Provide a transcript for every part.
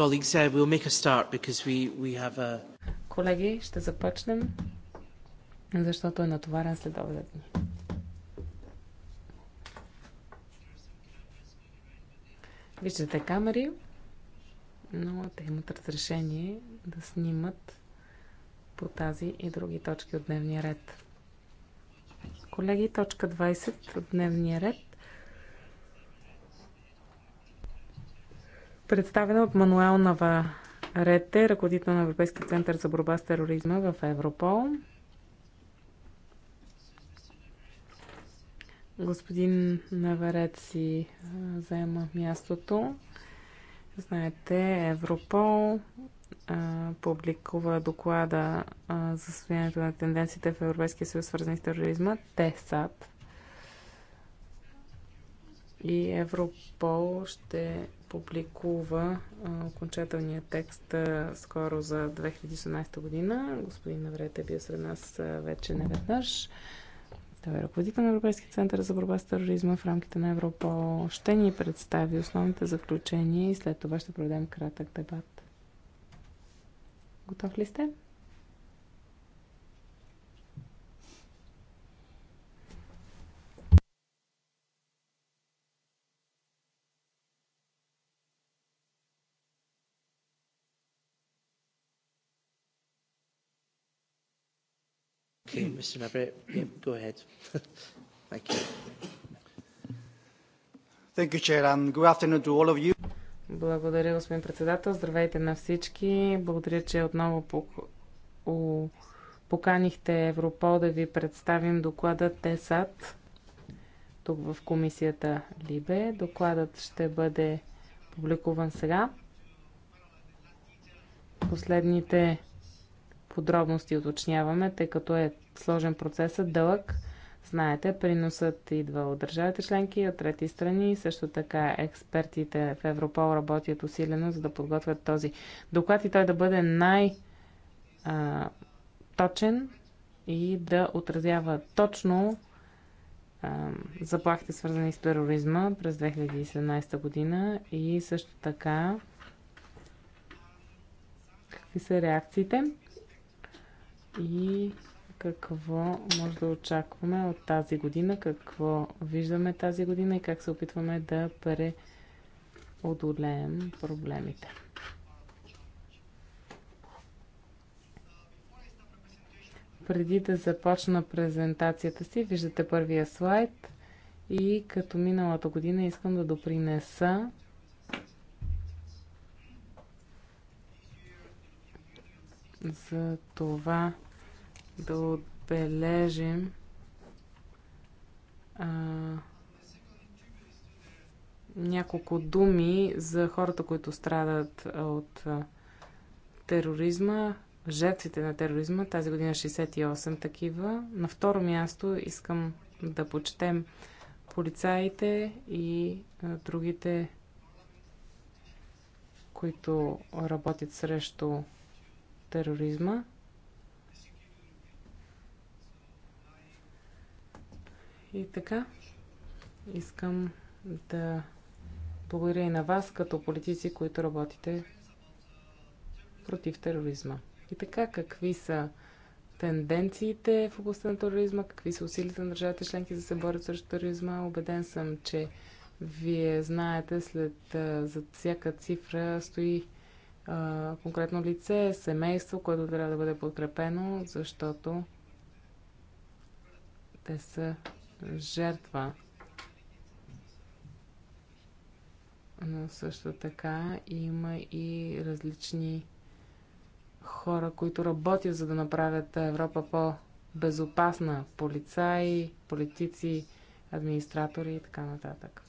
Colleagues, uh, we'll make a start because we, we have a... Колеги, ще започнем, защото е натоварен след обед Виждате камери, но те имат разрешение да снимат по тази и други точки от дневния ред. Колеги, точка 20 от дневния ред представена от Мануел Наварете, ръководител на Европейския център за борба с тероризма в Европол. Господин Наварет си заема мястото. Знаете, Европол а, публикува доклада а, за състоянието на тенденциите в Европейския съюз, свързани с тероризма, ТЕСАД. И Европол ще публикува окончателния текст скоро за 2018 година. Господин Навред е бил сред нас вече неведнъж. Той е ръководител на Европейския център за борба с тероризма в рамките на Европа. Ще ни представи основните заключения и след това ще проведем кратък дебат. Готов ли сте? Mr. Navarrete, go ahead. Thank you. Thank you, Chair, and good afternoon to all of you. Благодаря, господин председател. Здравейте на всички. Благодаря, че отново поканихте Европол да ви представим доклада ТЕСАТ тук в комисията Либе. Докладът ще бъде публикуван сега. Последните подробности уточняваме, тъй като е сложен процес е дълъг. Знаете, приносът идва от държавите членки, от трети страни. Също така експертите в Европол работят усилено, за да подготвят този доклад и той да бъде най-точен и да отразява точно заплахите, свързани с тероризма през 2017 година и също така какви са реакциите и какво може да очакваме от тази година, какво виждаме тази година и как се опитваме да преодолеем проблемите. Преди да започна презентацията си, виждате първия слайд и като миналата година искам да допринеса за това да отбележим а, няколко думи за хората, които страдат от тероризма, жертвите на тероризма. Тази година 68 такива. На второ място искам да почетем полицаите и а, другите, които работят срещу тероризма. И така, искам да благодаря и на вас, като политици, които работите против тероризма. И така, какви са тенденциите в областта на тероризма, какви са усилите на държавите членки за да се борят срещу тероризма. Обеден съм, че вие знаете, след за всяка цифра стои а, конкретно лице, семейство, което трябва да бъде подкрепено, защото те са жертва. Но също така има и различни хора, които работят за да направят Европа по-безопасна. Полицаи, политици, администратори и така нататък.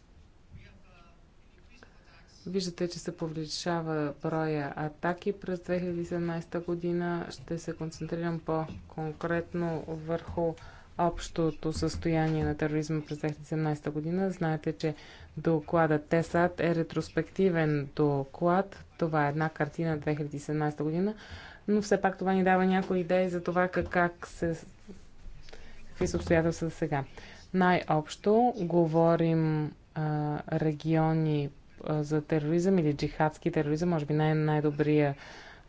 Виждате, че се повлечава броя атаки през 2017 година. Ще се концентрирам по-конкретно върху общото състояние на тероризма през 2017 година. Знаете, че докладът ТЕСАД е ретроспективен доклад. Това е една картина 2017 година, но все пак това ни дава някои идеи за това как, как се... какви са обстоятелства сега. Най-общо говорим а, региони за тероризъм или джихадски тероризъм, може би най- най-добрия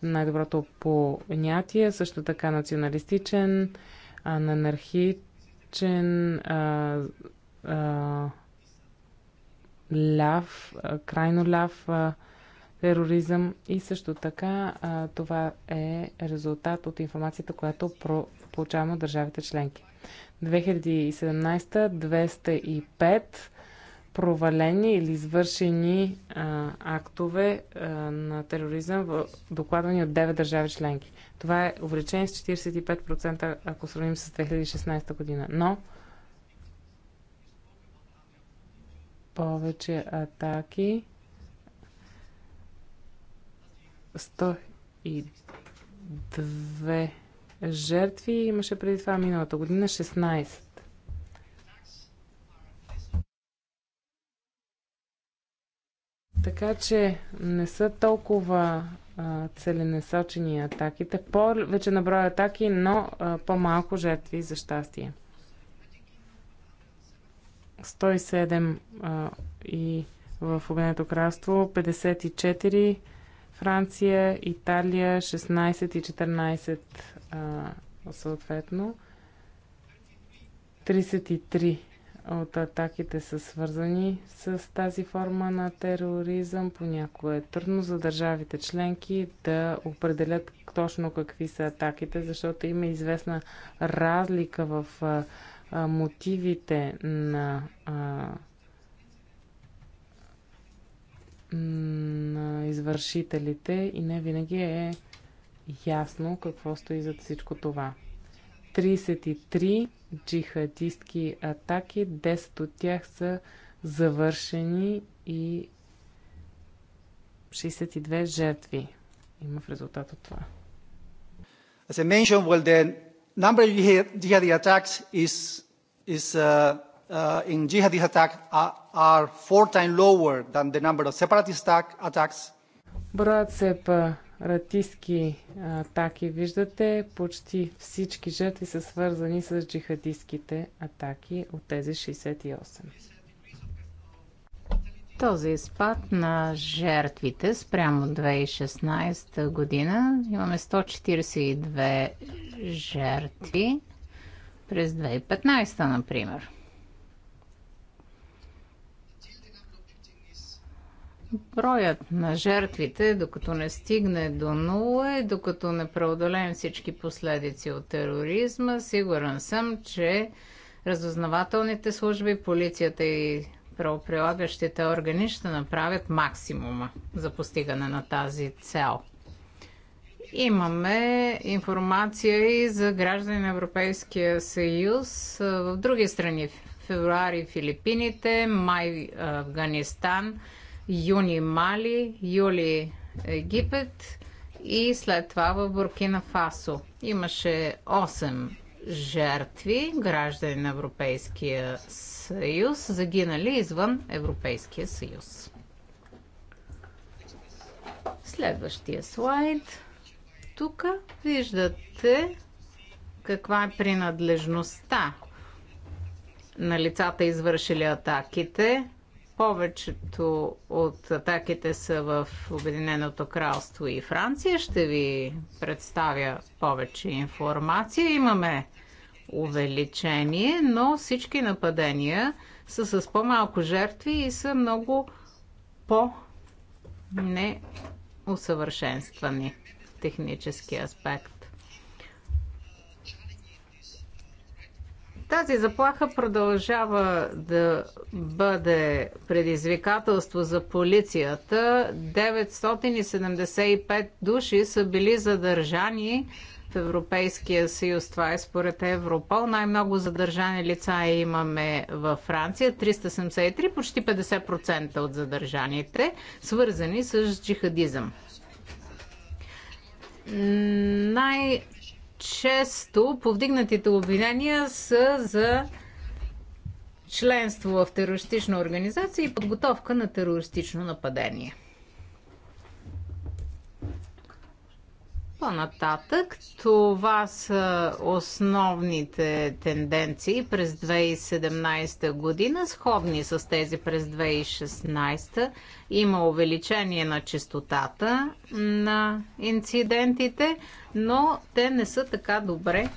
най-доброто понятие, също така националистичен, анархичен а, а, ляв, а, крайно ляв а, тероризъм и също така а, това е резултат от информацията, която про, получаваме от държавите членки. 2017 205 провалени или извършени а, актове а, на тероризъм, в, докладвани от 9 държави членки. Това е увеличение с 45%, ако сравним с 2016 година. Но повече атаки. 102 жертви имаше преди това миналата година 16. Така че не са толкова а, целенасочени атаките. Вече на броя атаки, но по-малко жертви за щастие. 107 а, и в Обединеното кралство, 54 Франция, Италия, 16 и 14 а, съответно. 33 от атаките са свързани с тази форма на тероризъм. Понякога е трудно за държавите членки да определят точно какви са атаките, защото има известна разлика в а, а, мотивите на, а, на извършителите и не винаги е ясно какво стои зад всичко това. 33 джихадистки атаки. 10 от тях са завършени и 62 жертви има в резултат от това. As I mentioned, well, the number of jihadi attacks is, is uh, uh, in jihadi attack are, are four times lower than the number of separatist attack, attacks. Броят СЕПА ратистки атаки. Виждате, почти всички жертви са свързани с джихадистските атаки от тези 68. Този спад на жертвите спрямо 2016 година имаме 142 жертви през 2015, например. Броят на жертвите, докато не стигне до нула и докато не преодолеем всички последици от тероризма, сигурен съм, че разузнавателните служби, полицията и правоприлагащите органи ще направят максимума за постигане на тази цел. Имаме информация и за граждани на Европейския съюз в други страни. Февруари Филипините, май Афганистан – юни Мали, юли Египет и след това в Буркина Фасо. Имаше 8 жертви, граждани на Европейския съюз, загинали извън Европейския съюз. Следващия слайд. Тук виждате каква е принадлежността на лицата, извършили атаките повечето от атаките са в Обединеното кралство и Франция. Ще ви представя повече информация. Имаме увеличение, но всички нападения са с по-малко жертви и са много по-неусъвършенствани в технически аспект. Тази заплаха продължава да бъде предизвикателство за полицията. 975 души са били задържани в Европейския съюз. Това е според Европол. Най-много задържани лица имаме във Франция. 373, почти 50% от задържаните, свързани с джихадизъм. Най- често повдигнатите обвинения са за членство в терористична организация и подготовка на терористично нападение. По-нататък, това са основните тенденции през 2017 година, сходни с тези през 2016. Има увеличение на частотата на инцидентите, но те не са така добре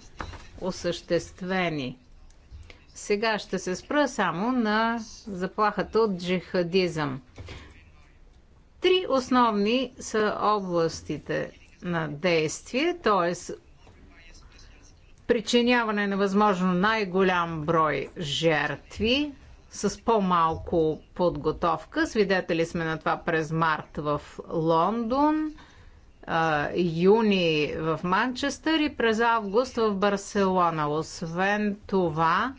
осъществени. Сега ще се спра само на заплахата от джихадизъм. Три основни са областите на действие, т.е. причиняване на възможно най-голям брой жертви с по-малко подготовка. Свидетели сме на това през март в Лондон, юни в Манчестър и през август в Барселона. Освен това,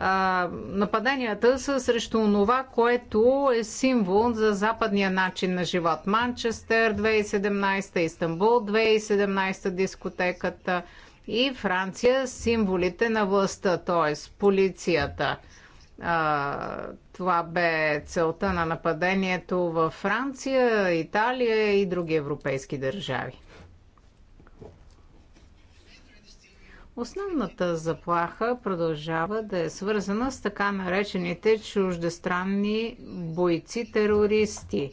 а, нападенията са срещу това, което е символ за западния начин на живот. Манчестър 2017, Истанбул 2017, дискотеката и Франция символите на властта, т.е. полицията. А, това бе целта на нападението във Франция, Италия и други европейски държави. Основната заплаха продължава да е свързана с така наречените чуждестранни бойци-терористи,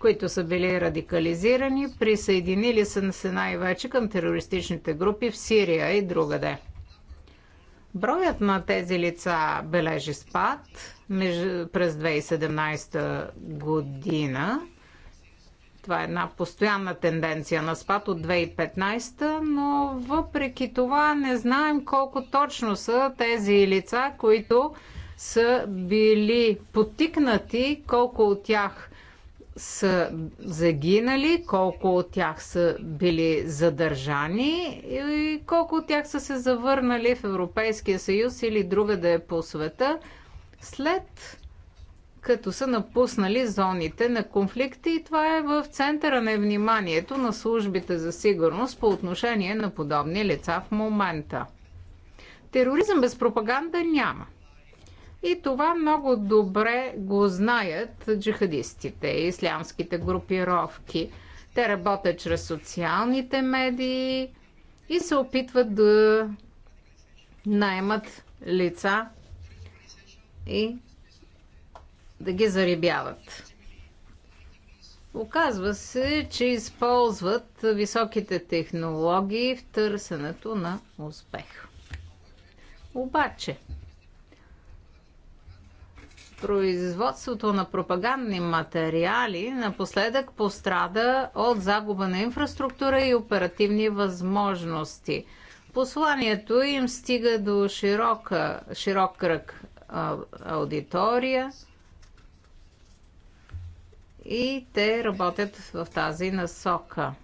които са били радикализирани, присъединили са се най-вече към терористичните групи в Сирия и другаде. Броят на тези лица бележи спад през 2017 година това е една постоянна тенденция на спад от 2015, но въпреки това не знаем колко точно са тези лица, които са били потикнати, колко от тях са загинали, колко от тях са били задържани и колко от тях са се завърнали в Европейския съюз или другаде по света след като са напуснали зоните на конфликти и това е в центъра на вниманието на службите за сигурност по отношение на подобни лица в момента. Тероризъм без пропаганда няма. И това много добре го знаят джихадистите, ислямските групировки. Те работят чрез социалните медии и се опитват да наймат лица и да ги зарибяват. Оказва се, че използват високите технологии в търсенето на успех. Обаче, производството на пропагандни материали напоследък пострада от загуба на инфраструктура и оперативни възможности. Посланието им стига до широка, широк кръг аудитория – и те работят в тази насока.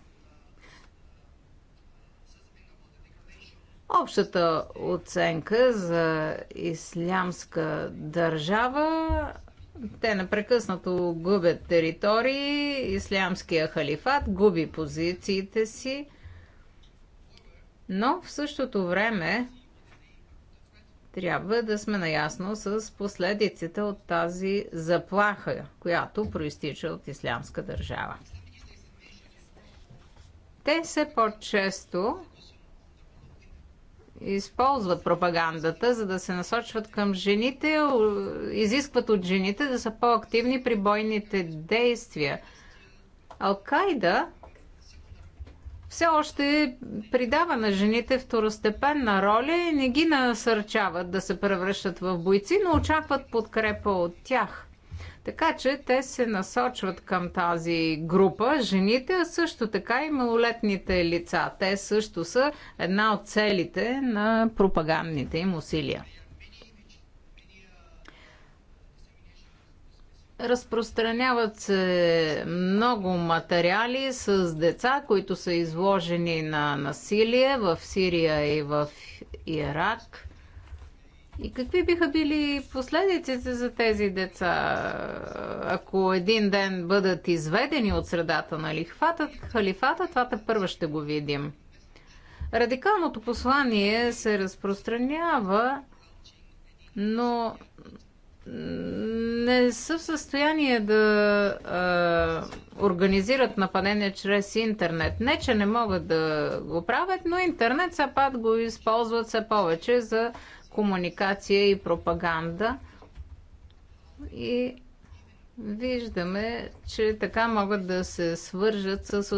Общата оценка за ислямска държава те непрекъснато губят територии, ислямския халифат губи позициите си, но в същото време трябва да сме наясно с последиците от тази заплаха, която проистича от Ислямска държава. Те все по-често използват пропагандата, за да се насочват към жените, изискват от жените да са по-активни при бойните действия. Алкайда все още придава на жените второстепенна роля и не ги насърчават да се превръщат в бойци, но очакват подкрепа от тях. Така че те се насочват към тази група, жените, а също така и малолетните лица. Те също са една от целите на пропагандните им усилия. Разпространяват се много материали с деца, които са изложени на насилие в Сирия и в Ирак. И какви биха били последиците за тези деца, ако един ден бъдат изведени от средата на лихвата, халифата, това те първо ще го видим. Радикалното послание се разпространява, но не са в състояние да а, организират нападение чрез интернет. Не, че не могат да го правят, но интернет все пак го използват все повече за комуникация и пропаганда. И виждаме, че така могат да се свържат с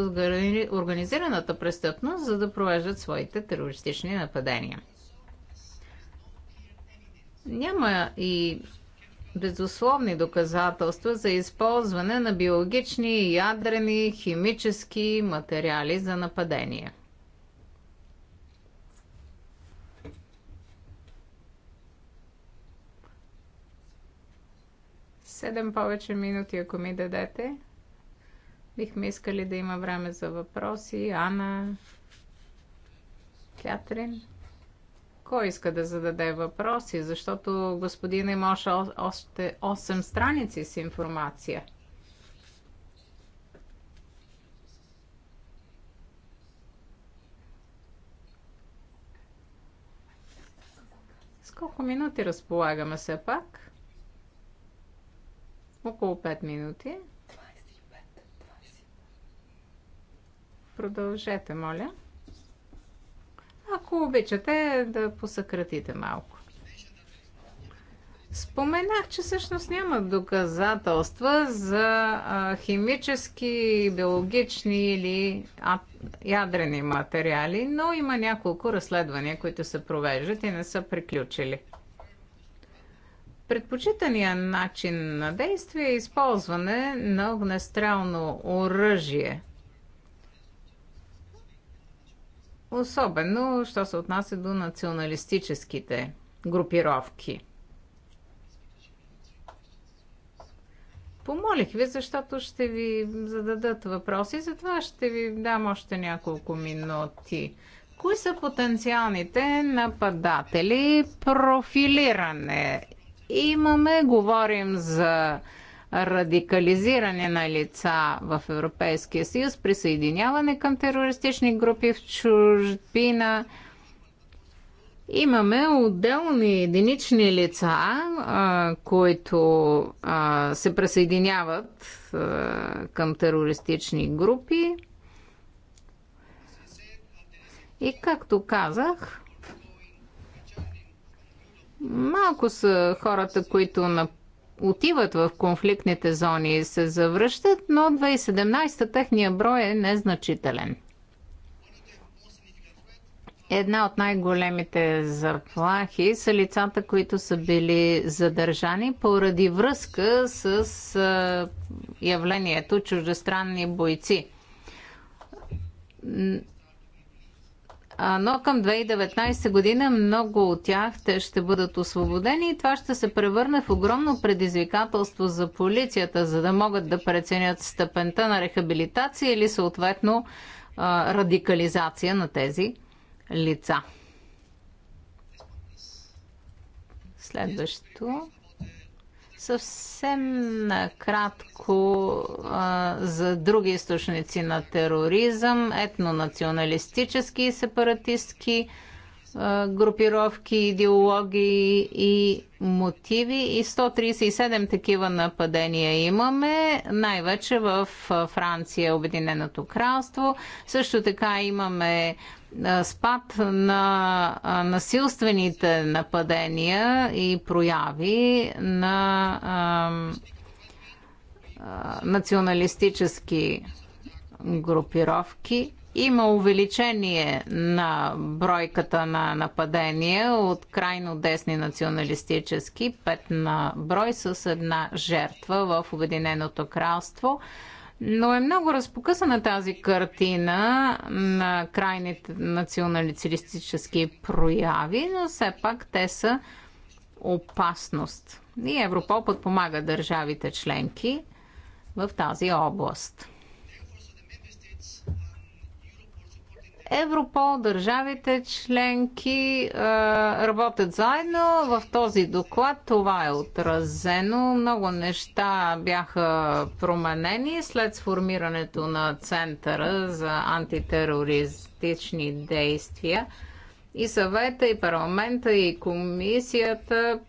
организираната престъпност, за да провеждат своите терористични нападения. Няма и безусловни доказателства за използване на биологични, ядрени, химически материали за нападения. Седем повече минути, ако ми дадете. Бихме искали да има време за въпроси. Ана, Кятрин. Кой иска да зададе въпроси? Защото господин е има още 8 страници с информация. колко минути разполагаме все пак? Около 5 минути. Продължете, моля. Ако обичате да посъкратите малко. Споменах, че всъщност няма доказателства за химически, биологични или ядрени материали, но има няколко разследвания, които се провеждат и не са приключили. Предпочитания начин на действие е използване на огнестрелно оръжие – Особено, що се отнася до националистическите групировки. Помолих ви, защото ще ви зададат въпроси, затова ще ви дам още няколко минути. Кои са потенциалните нападатели? Профилиране. Имаме, говорим за радикализиране на лица в Европейския съюз, присъединяване към терористични групи в чужбина. Имаме отделни единични лица, които се присъединяват към терористични групи. И както казах, малко са хората, които напълно отиват в конфликтните зони и се завръщат, но 2017 техния брой е незначителен. Една от най-големите заплахи са лицата, които са били задържани поради връзка с явлението чуждестранни бойци но към 2019 година много от тях те ще бъдат освободени и това ще се превърне в огромно предизвикателство за полицията, за да могат да преценят степента на рехабилитация или съответно радикализация на тези лица. Следващото. Съвсем накратко а, за други източници на тероризъм, етнонационалистически и сепаратистки групировки, идеологии и мотиви и 137 такива нападения имаме, най-вече в Франция, Обединеното кралство. Също така имаме спад на насилствените нападения и прояви на националистически групировки. Има увеличение на бройката на нападения от крайно десни националистически, пет на брой с една жертва в Обединеното кралство. Но е много разпокъсана тази картина на крайните националистически прояви, но все пак те са опасност. И Европол подпомага държавите членки в тази област. Европол, държавите членки работят заедно. В този доклад това е отразено. Много неща бяха променени след сформирането на Центъра за антитерористични действия. И съвета, и парламента, и комисията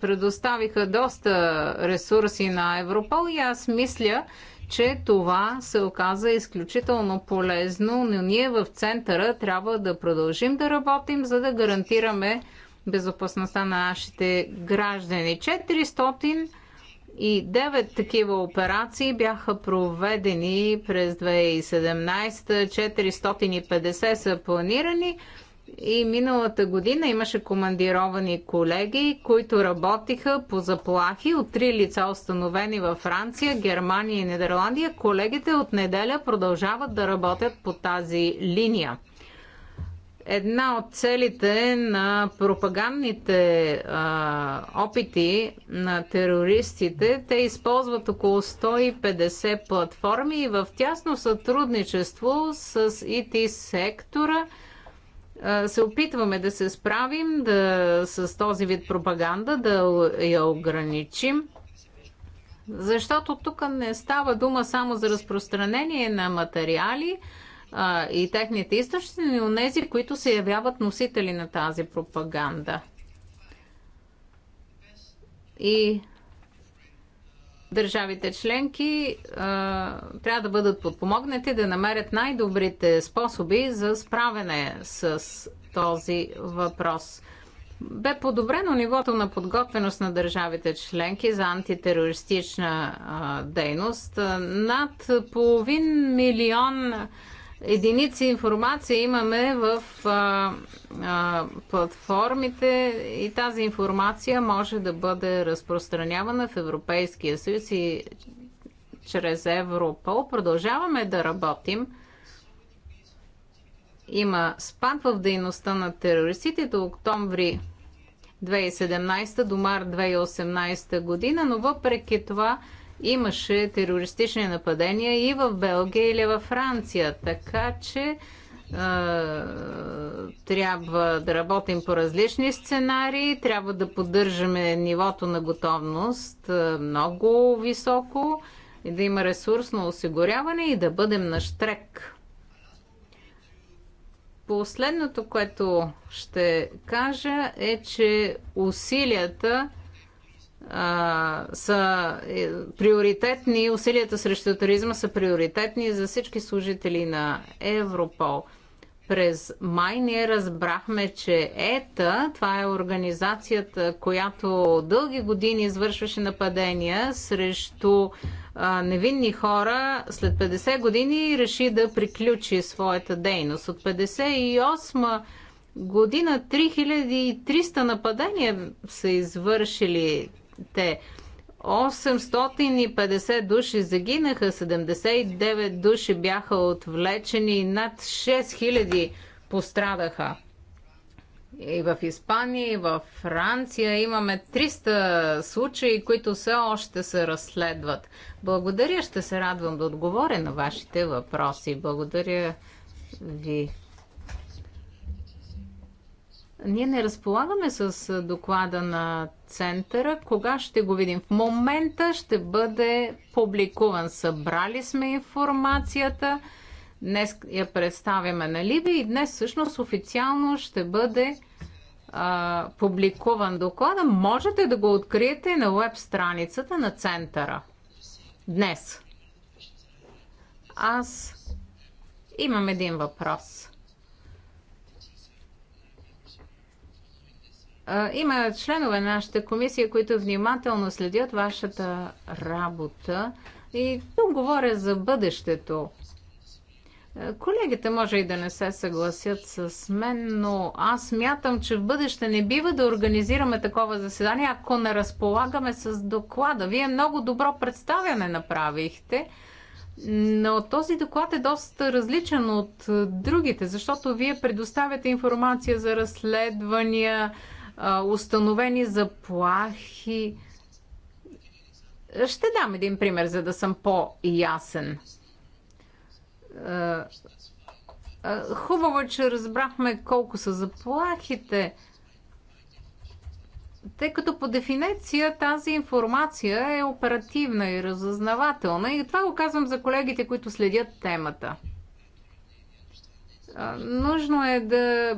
предоставиха доста ресурси на Европол и аз мисля, че това се оказа изключително полезно, но ние в центъра трябва да продължим да работим, за да гарантираме безопасността на нашите граждани. 409 такива операции бяха проведени през 2017, 450 са планирани. И миналата година имаше командировани колеги, които работиха по заплахи от три лица, установени във Франция, Германия и Нидерландия. Колегите от неделя продължават да работят по тази линия. Една от целите на пропагандните а, опити на терористите, те използват около 150 платформи и в тясно сътрудничество с IT сектора – се опитваме да се справим да, с този вид пропаганда, да я ограничим. Защото тук не става дума само за разпространение на материали а, и техните източници, но и тези, които се явяват носители на тази пропаганда. И държавите членки а, трябва да бъдат подпомогнати да намерят най-добрите способи за справене с този въпрос. Бе подобрено нивото на подготвеност на държавите членки за антитерористична а, дейност. Над половин милион а, единици информация имаме в а, а, платформите и тази информация може да бъде разпространявана в Европейския съюз и чрез Европол. Продължаваме да работим. Има спад в дейността на терористите до октомври 2017 до март 2018 година, но въпреки това имаше терористични нападения и в Белгия или във Франция. Така че е, трябва да работим по различни сценарии, трябва да поддържаме нивото на готовност много високо и да има ресурсно осигуряване и да бъдем на штрек. Последното, което ще кажа е, че усилията са е, приоритетни, усилията срещу туризма са приоритетни за всички служители на Европол. През май ние разбрахме, че ЕТА, това е организацията, която дълги години извършваше нападения срещу а, невинни хора, след 50 години реши да приключи своята дейност. От 58 година 3300 нападения са извършили те. 850 души загинаха, 79 души бяха отвлечени и над 6000 пострадаха. И в Испания, и в Франция имаме 300 случаи, които все още се разследват. Благодаря, ще се радвам да отговоря на вашите въпроси. Благодаря ви. Ние не разполагаме с доклада на центъра. Кога ще го видим? В момента ще бъде публикуван. Събрали сме информацията. Днес я представяме на Либи и днес всъщност официално ще бъде а, публикуван доклада. Можете да го откриете на веб страницата на центъра. Днес. Аз имам един въпрос. Има членове на нашата комисия, които внимателно следят вашата работа и тук говоря за бъдещето. Колегите може и да не се съгласят с мен, но аз мятам, че в бъдеще не бива да организираме такова заседание, ако не разполагаме с доклада. Вие много добро представяне направихте, но този доклад е доста различен от другите, защото вие предоставяте информация за разследвания, установени заплахи. Ще дам един пример, за да съм по-ясен. Хубаво, е, че разбрахме колко са заплахите, тъй като по дефиниция тази информация е оперативна и разузнавателна. И това го казвам за колегите, които следят темата. Нужно е да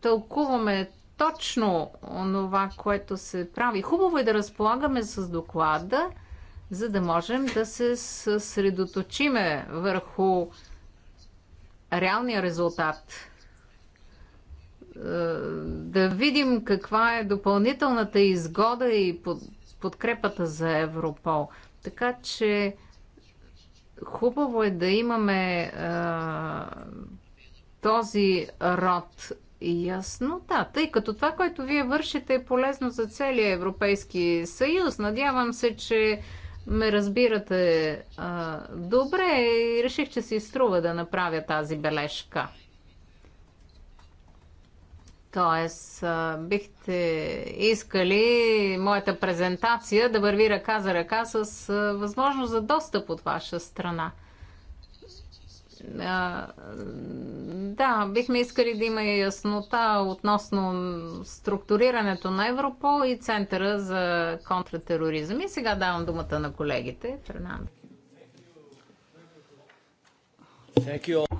тълкуваме точно това, което се прави. Хубаво е да разполагаме с доклада, за да можем да се съсредоточиме върху реалния резултат. Е, да видим каква е допълнителната изгода и подкрепата за Европол. Така че хубаво е да имаме е, този род яснота, да, тъй като това, което вие вършите е полезно за целия Европейски съюз. Надявам се, че ме разбирате а, добре и реших, че си струва да направя тази бележка. Тоест, а, бихте искали моята презентация да върви ръка за ръка с а, възможност за достъп от ваша страна – да, бихме искали да има яснота относно структурирането на Европол и Центъра за контратероризъм. И сега давам думата на колегите. Фернандо.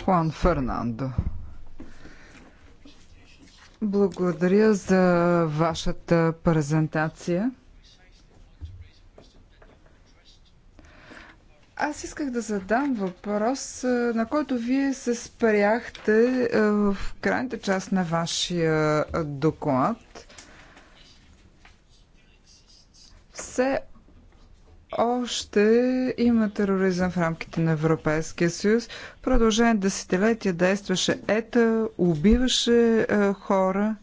Хуан Фернандо. Благодаря за вашата презентация. Аз исках да задам въпрос, на който вие се спряхте в крайната част на вашия доклад. Все още има тероризъм в рамките на Европейския съюз. В продължение десетилетия действаше ета, убиваше хора,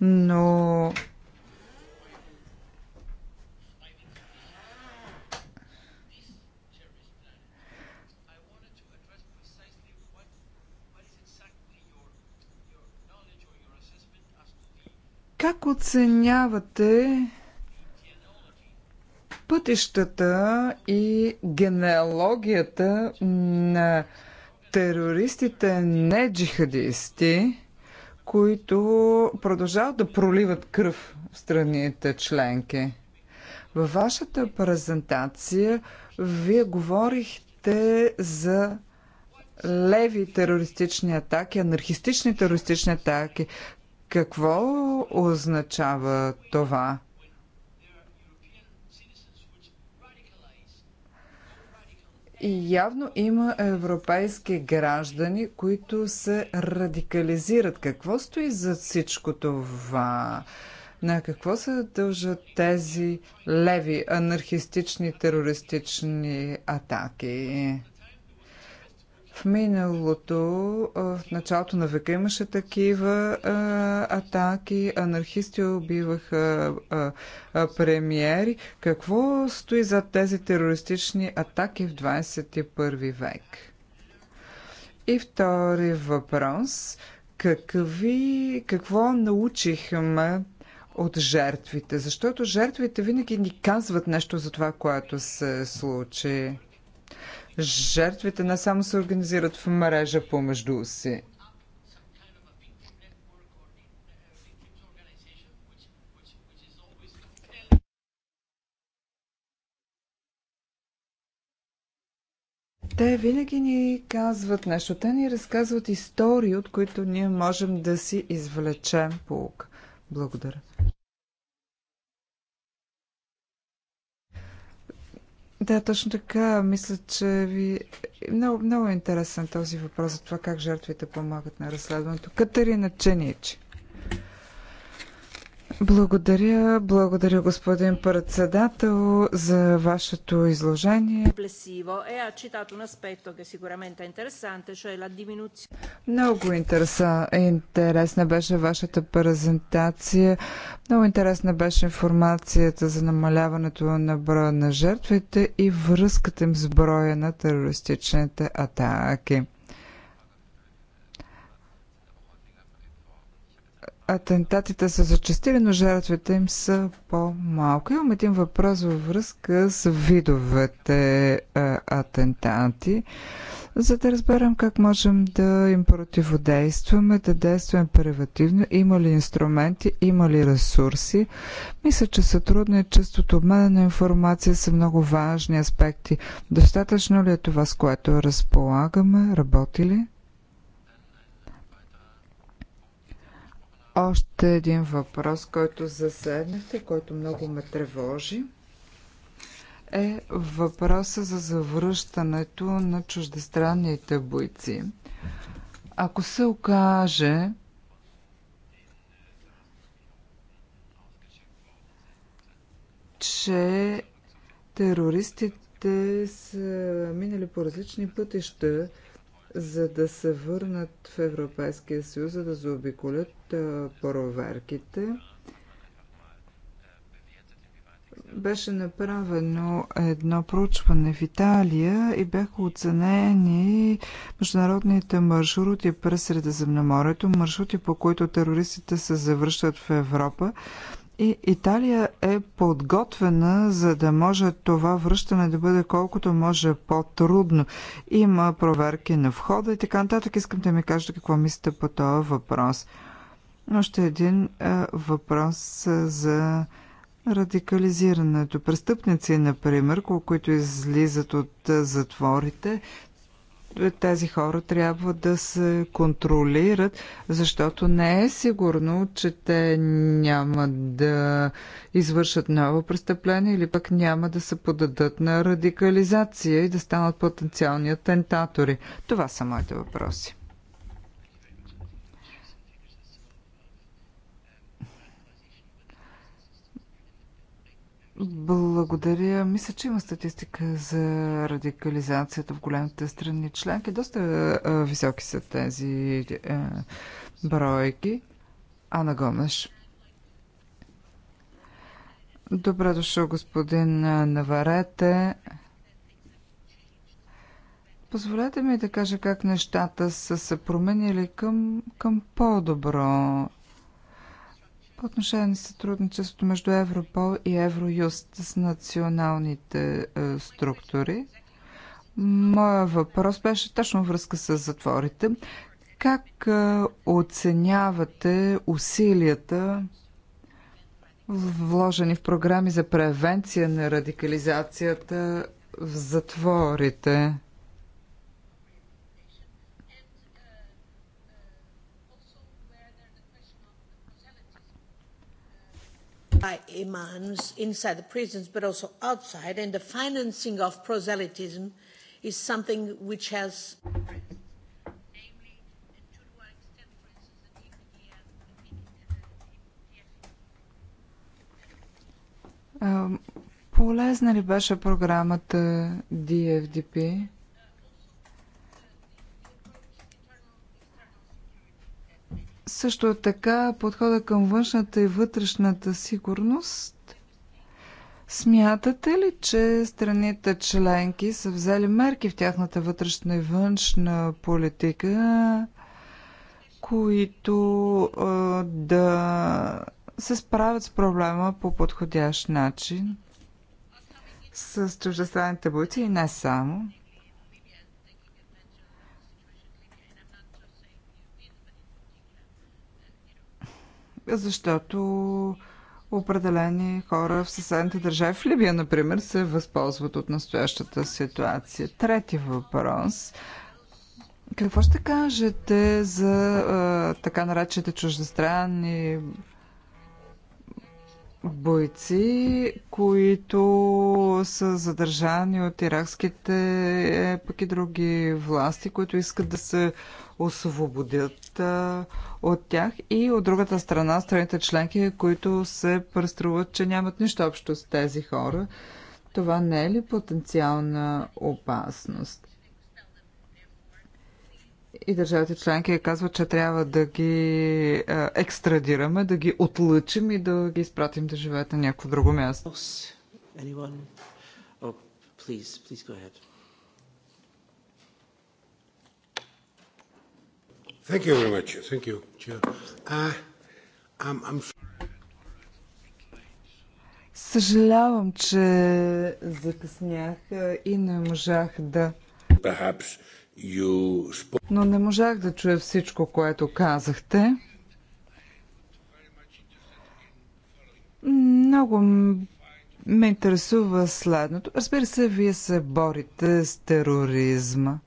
но Как оценявате пътищата и генеалогията на терористите, не джихадисти, които продължават да проливат кръв в страните членки? Във вашата презентация вие говорихте за леви терористични атаки, анархистични терористични атаки. Какво означава това? И явно има европейски граждани, които се радикализират. Какво стои за всичко това? На какво се дължат тези леви анархистични терористични атаки? В миналото, в началото на века имаше такива а, атаки, анархисти убиваха а, а, премиери. Какво стои за тези терористични атаки в 21 век? И втори въпрос. Какви, какво научихме от жертвите? Защото жертвите винаги ни казват нещо за това, което се случи. Жертвите не само се организират в мрежа помежду си. Те винаги ни казват нещо. Те ни разказват истории, от които ние можем да си извлечем полука. Благодаря. Да, точно така. Мисля, че ви... Е много, много е интересен този въпрос за това как жертвите помагат на разследването. Катерина Ченич. Благодаря, благодаря господин председател за вашето изложение. Е, е е Много интересна беше вашата презентация. Много интересна беше информацията за намаляването на броя на жертвите и връзката им с броя на терористичните атаки. атентатите са зачастили, но жертвите им са по-малко. Имам един въпрос във връзка с видовете а, е, атентати, за да разберем как можем да им противодействаме, да действаме превативно, има ли инструменти, има ли ресурси. Мисля, че сътрудничеството, обмена на информация са много важни аспекти. Достатъчно ли е това, с което разполагаме, работи ли? Още един въпрос, който заседнахте, който много ме тревожи, е въпроса за завръщането на чуждестранните бойци. Ако се окаже, че терористите са минали по различни пътища за да се върнат в Европейския съюз, за да заобиколят проверките. Беше направено едно проучване в Италия и бяха оценени международните маршрути през Средиземноморието, маршрути по които терористите се завръщат в Европа и Италия е подготвена, за да може това връщане да бъде колкото може по-трудно. Има проверки на входа и така нататък. Искам да ми кажете какво мислите по този въпрос. Още един е, въпрос е, за радикализирането. Престъпници, например, които излизат от е, затворите, тези хора трябва да се контролират, защото не е сигурно, че те няма да извършат ново престъпление или пък няма да се подадат на радикализация и да станат потенциални атентатори. Това са моите въпроси. Благодаря. Мисля, че има статистика за радикализацията в големите страни членки. Доста а, високи са тези а, бройки. Ана Гомеш. Добре дошъл, господин Наварете. Позволете ми да кажа как нещата са се променили към, към по-добро по отношение на сътрудничеството между Европол и Евроюст с националните е, структури, моя въпрос беше точно връзка с затворите. Как е, оценявате усилията вложени в програми за превенция на радикализацията в затворите? by imams inside the prisons but also outside and the financing of proselytism is something which has Полезна ли беше програмата DFDP? Също така подхода към външната и вътрешната сигурност. Смятате ли, че страните членки са взели мерки в тяхната вътрешна и външна политика, които а, да се справят с проблема по подходящ начин с чуждестранните бойци и не само? защото определени хора в съседните държави, в Либия, например, се възползват от настоящата ситуация. Трети въпрос. Какво ще кажете за а, така наречените чуждестранни бойци, които са задържани от иракските, е, пък и други власти, които искат да се освободят а, е, от тях и от другата страна страните членки, които се преструват, че нямат нищо общо с тези хора. Това не е ли потенциална опасност? и държавите членки казват, че трябва да ги е, екстрадираме, да ги отлъчим и да ги изпратим да живеят на някакво друго място. Oh, Thank you very much. Thank you, Uh, I'm, I'm... Съжалявам, че закъснях е, и не можах да. Perhaps но не можах да чуя всичко, което казахте. Много ме интересува следното. Разбира се, вие се борите с тероризма.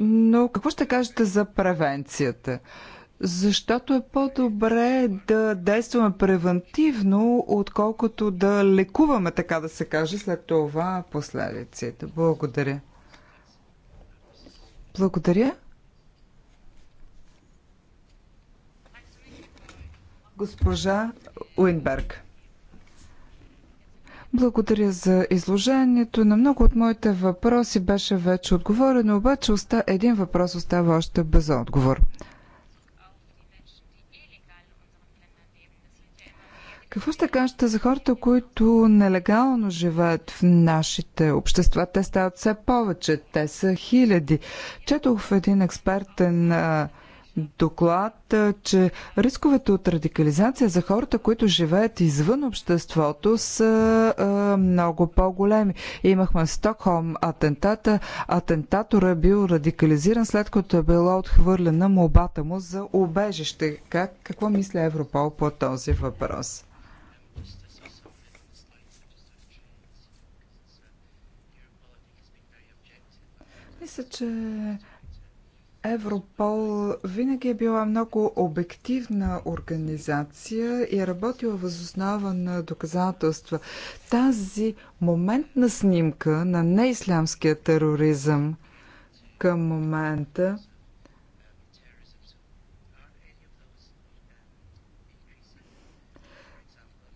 Но какво ще кажете за превенцията? Защото е по-добре да действаме превентивно, отколкото да лекуваме, така да се каже, след това последиците. Благодаря. Благодаря. Госпожа Уинберг. Благодаря за изложението. На много от моите въпроси беше вече отговорено, обаче оста... един въпрос остава още без отговор. Какво ще кажете за хората, които нелегално живеят в нашите общества? Те стават все повече, те са хиляди. Четох в един експертен доклад, че рисковете от радикализация за хората, които живеят извън обществото, са е, много по-големи. Имахме в Стокхолм атентата. Атентатора е бил радикализиран, след като е била отхвърлена молбата му за убежище. Как, какво мисля Европол по този въпрос? Мисля, че Европол винаги е била много обективна организация и е работила възоснова на доказателства. Тази моментна снимка на неислямския тероризъм към момента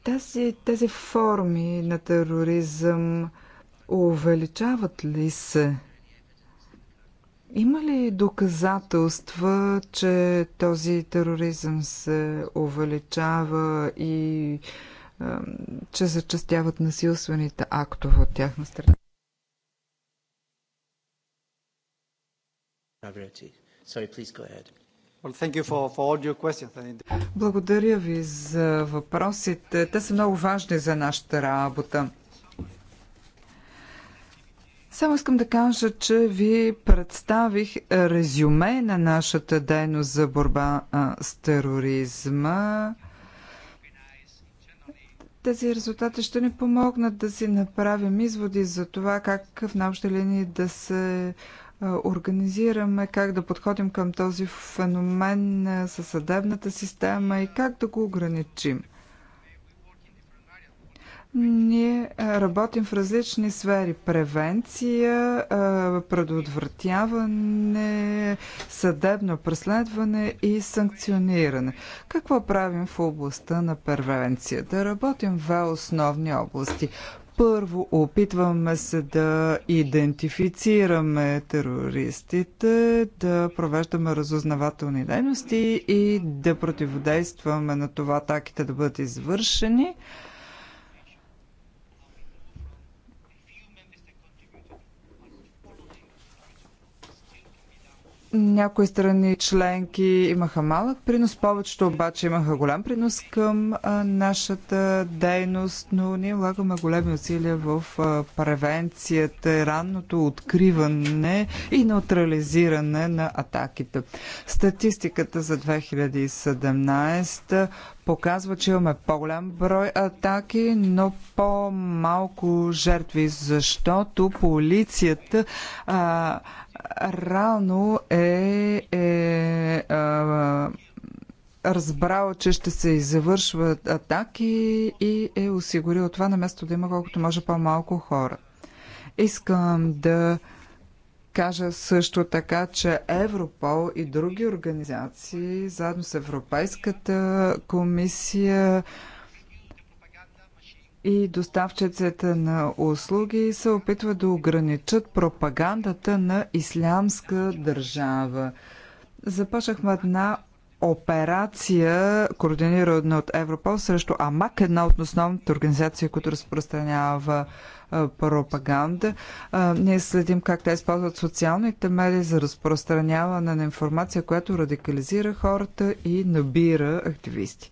Тези, тези форми на тероризъм увеличават ли се? Има ли доказателства, че този тероризъм се увеличава и че зачастяват насилствените актове от тяхна страна? Благодаря ви за въпросите. Те са много важни за нашата работа. Само искам да кажа, че ви представих резюме на нашата дейност за борба а, с тероризма. Тези резултати ще ни помогнат да си направим изводи за това как в наобща линии да се организираме, как да подходим към този феномен със съдебната система и как да го ограничим. Ние е, работим в различни сфери. Превенция, е, предотвратяване, съдебно преследване и санкциониране. Какво правим в областта на превенцията? Работим в две основни области първо опитваме се да идентифицираме терористите, да провеждаме разузнавателни дейности и да противодействаме на това атаките да бъдат извършени. Някои страни членки имаха малък принос, повечето обаче имаха голям принос към а, нашата дейност, но ние влагаме големи усилия в а, превенцията, ранното откриване и неутрализиране на атаките. Статистиката за 2017 показва, че имаме по-голям брой атаки, но по-малко жертви, защото полицията а, рано е, е а, разбрал, че ще се завършват атаки и е осигурил това на место да има колкото може по-малко хора. Искам да кажа също така, че Европол и други организации, заедно с Европейската комисия, и доставчиците на услуги се опитват да ограничат пропагандата на ислямска държава. Започнахме една операция, координирана от Европол срещу АМАК, една от основните организации, които разпространява пропаганда. Ние следим как те използват социалните медии за разпространяване на информация, която радикализира хората и набира активисти.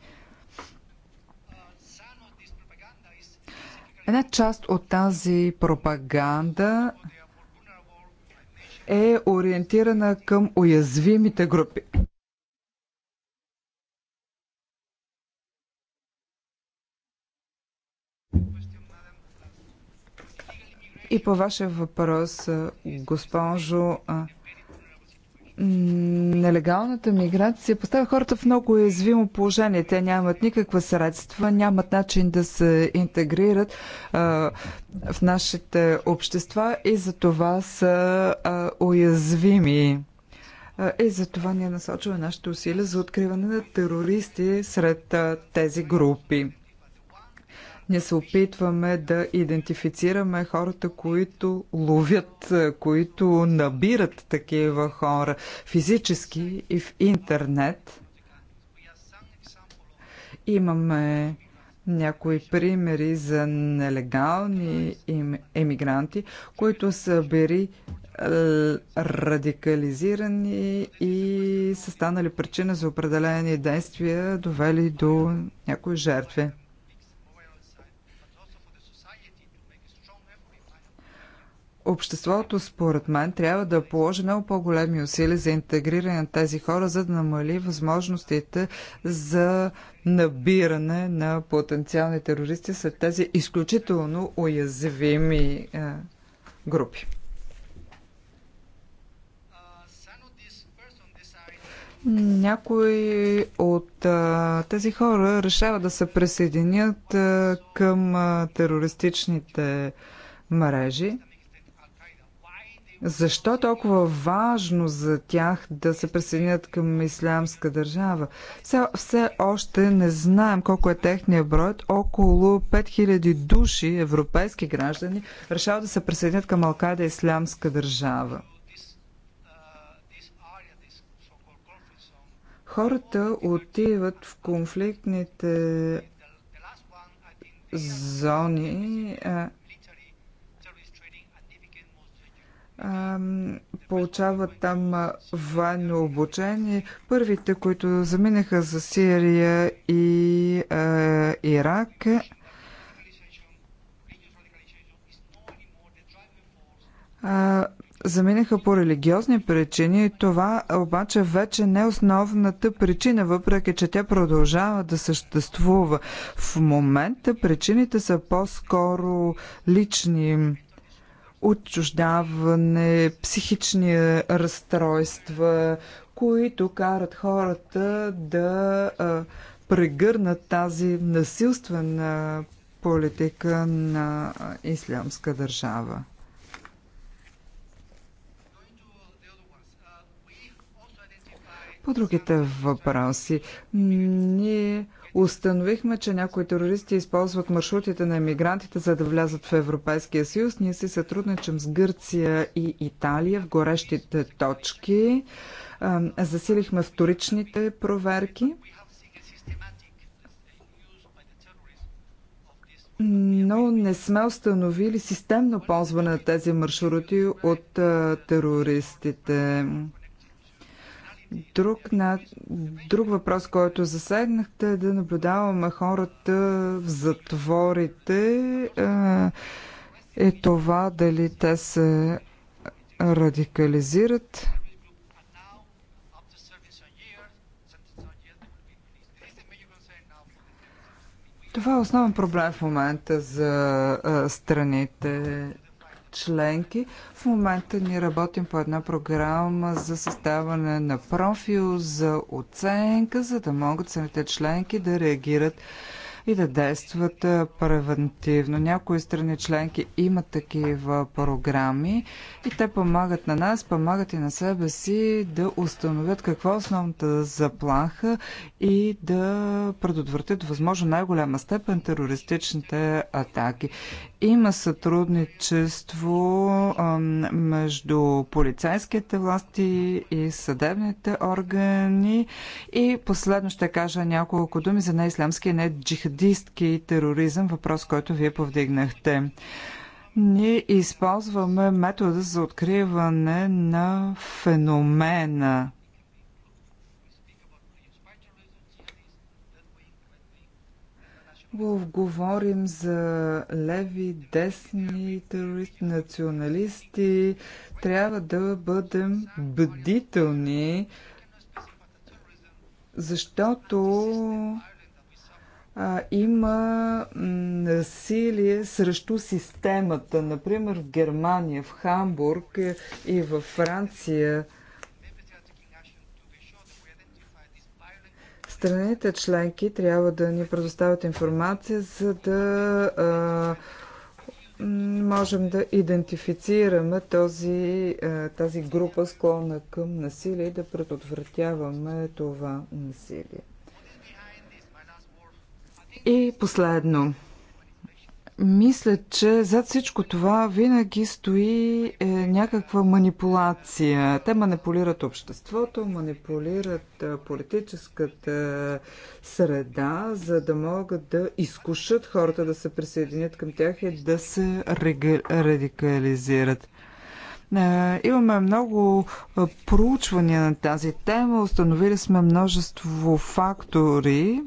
Една част от тази пропаганда е ориентирана към уязвимите групи. И по вашия въпрос, госпожо, нелегалната миграция поставя хората в много уязвимо положение. Те нямат никаква средства, нямат начин да се интегрират а, в нашите общества и за това са а, уязвими. А, и за това ние насочваме нашите усилия за откриване на терористи сред а, тези групи. Ние се опитваме да идентифицираме хората, които ловят, които набират такива хора физически и в интернет. Имаме някои примери за нелегални емигранти, които са били е, радикализирани и са станали причина за определени действия, довели до някои жертви. Обществото, според мен, трябва да положи много по-големи усилия за интегриране на тези хора, за да намали възможностите за набиране на потенциални терористи след тези изключително уязвими е, групи. Някои от а, е, тези хора решават да се присъединят а, е, към а, е, терористичните мрежи. Защо е толкова важно за тях да се присъединят към ислямска държава? Все, все още не знаем колко е техния брой. Около 5000 души, европейски граждани, решават да се присъединят към Алкада ислямска държава. Хората отиват в конфликтните зони получават там военно обучение. Първите, които заминаха за Сирия и е, Ирак, а, заминаха по религиозни причини. Това обаче вече не е основната причина, въпреки че тя продължава да съществува. В момента причините са по-скоро лични отчуждаване, психични разстройства, които карат хората да а, прегърнат тази насилствена политика на ислямска държава. По другите въпроси, ние Установихме, че някои терористи използват маршрутите на емигрантите, за да влязат в Европейския съюз. Ние си сътрудничим с Гърция и Италия в горещите точки. Засилихме вторичните проверки. но не сме установили системно ползване на тези маршрути от терористите. Друг, на... Друг въпрос, който заседнахте, е да наблюдаваме хората в затворите. Е, е това дали те се радикализират. Това е основен проблем в момента за а, страните членки. В момента ние работим по една програма за съставане на профил, за оценка, за да могат самите членки да реагират и да действат превентивно. Някои страни членки имат такива програми и те помагат на нас, помагат и на себе си да установят какво е основната заплаха и да предотвратят възможно най-голяма степен терористичните атаки. Има сътрудничество а, между полицейските власти и съдебните органи. И последно ще кажа няколко думи за неислямски и не джихад джихадистки тероризъм, въпрос, който вие повдигнахте. Ние използваме метода за откриване на феномена. Говорим за леви, десни, терористи, националисти. Трябва да бъдем бдителни, защото а, има насилие срещу системата. Например, в Германия, в Хамбург и във Франция. Страните членки трябва да ни предоставят информация, за да а, можем да идентифицираме този, тази група склонна към насилие и да предотвратяваме това насилие. И последно. Мисля, че зад всичко това винаги стои е, някаква манипулация. Те манипулират обществото, манипулират е, политическата е, среда, за да могат да изкушат хората да се присъединят към тях и да се радикализират. Е, имаме много е, проучвания на тази тема, установили сме множество фактори.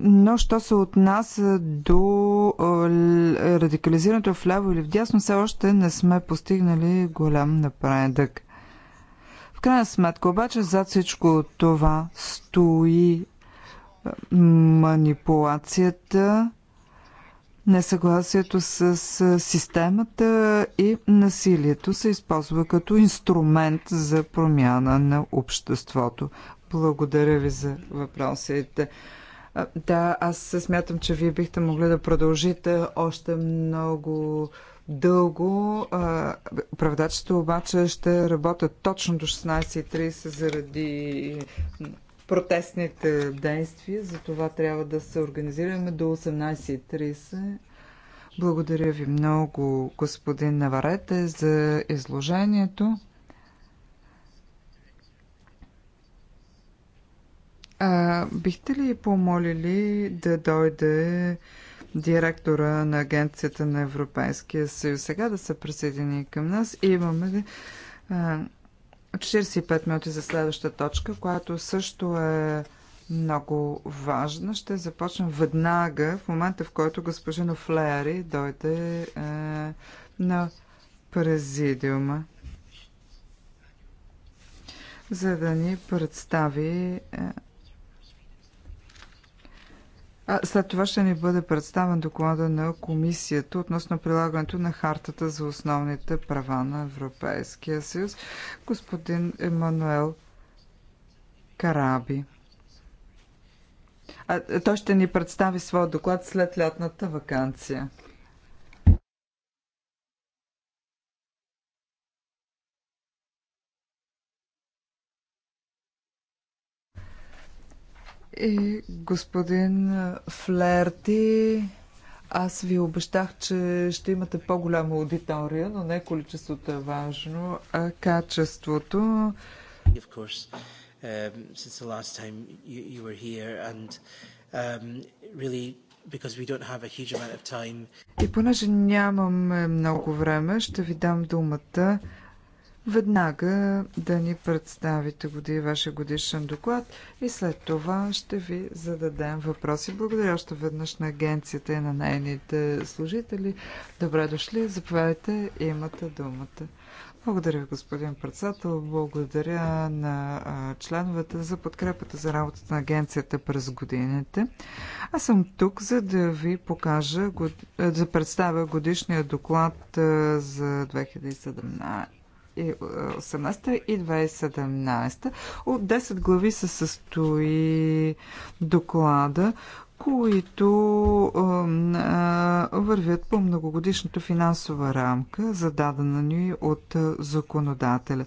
Но, що се отнася до радикализирането в ляво или в дясно, все още не сме постигнали голям напредък. В крайна сметка, обаче, зад всичко това стои манипулацията, несъгласието с системата и насилието се използва като инструмент за промяна на обществото. Благодаря ви за въпросите. Да, аз смятам, че вие бихте могли да продължите още много дълго. Правдачите обаче ще работят точно до 16.30 заради протестните действия. За това трябва да се организираме до 18.30. Благодаря ви много, господин Наварете, за изложението. А, бихте ли помолили да дойде директора на Агенцията на Европейския съюз сега да се присъедини към нас? Имаме а, 45 минути за следваща точка, която също е много важна. Ще започнем веднага, в момента в който госпожа Нофлеари дойде а, на президиума, за да ни представи след това ще ни бъде представен доклада на комисията относно прилагането на хартата за основните права на Европейския съюз. Господин Емануел Караби. А, той ще ни представи своя доклад след лятната вакансия. И господин Флерти, аз ви обещах, че ще имате по-голяма аудитория, но не количеството е важно, а качеството. Um, um, И понеже нямам много време, ще ви дам думата веднага да ни представите годи вашия годишен доклад и след това ще ви зададем въпроси. Благодаря още веднъж на агенцията и на нейните служители. Добре дошли, заповядайте, имате думата. Благодаря, господин председател. Благодаря на членовете за подкрепата за работата на агенцията през годините. Аз съм тук, за да ви покажа, да представя годишния доклад за 2017 2018 и 2017. От 10 глави се състои доклада, които а, вървят по многогодишната финансова рамка, зададена ни от законодателя.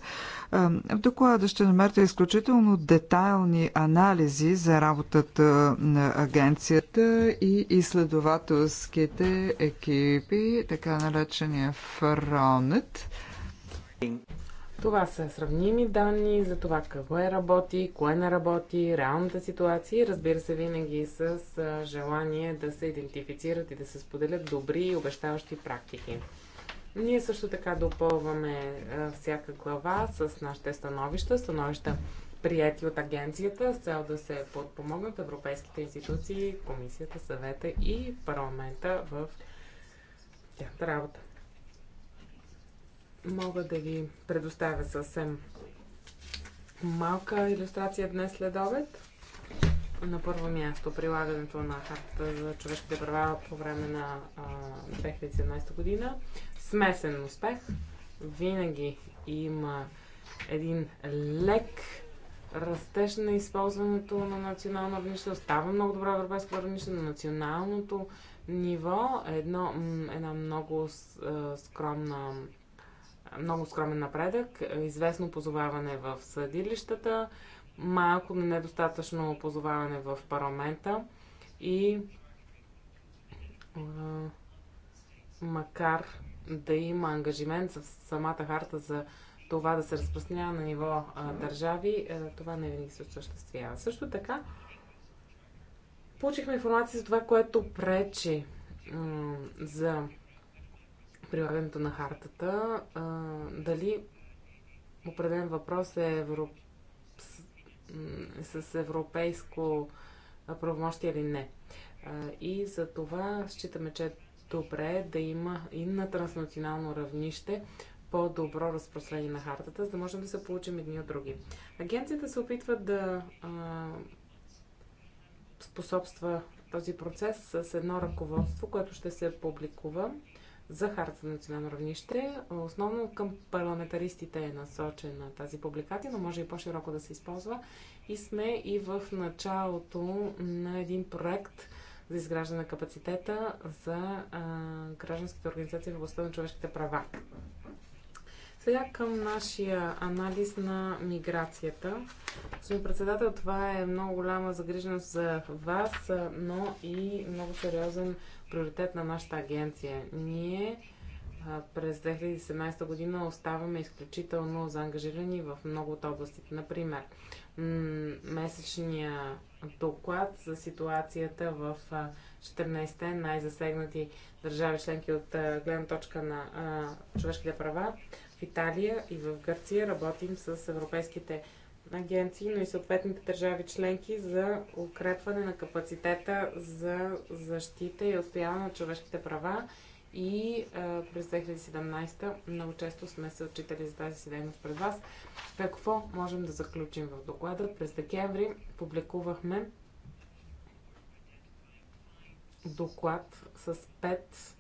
А, в доклада ще намерите изключително детайлни анализи за работата на агенцията и изследователските екипи, така наречения ФРОНЕТ. Това са сравними данни за това какво е работи, кое не работи, реалната ситуация и разбира се винаги с желание да се идентифицират и да се споделят добри и обещаващи практики. Ние също така допълваме всяка глава с нашите становища, становища прияти от агенцията с цел да се подпомогнат европейските институции, комисията, съвета и парламента в тяхната работа мога да ви предоставя съвсем малка иллюстрация днес след обед. На първо място прилагането на Хартата за човешките права по време на 2017 година. Смесен успех. Винаги има един лек растеж на използването на национално равнище. Остава много добра европейска равнище на националното ниво. Е едно, една много скромна много скромен напредък, известно позоваване в съдилищата, малко недостатъчно позоваване в парламента и а, макар да има ангажимент с самата харта за това да се разпространява на ниво а, държави, а, това не винаги се осъществява. Също така, получихме информация за това, което пречи за прилагането на хартата, а, дали определен въпрос е евро... с, с европейско правомощие или не. А, и за това считаме, че е добре да има и на транснационално равнище по-добро разпространение на хартата, за да можем да се получим едни от други. Агенцията се опитва да а, способства този процес с едно ръководство, което ще се публикува за хартата на национално равнище. Основно към парламентаристите е насочена тази публикация, но може и по-широко да се използва. И сме и в началото на един проект за изграждане на капацитета за а, гражданските организации в областта на човешките права. Сега към нашия анализ на миграцията. Господин председател, това е много голяма загриженост за вас, но и много сериозен приоритет на нашата агенция. Ние през 2017 година оставаме изключително заангажирани в много от областите. Например, месечния доклад за ситуацията в 14-те най-засегнати държави членки от гледна точка на човешките права в Италия и в Гърция. Работим с европейските агенции, но и съответните държави членки за укрепване на капацитета за защита и отстояване на човешките права. И а, през 2017 много често сме се отчитали за тази си дейност пред вас. Какво можем да заключим в доклада? През декември публикувахме доклад с пет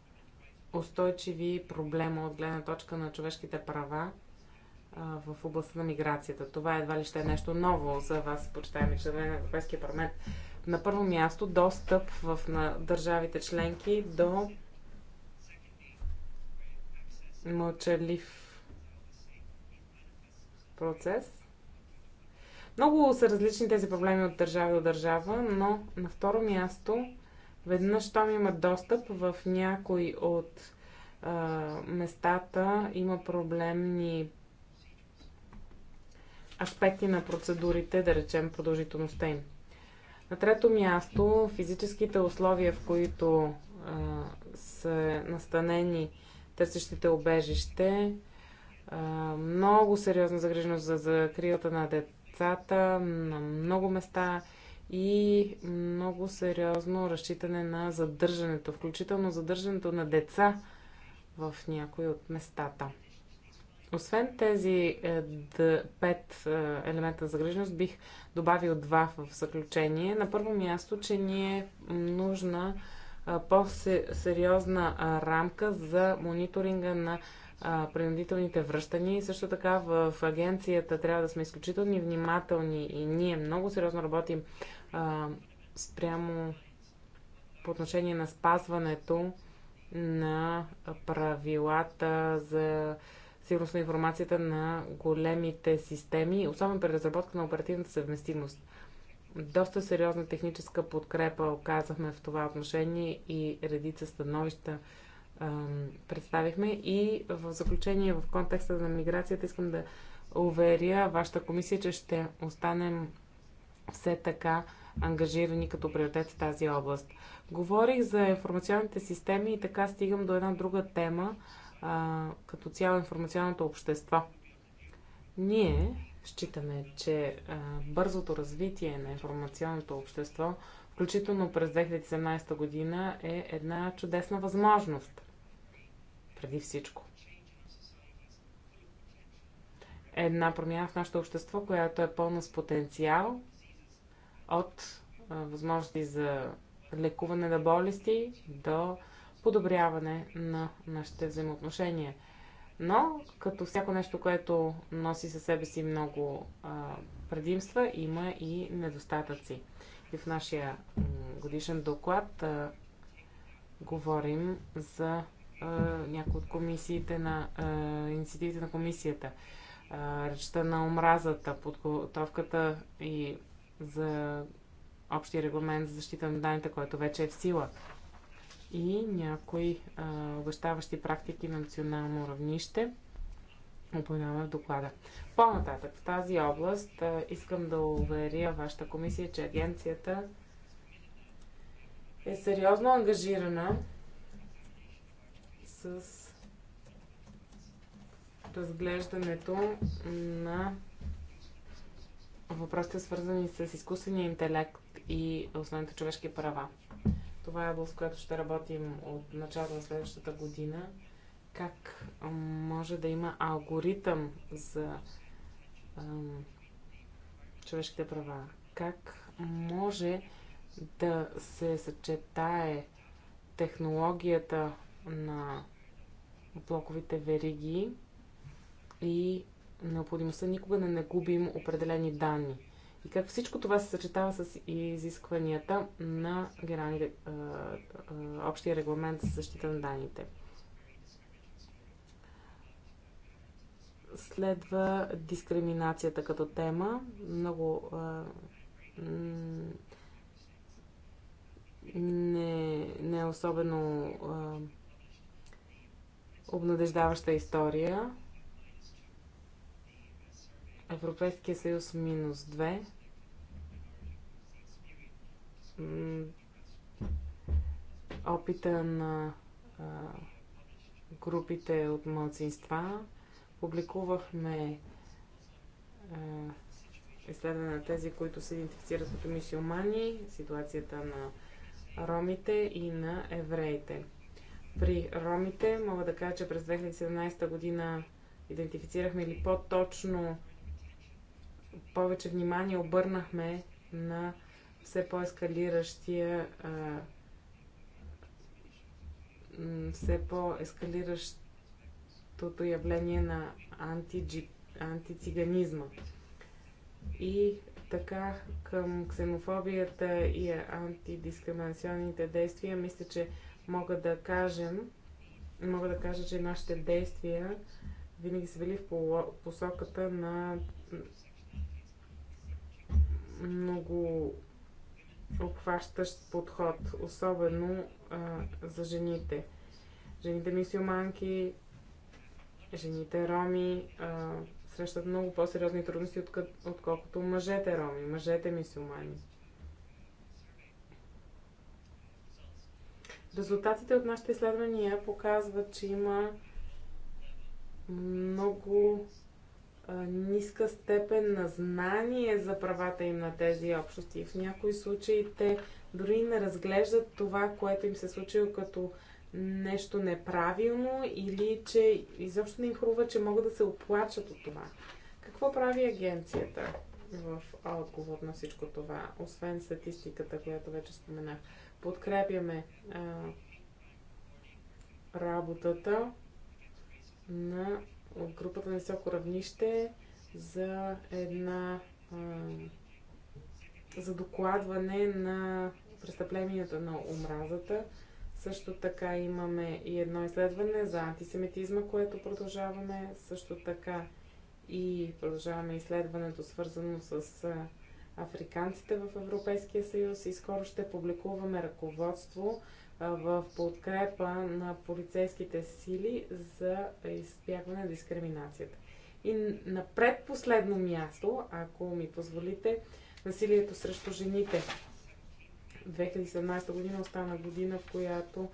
устойчиви проблема от гледна точка на човешките права в областта на миграцията. Това едва ли ще е нещо ново за вас, почитаеми членове на Европейския парламент. На първо място, достъп в на държавите членки до мълчалив процес. Много са различни тези проблеми от държава до държава, но на второ място, веднъж, щом има достъп в някой от а, местата, има проблемни аспекти на процедурите, да речем продължителността им. На трето място, физическите условия, в които а, са настанени търсещите обежище, а, много сериозна загриженост за закрилата на децата на много места и много сериозно разчитане на задържането, включително задържането на деца в някои от местата. Освен тези е, пет е, елемента за загриженост, бих добавил два в заключение. На първо място, че ни е нужна е, по-сериозна рамка за мониторинга на принудителните връщания. И също така в агенцията трябва да сме изключително внимателни и ние много сериозно работим спрямо по отношение на спазването на правилата за сигурност на информацията на големите системи, особено при разработка на оперативната съвместимост. Доста сериозна техническа подкрепа оказахме в това отношение и редица становища ам, представихме. И в заключение, в контекста на миграцията, искам да уверя вашата комисия, че ще останем все така ангажирани като приоритет в тази област. Говорих за информационните системи и така стигам до една друга тема, а, като цяло информационното общество. Ние считаме, че а, бързото развитие на информационното общество, включително през 2017 година, е една чудесна възможност. Преди всичко. Една промяна в нашето общество, която е пълна с потенциал от а, възможности за лекуване на болести до подобряване на нашите взаимоотношения. Но, като всяко нещо, което носи със себе си много а, предимства, има и недостатъци. И в нашия годишен доклад а, говорим за а, някои от комисиите на а, инициативите на комисията. А, речта на омразата, подготовката и за общия регламент за защита на данните, който вече е в сила и някои а, обещаващи практики на национално равнище, упоменаваме в доклада. По-нататък в тази област а, искам да уверя вашата комисия, че агенцията е сериозно ангажирана с разглеждането на въпросите, свързани с изкуствения интелект и основните човешки права. Това е област, която ще работим от началото на следващата година. Как може да има алгоритъм за ам, човешките права? Как може да се съчетае технологията на блоковите вериги и необходимостта никога да не губим определени данни и как всичко това се съчетава с изискванията на генерални, а, а, общия регламент за защита на данните. Следва дискриминацията като тема. Много а, не, не е особено а, обнадеждаваща история. Европейския съюз минус 2. Опита на групите от младсинства. Публикувахме изследване на тези, които се идентифицират като мисиомани, ситуацията на ромите и на евреите. При ромите мога да кажа, че през 2017 година идентифицирахме или по-точно повече внимание обърнахме на все по-ескалиращия все по-ескалиращото явление на антициганизма. И така към ксенофобията и антидискриминационните действия, мисля, че мога да кажем, мога да кажа, че нашите действия винаги са били в посоката на много обхващащ подход, особено а, за жените. Жените мисиоманки, жените роми а, срещат много по-сериозни трудности, откъд, отколкото мъжете роми, мъжете мисиомани. Резултатите от нашите изследвания показват, че има много ниска степен на знание за правата им на тези общности. В някои случаи те дори не разглеждат това, което им се е случило като нещо неправилно или че изобщо не им хрува, че могат да се оплачат от това. Какво прави агенцията в отговор на всичко това, освен статистиката, която вече споменах? Подкрепяме а, работата на от групата на високо равнище за една а, за докладване на престъпленията на омразата. Също така имаме и едно изследване за антисемитизма, което продължаваме. Също така и продължаваме изследването, свързано с африканците в Европейския съюз и скоро ще публикуваме ръководство в подкрепа на полицейските сили за избягване на дискриминацията. И на предпоследно място, ако ми позволите, насилието срещу жените. 2017 година остана година, в която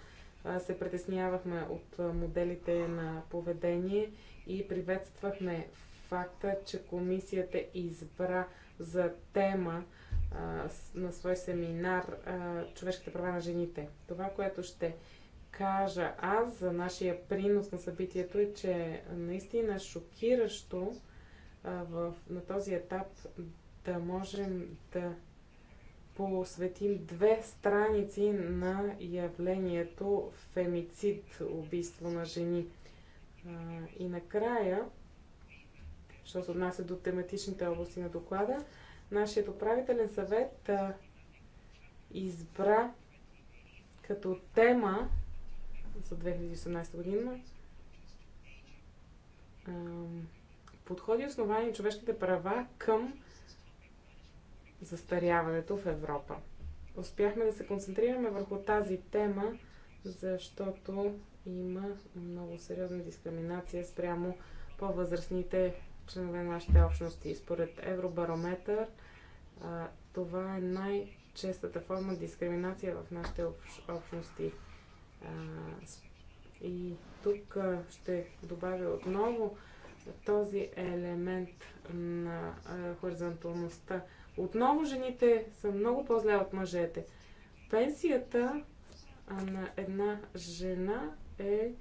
се притеснявахме от моделите на поведение и приветствахме факта, че комисията избра за тема на свой семинар Човешките права на жените. Това, което ще кажа аз за нашия принос на събитието е, че наистина е шокиращо в, на този етап да можем да посветим две страници на явлението фемицид, убийство на жени. А, и накрая, що се отнася до тематичните области на доклада, Нашият управителен съвет а, избра като тема за 2018 година а, подходи на човешките права към застаряването в Европа. Успяхме да се концентрираме върху тази тема, защото има много сериозна дискриминация спрямо по-възрастните членове на нашите общности. Според Евробарометър, а, това е най-честата форма дискриминация в нашите общ, общности. А, и тук а, ще добавя отново този елемент на а, хоризонталността. Отново жените са много по-зле от мъжете. Пенсията на една жена е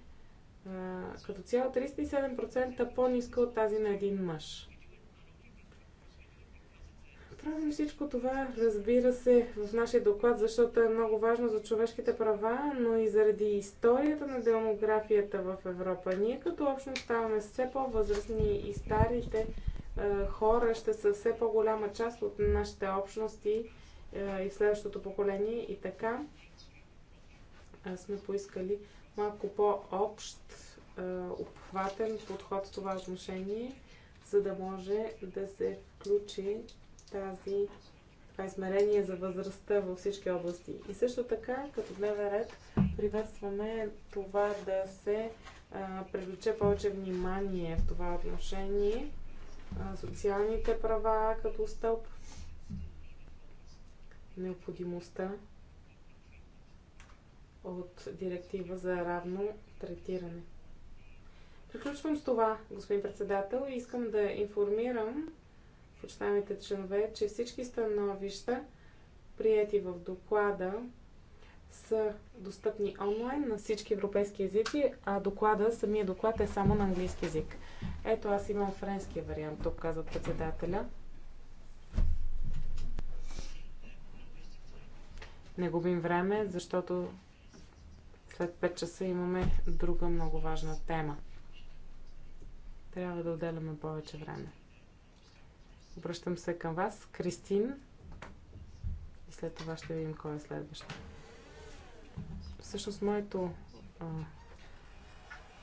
като цяло 37% по-ниска от тази на един мъж. Правим всичко това, разбира се, в нашия доклад, защото е много важно за човешките права, но и заради историята на демографията в Европа. Ние като общност ставаме все по-възрастни и старите е, хора ще са все по-голяма част от нашите общности е, и следващото поколение. И така е, сме поискали малко по-общ, обхватен подход в това отношение, за да може да се включи тази, това измерение за възрастта във всички области. И също така, като дневен ред, приветстваме това да се привлече повече внимание в това отношение, социалните права като стълб, необходимостта от директива за равно третиране. Приключвам с това, господин председател, и искам да информирам почитаемите членове, че всички становища, прияти в доклада, са достъпни онлайн на всички европейски езици, а доклада, самия доклад е само на английски язик. Ето аз имам френския вариант, тук казва председателя. Не губим време, защото след 5 часа имаме друга много важна тема. Трябва да отделяме повече време. Обръщам се към вас, Кристин. И след това ще видим кой е следващ. Всъщност, моето а,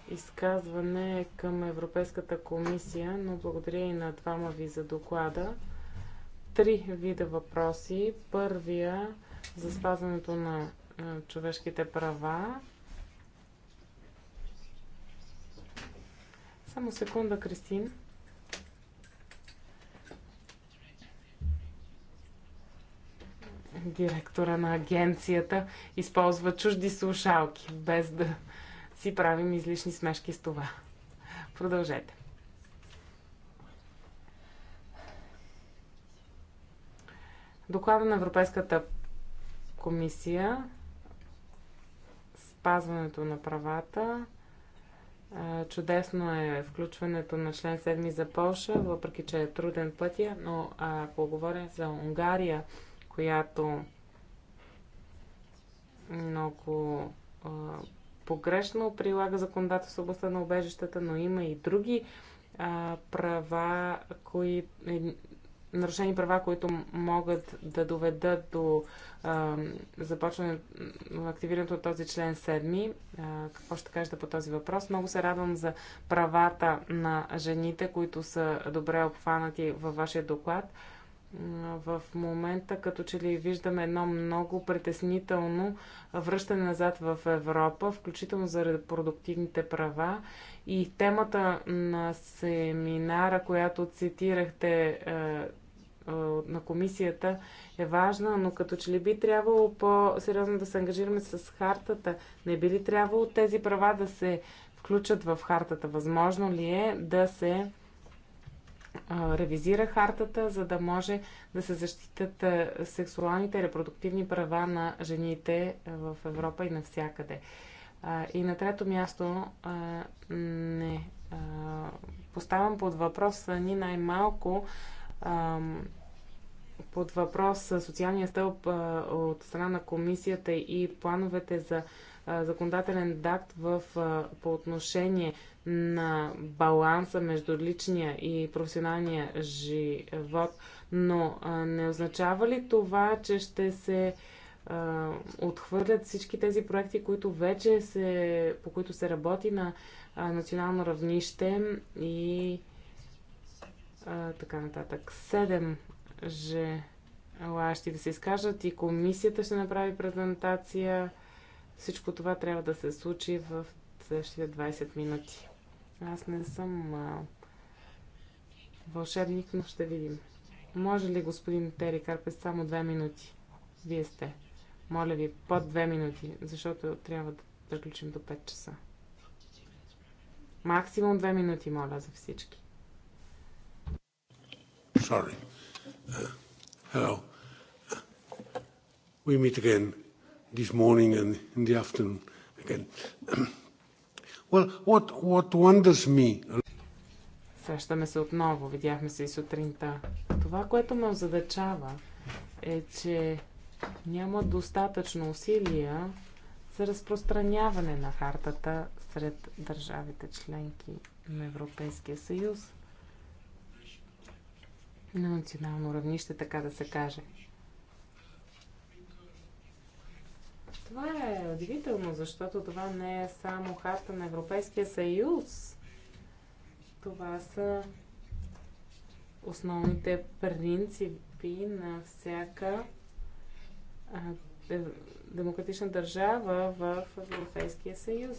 изказване е към Европейската комисия, но благодаря и на двама ви за доклада. Три вида въпроси. Първия за спазването на човешките права. Само секунда, Кристин. Директора на агенцията използва чужди слушалки, без да си правим излишни смешки с това. Продължете. Доклада на Европейската комисия спазването на правата. Чудесно е включването на член 7 за Польша, въпреки че е труден пътя, но ако говорим за Унгария, която много а, погрешно прилага законодателство в областта на убежищата, но има и други а, права, кои, нарушени права, които могат да доведат до а, започване на активирането на този член 7. А, какво ще кажете по този въпрос? Много се радвам за правата на жените, които са добре обхванати във вашия доклад. В момента като че ли виждаме едно много притеснително връщане назад в Европа, включително за репродуктивните права. И темата на семинара, която цитирахте е, на комисията е важна, но като че ли би трябвало по-сериозно да се ангажираме с хартата? Не би ли трябвало тези права да се включат в хартата? Възможно ли е да се ревизира хартата, за да може да се защитат сексуалните и репродуктивни права на жените в Европа и навсякъде? И на трето място не поставям под въпрос ни най-малко под въпрос социалния стълб от страна на комисията и плановете за законодателен дакт в, по отношение на баланса между личния и професионалния живот, но не означава ли това, че ще се а, отхвърлят всички тези проекти, които вече се, по които се работи на а, национално равнище и а, така нататък. Седем желащи да се изкажат и комисията ще направи презентация. Всичко това трябва да се случи в следващите 20 минути. Аз не съм а, вълшебник, но ще видим. Може ли господин Тери Карпес само две минути? Вие сте. Моля ви, под две минути, защото трябва да приключим до 5 часа. Максимум две минути, моля, за всички sorry. Uh, hello. Uh, we meet again this morning and in the afternoon again. well, what, what wonders me... Срещаме се отново. Видяхме се и сутринта. Това, което ме озадачава, е, че няма достатъчно усилия за разпространяване на хартата сред държавите членки на Европейския съюз на национално равнище, така да се каже. Това е удивително, защото това не е само харта на Европейския съюз. Това са основните принципи на всяка а, е, демократична държава в Европейския съюз.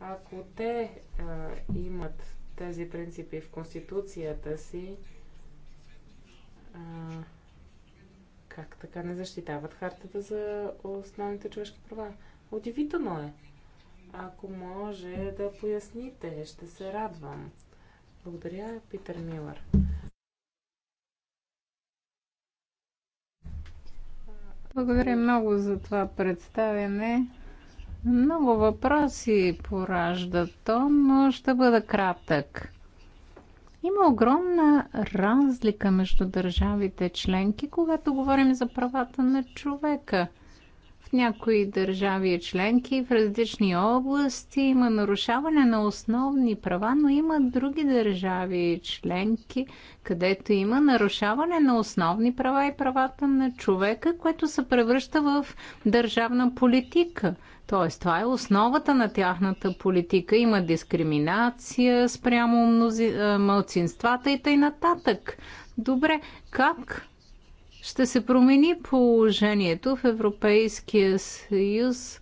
Ако те а, имат тези принципи в Конституцията си, а, как така не защитават хартата за основните човешки права. Удивително е. Ако може да поясните, ще се радвам. Благодаря, Питър Милър. Благодаря много за това представяне. Много въпроси поражда то, но ще бъда кратък. Има огромна разлика между държавите членки, когато говорим за правата на човека. В някои държави членки, в различни области има нарушаване на основни права, но има други държави членки, където има нарушаване на основни права и правата на човека, което се превръща в държавна политика – Тоест, това е основата на тяхната политика. Има дискриминация спрямо мнози... Е, мълцинствата и тъй нататък. Добре, как ще се промени положението в Европейския съюз?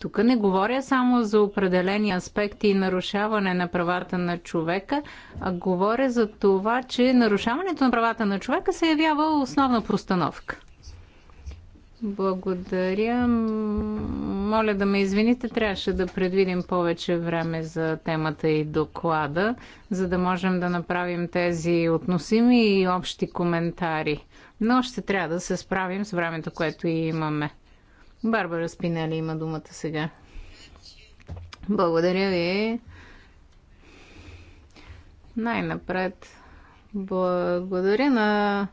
Тук не говоря само за определени аспекти и нарушаване на правата на човека, а говоря за това, че нарушаването на правата на човека се явява основна постановка. Благодаря. Моля да ме извините, трябваше да предвидим повече време за темата и доклада, за да можем да направим тези относими и общи коментари. Но ще трябва да се справим с времето, което и имаме. Барбара Спинели има думата сега. Благодаря ви. Най-напред благодаря на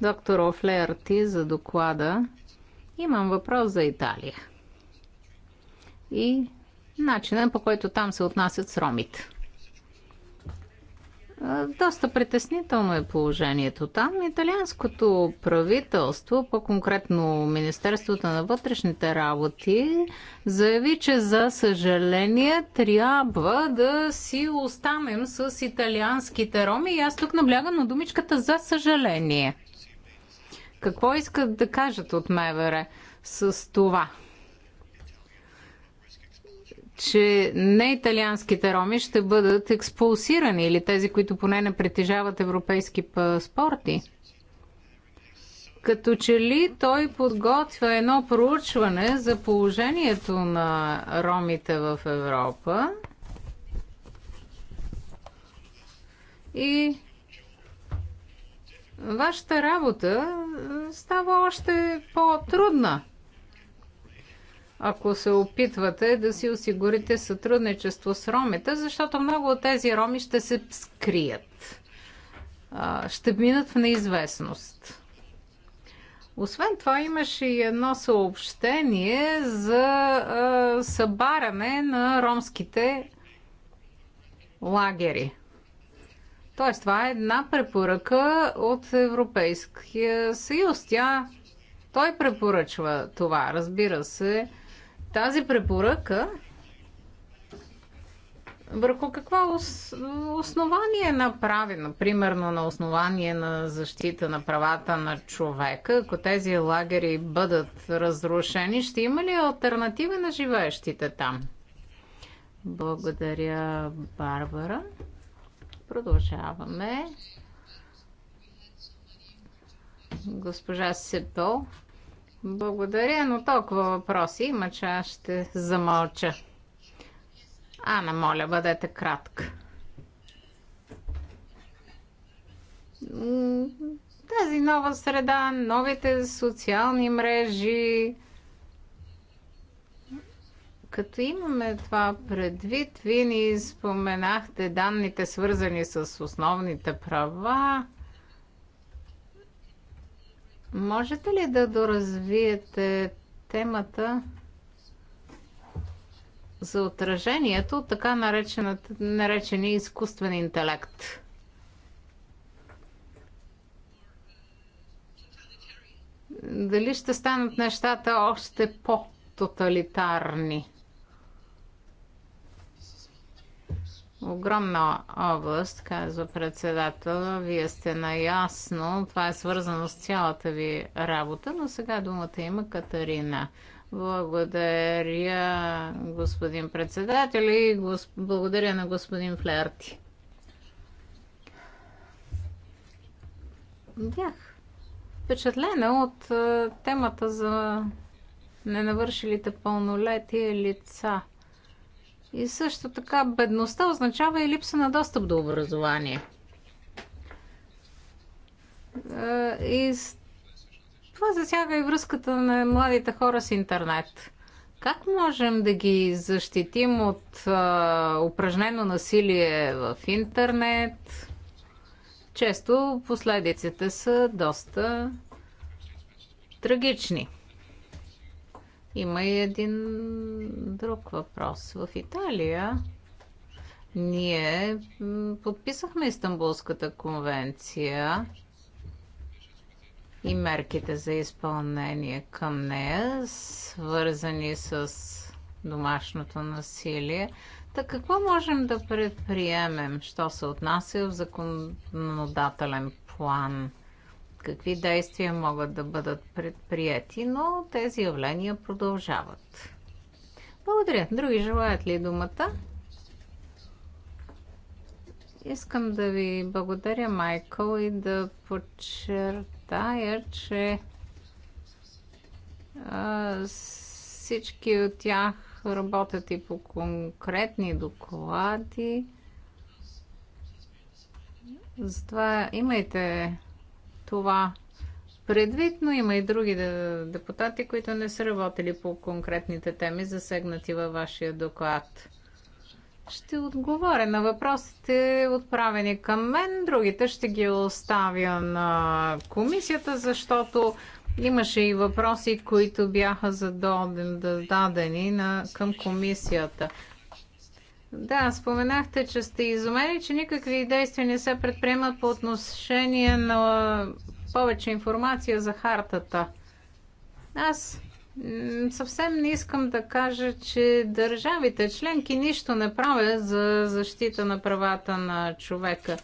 доктор Офлерти за доклада. Имам въпрос за Италия и начина по който там се отнасят с ромите. Доста притеснително е положението там. Италианското правителство, по-конкретно Министерството на вътрешните работи, заяви, че за съжаление трябва да си останем с италианските роми. И аз тук наблягам на думичката за съжаление. Какво искат да кажат от МВР с това? че не италианските роми ще бъдат експулсирани или тези, които поне не притежават европейски паспорти. Като че ли той подготвя едно проучване за положението на ромите в Европа и вашата работа става още по-трудна, ако се опитвате да си осигурите сътрудничество с ромите, защото много от тези роми ще се скрият, ще минат в неизвестност. Освен това имаше и едно съобщение за събаране на ромските лагери. Тоест, това е една препоръка от Европейския съюз. Тя, той препоръчва това, разбира се. Тази препоръка върху какво основание направи, е направено, примерно на основание на защита на правата на човека, ако тези лагери бъдат разрушени, ще има ли альтернативи на живеещите там? Благодаря, Барбара. Продължаваме. Госпожа Сепо. Благодаря, но толкова въпроси има, че аз ще замълча. Ана, моля, бъдете кратка. Тази нова среда, новите социални мрежи, като имаме това предвид, вие ни споменахте данните свързани с основните права. Можете ли да доразвиете темата за отражението от така наречения изкуствен интелект? Дали ще станат нещата още по-тоталитарни? Огромна област, казва председател. Вие сте наясно. Това е свързано с цялата ви работа, но сега думата има Катарина. Благодаря, господин председател и гос... благодаря на господин Флерти. Бях впечатлена от темата за ненавършилите пълнолетие лица. И също така бедността означава и липса на достъп до образование. Е, и това засяга и връзката на младите хора с интернет. Как можем да ги защитим от а, е, упражнено насилие в интернет? Често последиците са доста трагични. Има и един друг въпрос. В Италия ние подписахме Истанбулската конвенция и мерките за изпълнение към нея, свързани с домашното насилие. Так какво можем да предприемем, що се отнася в законодателен план? какви действия могат да бъдат предприяти, но тези явления продължават. Благодаря. Други желаят ли думата? Искам да ви благодаря, Майкъл, и да подчертая, че всички от тях работят и по конкретни доклади. Затова имайте това предвид, но има и други депутати, които не са работили по конкретните теми, засегнати във вашия доклад. Ще отговоря на въпросите, отправени към мен. Другите ще ги оставя на комисията, защото имаше и въпроси, които бяха зададени на, към комисията. Да, споменахте, че сте изумени, че никакви действия не се предприемат по отношение на повече информация за хартата. Аз съвсем не искам да кажа, че държавите членки нищо не правят за защита на правата на човека.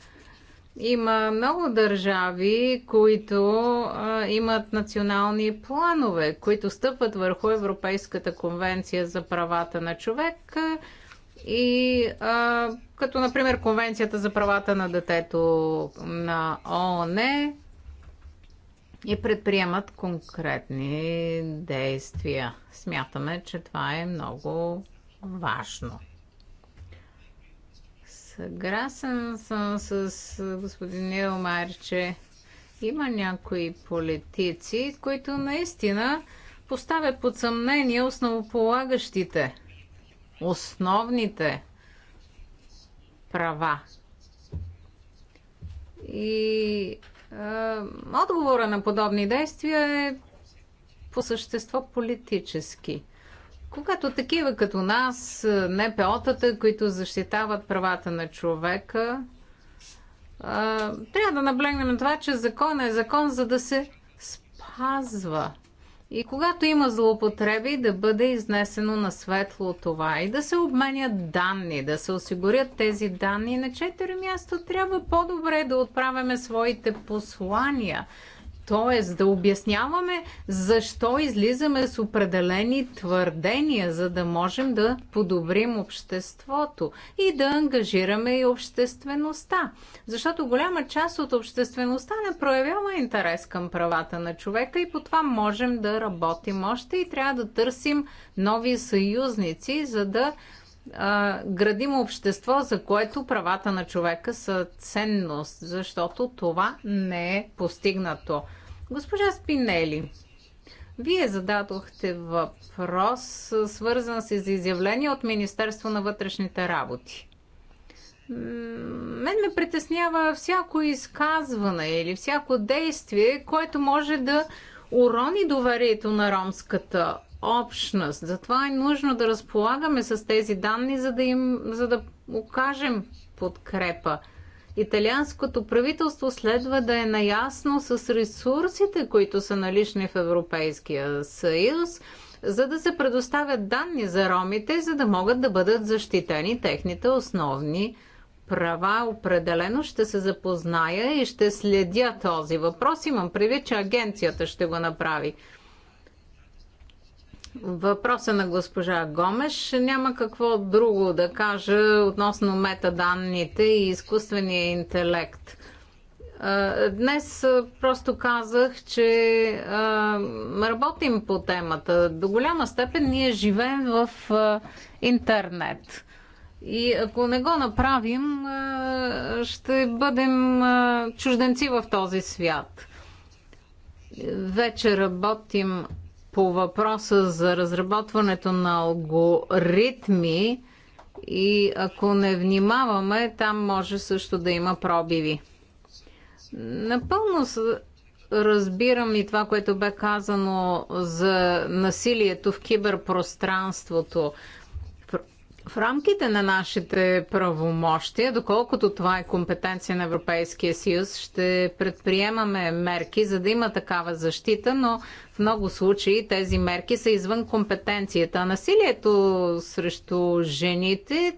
Има много държави, които а, имат национални планове, които стъпват върху Европейската конвенция за правата на човек и а, като например Конвенцията за правата на детето на ООН и предприемат конкретни действия. Смятаме, че това е много важно. Съгласен съм с господин Илмар, че има някои политици, които наистина поставят под съмнение основополагащите основните права. И е, отговора на подобни действия е по същество политически. Когато такива като нас, е, НПО-тата, които защитават правата на човека, е, трябва да наблегнем на това, че закон е закон, за да се спазва и когато има злоупотреби, да бъде изнесено на светло това и да се обменят данни, да се осигурят тези данни. На четири място трябва по-добре да отправяме своите послания, Тоест да обясняваме защо излизаме с определени твърдения, за да можем да подобрим обществото и да ангажираме и обществеността. Защото голяма част от обществеността не проявява интерес към правата на човека и по това можем да работим още и трябва да търсим нови съюзници, за да а, градим общество, за което правата на човека са ценност, защото това не е постигнато. Госпожа Спинели, вие зададохте въпрос, свързан с изявление от Министерство на вътрешните работи. Мен ме притеснява всяко изказване или всяко действие, което може да урони доверието на ромската общност. Затова е нужно да разполагаме с тези данни, за да им за да окажем подкрепа италианското правителство следва да е наясно с ресурсите, които са налични в Европейския съюз, за да се предоставят данни за ромите, за да могат да бъдат защитени техните основни права. Определено ще се запозная и ще следя този въпрос. Имам предвид, че агенцията ще го направи въпроса на госпожа Гомеш. Няма какво друго да кажа относно метаданните и изкуствения интелект. Днес просто казах, че работим по темата. До голяма степен ние живеем в интернет. И ако не го направим, ще бъдем чужденци в този свят. Вече работим по въпроса за разработването на алгоритми и ако не внимаваме, там може също да има пробиви. Напълно разбирам и това, което бе казано за насилието в киберпространството. В рамките на нашите правомощия, доколкото това е компетенция на Европейския съюз, ще предприемаме мерки, за да има такава защита, но в много случаи тези мерки са извън компетенцията. Насилието срещу жените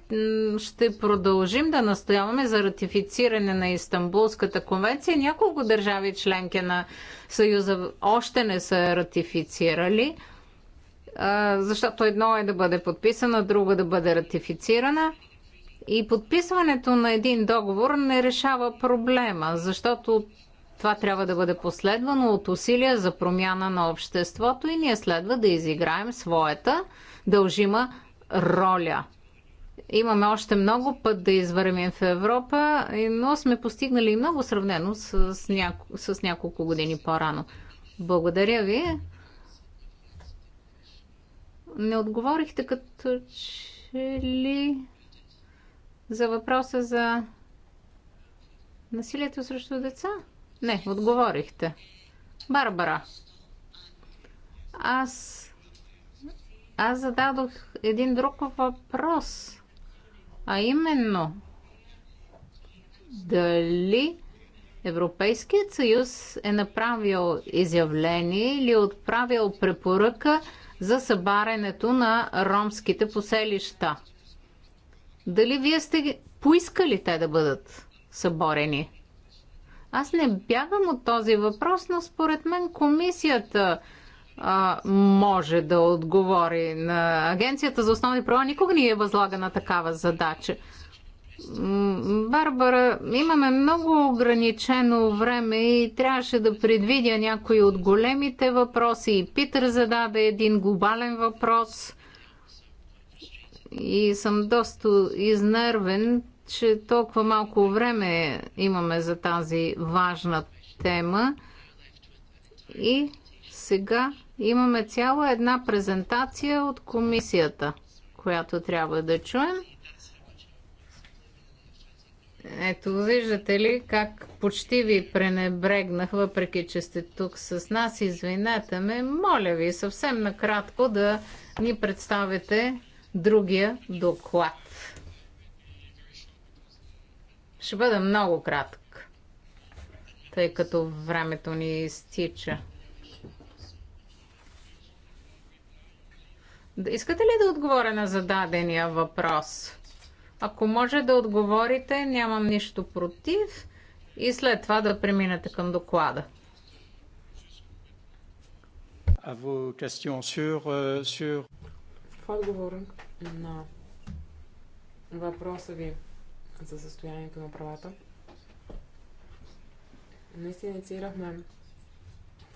ще продължим да настояваме за ратифициране на Истанбулската конвенция. Няколко държави членки на Съюза още не са ратифицирали защото едно е да бъде подписана, друго да бъде ратифицирана. И подписването на един договор не решава проблема, защото това трябва да бъде последвано от усилия за промяна на обществото и ние следва да изиграем своята дължима роля. Имаме още много път да извървим в Европа, но сме постигнали много сравнено с, няко... с няколко години по-рано. Благодаря ви. Не отговорихте като че ли за въпроса за насилието срещу деца? Не, отговорихте. Барбара. Аз аз зададох един друг въпрос, а именно дали Европейският съюз е направил изявление или отправил препоръка за събарянето на ромските поселища. Дали вие сте поискали те да бъдат съборени? Аз не бягам от този въпрос, но според мен комисията а, може да отговори на Агенцията за основни права. Никога не е възлага на такава задача. Барбара, имаме много ограничено време и трябваше да предвидя някои от големите въпроси. И Питър зададе един глобален въпрос. И съм доста изнервен, че толкова малко време имаме за тази важна тема. И сега имаме цяла една презентация от комисията, която трябва да чуем. Ето, виждате ли как почти ви пренебрегнах, въпреки че сте тук с нас. Извинете ме, моля ви съвсем накратко да ни представите другия доклад. Ще бъда много кратък, тъй като времето ни изтича. Искате ли да отговоря на зададения въпрос? Ако може да отговорите, нямам нищо против и след това да преминете към доклада. А vos euh, В отговор на въпроса ви за състоянието на правата, наистина инициирахме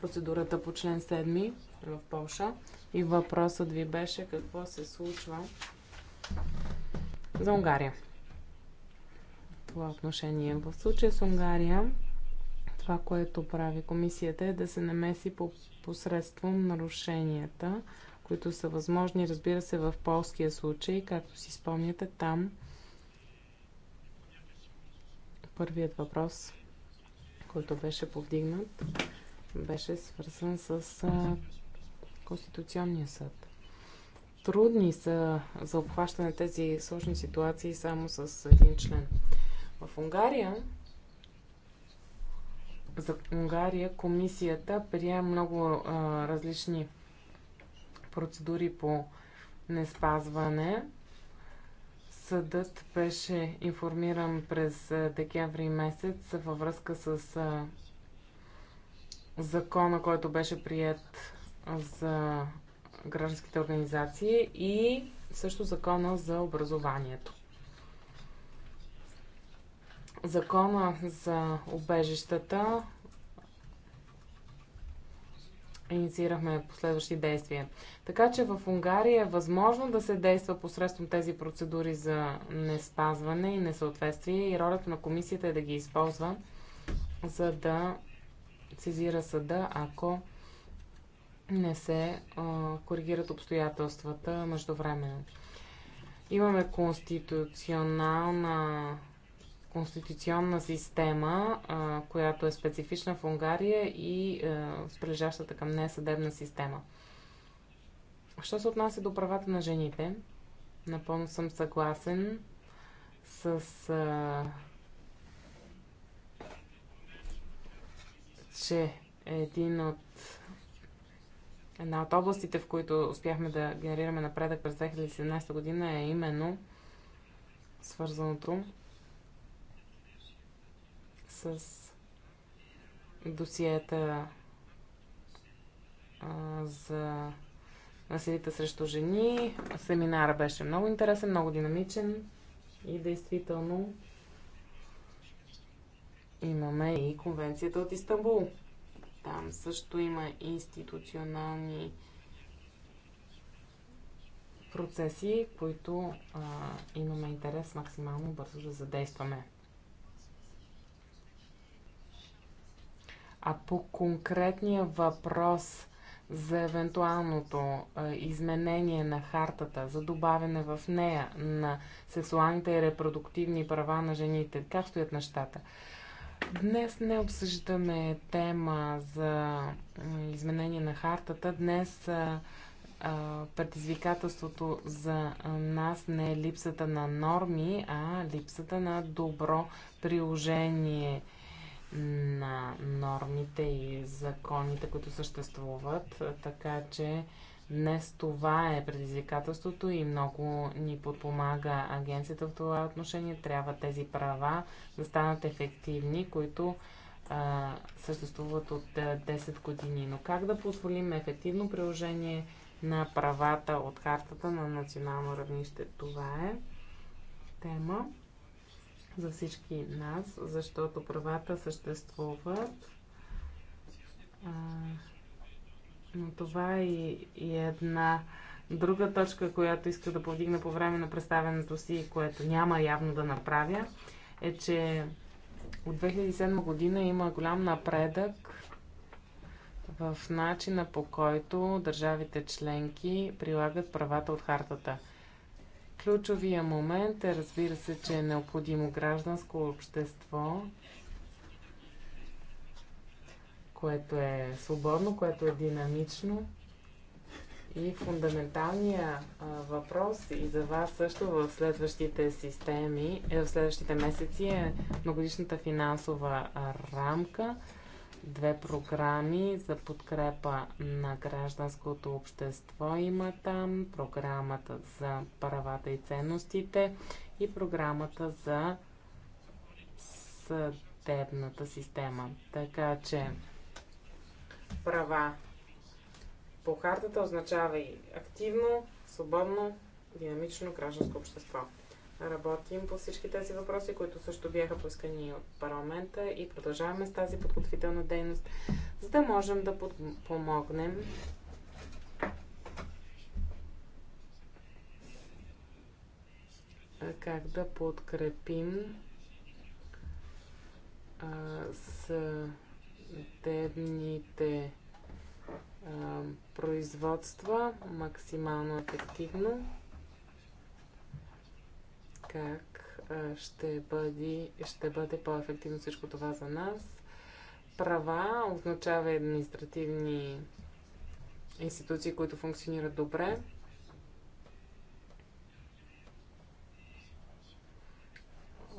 процедурата по член 7 в Польша и въпросът ви беше какво се случва за Унгария. Това отношение е в случая с Унгария, това, което прави комисията е да се намеси по посредством нарушенията, които са възможни, разбира се, в полския случай, както си спомняте, там първият въпрос, който беше повдигнат, беше свързан с Конституционния съд трудни са за обхващане тези сложни ситуации само с един член. В Унгария за Унгария комисията прие много а, различни процедури по неспазване. Съдът беше информиран през декември месец във връзка с а, закона, който беше прият за гражданските организации и също закона за образованието. Закона за обежищата инициирахме последващи действия. Така че в Унгария е възможно да се действа посредством тези процедури за неспазване и несъответствие и ролята на комисията е да ги използва, за да сезира съда, ако не се а, коригират обстоятелствата междувременно. Имаме конституционална конституционна система, а, която е специфична в Унгария и а, с прилежащата към нея съдебна система. Що се отнася до правата на жените, напълно съм съгласен с а, че един от Една от областите, в които успяхме да генерираме напредък през 2017 година е именно свързаното с досиета за насилите срещу жени. Семинара беше много интересен, много динамичен и действително имаме и конвенцията от Истанбул. Там също има институционални процеси, които а, имаме интерес максимално бързо да задействаме. А по конкретния въпрос за евентуалното а, изменение на хартата, за добавяне в нея на сексуалните и репродуктивни права на жените, как стоят нещата? Днес не обсъждаме тема за изменение на хартата. Днес предизвикателството за нас не е липсата на норми, а липсата на добро приложение на нормите и законите, които съществуват. Така че Днес това е предизвикателството и много ни подпомага агенцията в това отношение. Трябва тези права да станат ефективни, които а, съществуват от 10 години. Но как да позволим ефективно приложение на правата от хартата на национално равнище? Това е тема за всички нас, защото правата съществуват. А, но това е и, и една друга точка, която иска да повдигна по време на представенето си, което няма явно да направя, е, че от 2007 година има голям напредък в начина по който държавите членки прилагат правата от хартата. Ключовия момент е, разбира се, че е необходимо гражданско общество, което е свободно, което е динамично. И фундаменталният въпрос и за вас също в следващите системи, е, в следващите месеци е многодишната финансова рамка, две програми за подкрепа на гражданското общество има там, програмата за правата и ценностите и програмата за съдебната система. Така че права по хартата означава и активно, свободно, динамично гражданско общество. Работим по всички тези въпроси, които също бяха поискани от парламента и продължаваме с тази подготвителна дейност, за да можем да помогнем как да подкрепим а, с дребните а, производства максимално ефективно. Как а, ще, бъде, ще бъде по-ефективно всичко това за нас? Права означава административни институции, които функционират добре.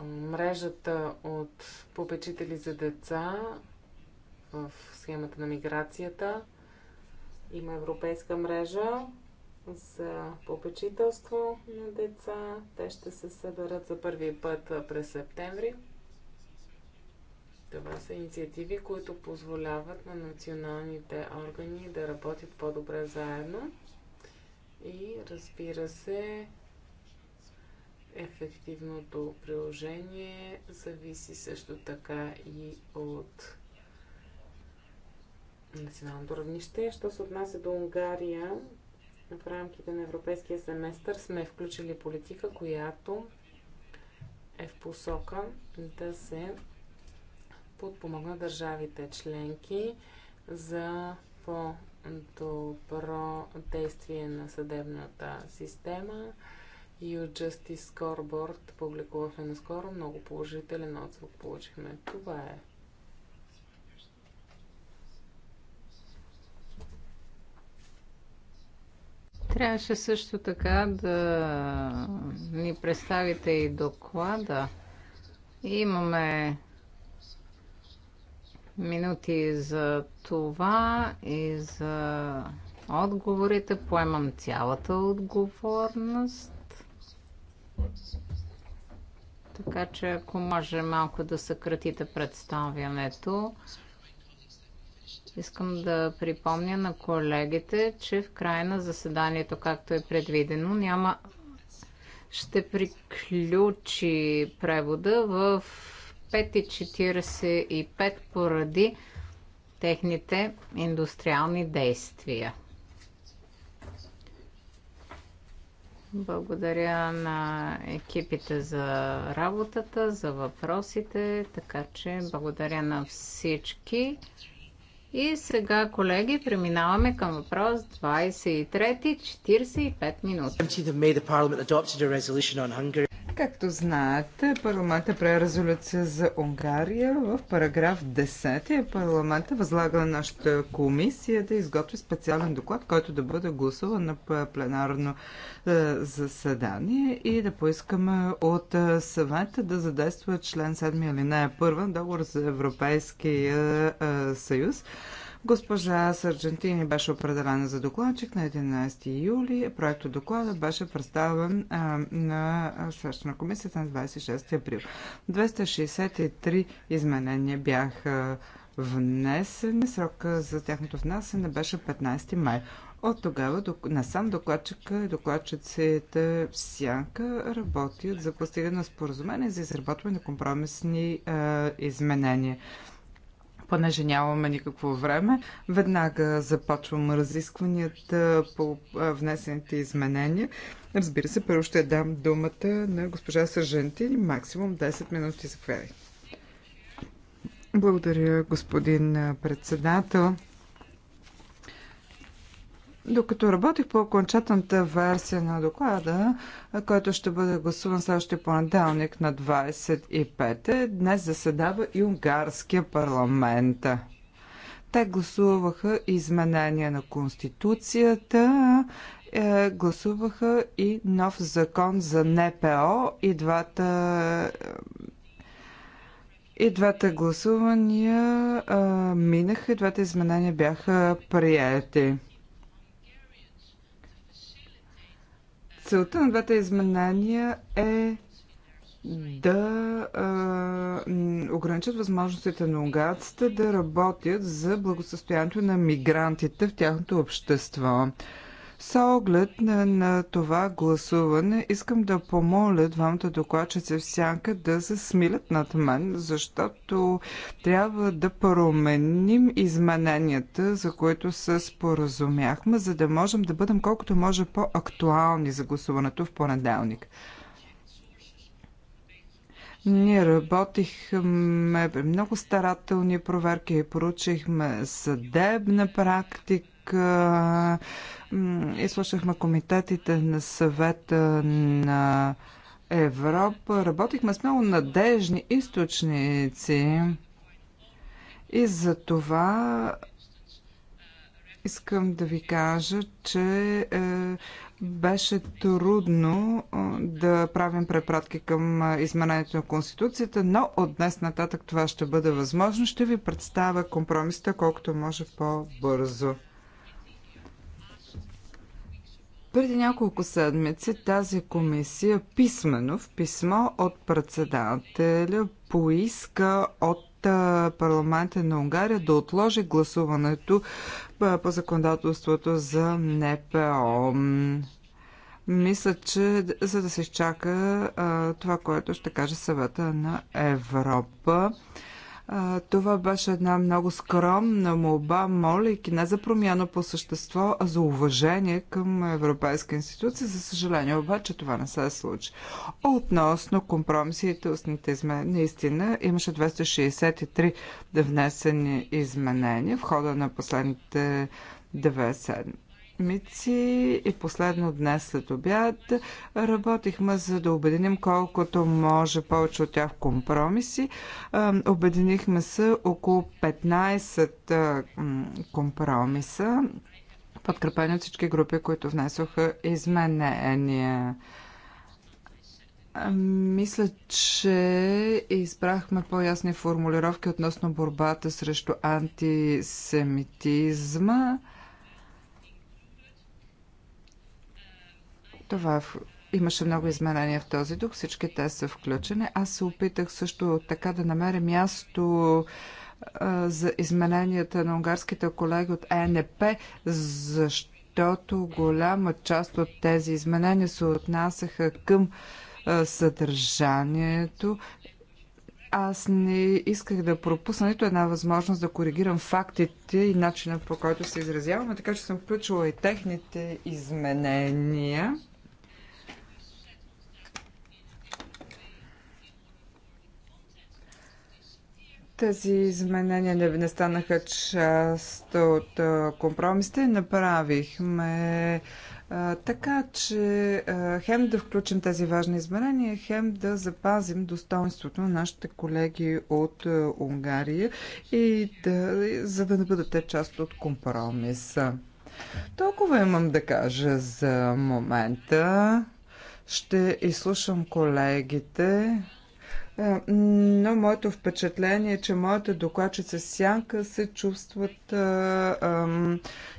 мрежата от попечители за деца в схемата на миграцията. Има европейска мрежа за попечителство на деца. Те ще се съберат за първи път през септември. Това са инициативи, които позволяват на националните органи да работят по-добре заедно и разбира се, ефективното приложение зависи също така и от националното равнище. Що се отнася до Унгария, в рамките на европейския семестър сме включили политика, която е в посока да се подпомогна държавите членки за по-добро действие на съдебната система. EU Justice Scoreboard публикувахме наскоро. Много положителен отзвук получихме. Това е Трябваше също така да ни представите и доклада. Имаме минути за това и за отговорите. Поемам цялата отговорност. Така че ако може малко да съкратите представянето, Искам да припомня на колегите, че в края на заседанието, както е предвидено, няма ще приключи превода в 5.45 поради техните индустриални действия. Благодаря на екипите за работата, за въпросите, така че благодаря на всички. И сега, колеги, преминаваме към въпрос 23, 45 минути. Както знаете, парламента прави резолюция за Унгария в параграф 10. Парламента възлага на нашата комисия да изготви специален доклад, който да бъде гласуван на пленарно е, заседание и да поискаме от е, съвета да задейства член 7 или алинея 1 договор за Европейския е, съюз Госпожа Сарджентини беше определена за докладчик на 11 юли. Проектът доклада беше представен а, на Срещна комисията на 26 април. 263 изменения бяха внесени. Срока за тяхното внасене беше 15 май. От тогава насам докладчика и докладчиците в Сянка работят за постигане на споразумение за изработване на компромисни изменения понеже нямаме никакво време, веднага започвам разискванията по внесените изменения. Разбира се, първо ще дам думата на госпожа Сържентин, максимум 10 минути за Благодаря, господин председател. Докато работих по окончателната версия на доклада, който ще бъде гласуван следващия понеделник на 25, днес заседава и унгарския парламент. Те гласуваха изменения на Конституцията, е, гласуваха и нов закон за НПО и двата и двата гласувания а, е, минаха, и двата изменения бяха прияти. Целта на двете изменения е да а, ограничат възможностите на унгарците да работят за благосъстоянието на мигрантите в тяхното общество. С оглед на, на това гласуване искам да помоля двамата докладчици в сянка да се смилят над мен, защото трябва да променим измененията, за които се споразумяхме, за да можем да бъдем колкото може по-актуални за гласуването в понеделник. Ние работихме много старателни проверки и проучихме съдебна практика изслушахме комитетите на съвета на Европа. Работихме с много надежни източници и за това искам да ви кажа, че е, беше трудно да правим препратки към изменението на Конституцията, но от днес нататък това ще бъде възможно. Ще ви представя компромисата, колкото може по-бързо. Преди няколко седмици тази комисия писменно в писмо от председателя поиска от парламента на Унгария да отложи гласуването по законодателството за НПО. Мисля, че за да се изчака това, което ще каже съвета на Европа, това беше една много скромна молба, молейки не за промяна по същество, а за уважение към Европейска институция. За съжаление обаче това не се случи. Относно компромисите, устните изменения, наистина имаше 263 да внесени изменения в хода на последните две седмици седмици и последно днес след обяд работихме за да обединим колкото може повече от тях компромиси. Обединихме се около 15 компромиса, подкрепени от всички групи, които внесоха изменения. Мисля, че избрахме по-ясни формулировки относно борбата срещу антисемитизма Това имаше много изменения в този дух, всички те са включени. Аз се опитах също така да намеря място а, за измененията на унгарските колеги от ЕНП, защото голяма част от тези изменения се отнасяха към а, съдържанието, аз не исках да пропусна нито една възможност да коригирам фактите и начина по който се изразяваме, така че съм включила и техните изменения. Тези изменения не, не станаха част от компромисите. Направихме а, така, че а, хем да включим тези важни изменения, хем да запазим достоинството на нашите колеги от а, Унгария и да, за да не бъдат част от компромиса. Толкова имам да кажа за момента. Ще изслушам колегите. Е, но моето впечатление е, че моята докладчица Сянка се чувстват а, е, а,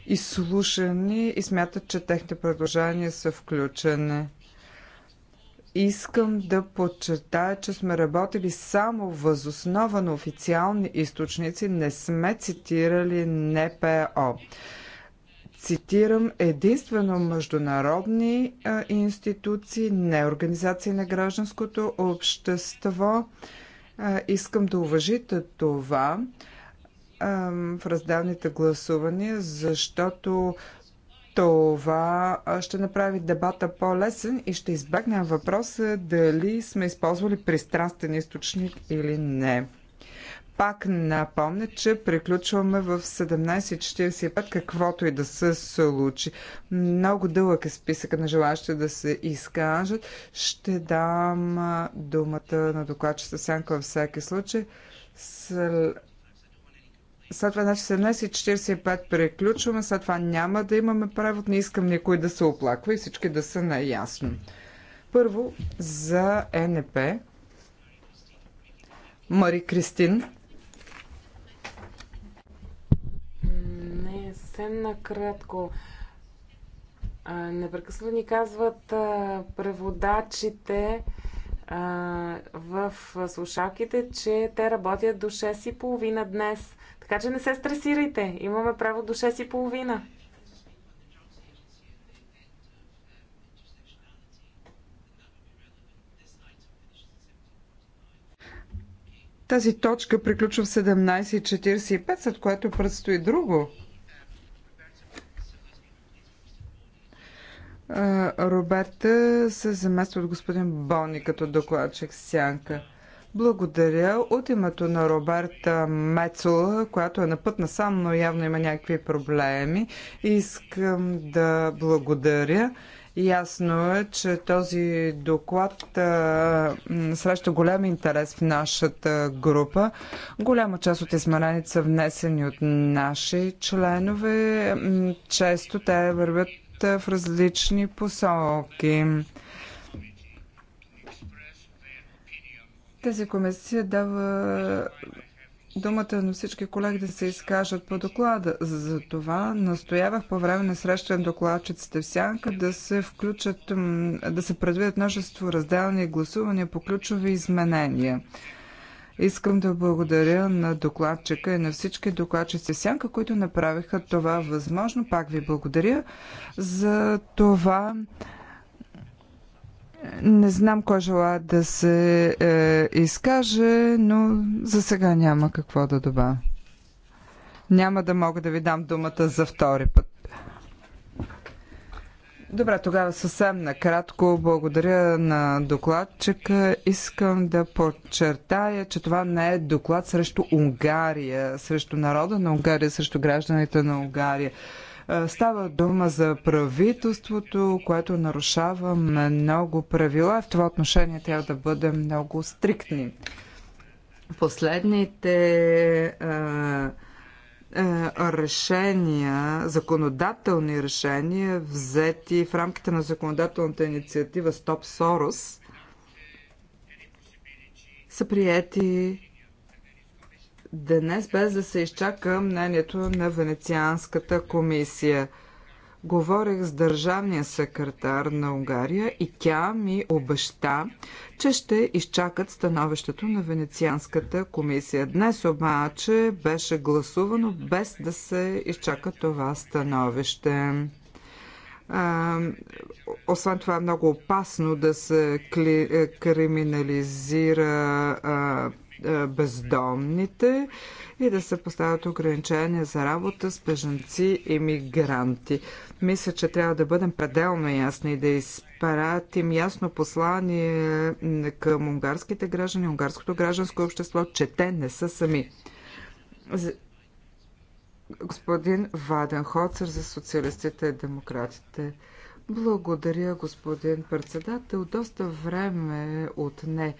изслушани и смятат, че техните предложения са включени. Искам да подчертая, че сме работили само възоснова на официални източници, не сме цитирали НПО цитирам единствено международни институции, не организации на гражданското общество. Искам да уважите това в раздавните гласувания, защото това ще направи дебата по-лесен и ще избегнем въпроса дали сме използвали пристрастен източник или не пак напомня, че приключваме в 17.45, каквото и да се случи. Много дълъг е списъка на желащи да се изкажат. Ще дам думата на докладчета Сянка във всеки случай. След след това, значи 17.45 приключваме, след това няма да имаме превод, не искам никой да се оплаква и всички да са наясно. Първо, за НП. Мари Кристин. съвсем накратко. непрекъснато ни казват а, преводачите а, в слушалките, че те работят до 6.30 днес. Така че не се стресирайте. Имаме право до 6.30. Тази точка приключва в 17.45, след което предстои друго. Роберта се замества от господин Бони като докладчик Сянка. Благодаря. От името на Роберта Мецл, която е на път насам, но явно има някакви проблеми, искам да благодаря. Ясно е, че този доклад а, среща голям интерес в нашата група. Голяма част от измерените са внесени от наши членове. Често те вървят в различни посоки. Тази комисия дава думата на всички колеги да се изкажат по доклада. За това настоявах по време на среща на докладчиците в Сянка да се включат, да се предвидят множество разделни гласувания по ключови изменения. Искам да благодаря на докладчика и на всички докладчици Сянка, които направиха това възможно. Пак ви благодаря за това. Не знам кой желая да се е, изкаже, но за сега няма какво да добавя. Няма да мога да ви дам думата за втори път. Добре, тогава съвсем накратко благодаря на докладчика. Искам да подчертая, че това не е доклад срещу Унгария, срещу народа на Унгария, срещу гражданите на Унгария. Е, става дума за правителството, което нарушава много правила. В това отношение трябва да бъдем много стриктни. Последните а, е, е, решения, законодателни решения, взети в рамките на законодателната инициатива Стоп Сорос, са приети днес, без да се изчака мнението на Венецианската комисия – говорех с държавния секретар на Унгария и тя ми обеща, че ще изчакат становището на Венецианската комисия. Днес обаче беше гласувано без да се изчака това становище. А, освен това е много опасно да се кли, е, криминализира а, бездомните и да се поставят ограничения за работа с бежанци и мигранти. Мисля, че трябва да бъдем пределно ясни и да изпратим ясно послание към унгарските граждани, унгарското гражданско общество, че те не са сами. Господин Ваден Хоцер за социалистите и демократите. Благодаря, господин председател. Доста време отне,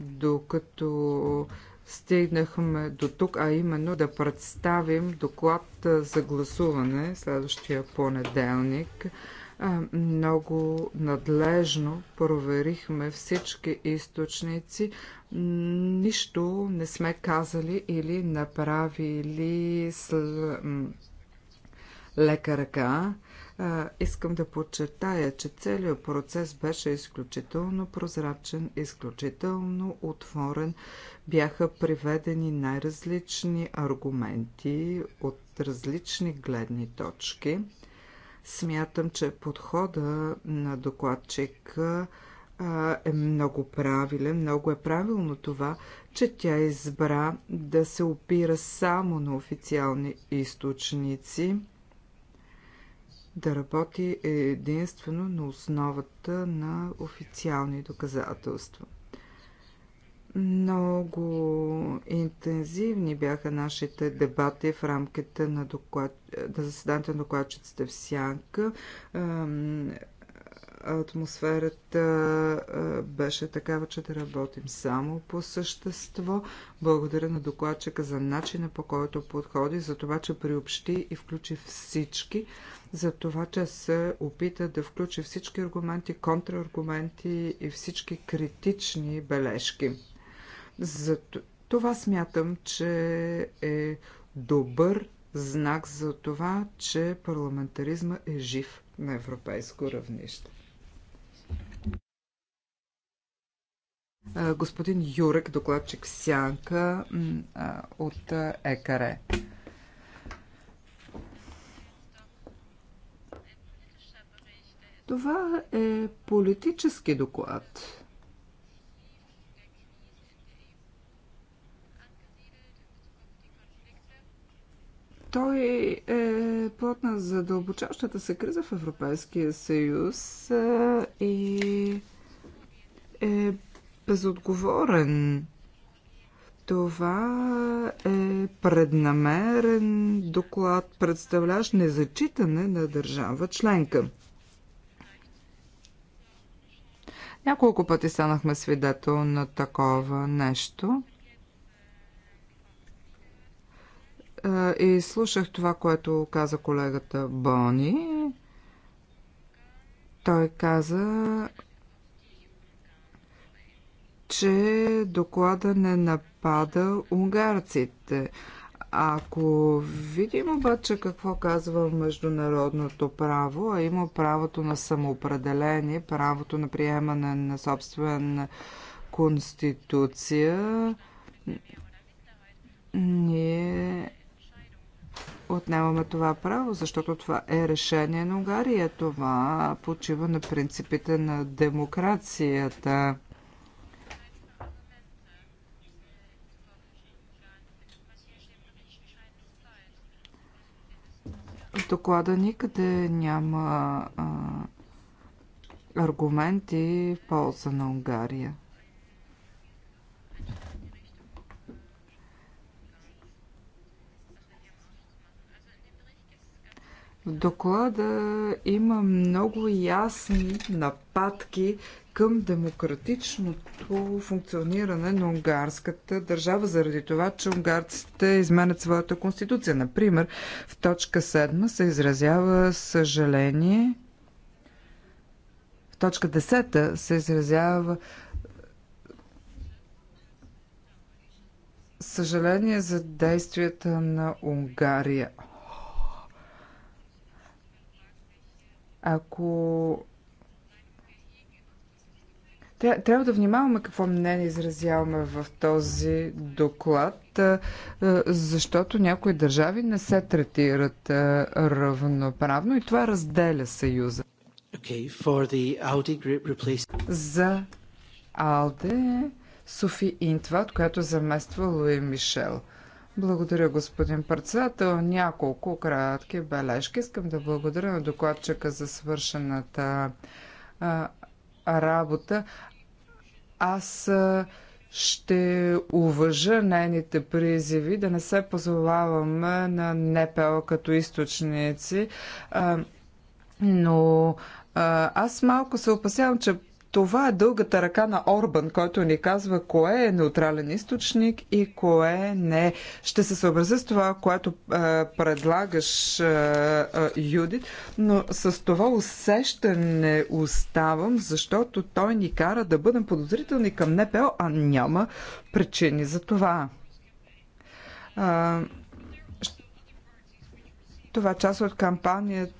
докато стигнахме до тук, а именно да представим доклад за гласуване следващия понеделник. Много надлежно проверихме всички източници. Нищо не сме казали или направили с лека ръка искам да подчертая, че целият процес беше изключително прозрачен, изключително отворен. Бяха приведени най-различни аргументи от различни гледни точки. Смятам, че подхода на докладчика е много правилен. Много е правилно това, че тя избра да се опира само на официални източници да работи единствено на основата на официални доказателства. Много интензивни бяха нашите дебати в рамките на, доклад... на заседанието на докладчиците в Сянка. Атмосферата беше такава, че да работим само по същество. Благодаря на докладчика за начина по който подходи, за това, че приобщи и включи всички за това, че се опита да включи всички аргументи, контраргументи и всички критични бележки. За това смятам, че е добър знак за това, че парламентаризма е жив на европейско равнище. Господин Юрек, докладчик Сянка от ЕКАРЕ. Това е политически доклад. Той е плод на задълбочащата се криза в Европейския съюз и е безотговорен. Това е преднамерен доклад, представлящ незачитане на държава членка. Няколко пъти станахме свидетел на такова нещо. Е, и слушах това, което каза колегата Бони. Той каза, че доклада не напада унгарците. Ако видим обаче какво казва международното право, а има правото на самоопределение, правото на приемане на собствена конституция, ние отнемаме това право, защото това е решение на Унгария. Това почива на принципите на демокрацията. В доклада никъде няма а, аргументи в полза на Унгария. В доклада има много ясни нападки към демократичното функциониране на унгарската държава, заради това, че унгарците изменят своята конституция. Например, в точка 7 се изразява съжаление. В точка 10 се изразява съжаление за действията на Унгария. Ако трябва да внимаваме какво мнение изразяваме в този доклад, защото някои държави не се третират равноправно и това разделя Съюза. Okay, for the Audi group replace... За Алде Софи Интват, която замества Луи Мишел. Благодаря, господин председател. Няколко кратки бележки. Искам да благодаря на докладчика за свършената а, работа аз ще уважа нейните призиви да не се позоваваме на НПО като източници, но аз малко се опасявам, че това е дългата ръка на Орбан, който ни казва кое е неутрален източник и кое не. Ще се съобразя с това, което е, предлагаш, е, е, Юдит, но с това усещане оставам, защото той ни кара да бъдем подозрителни към НПО, а няма причини за това. Е, това е част от кампанията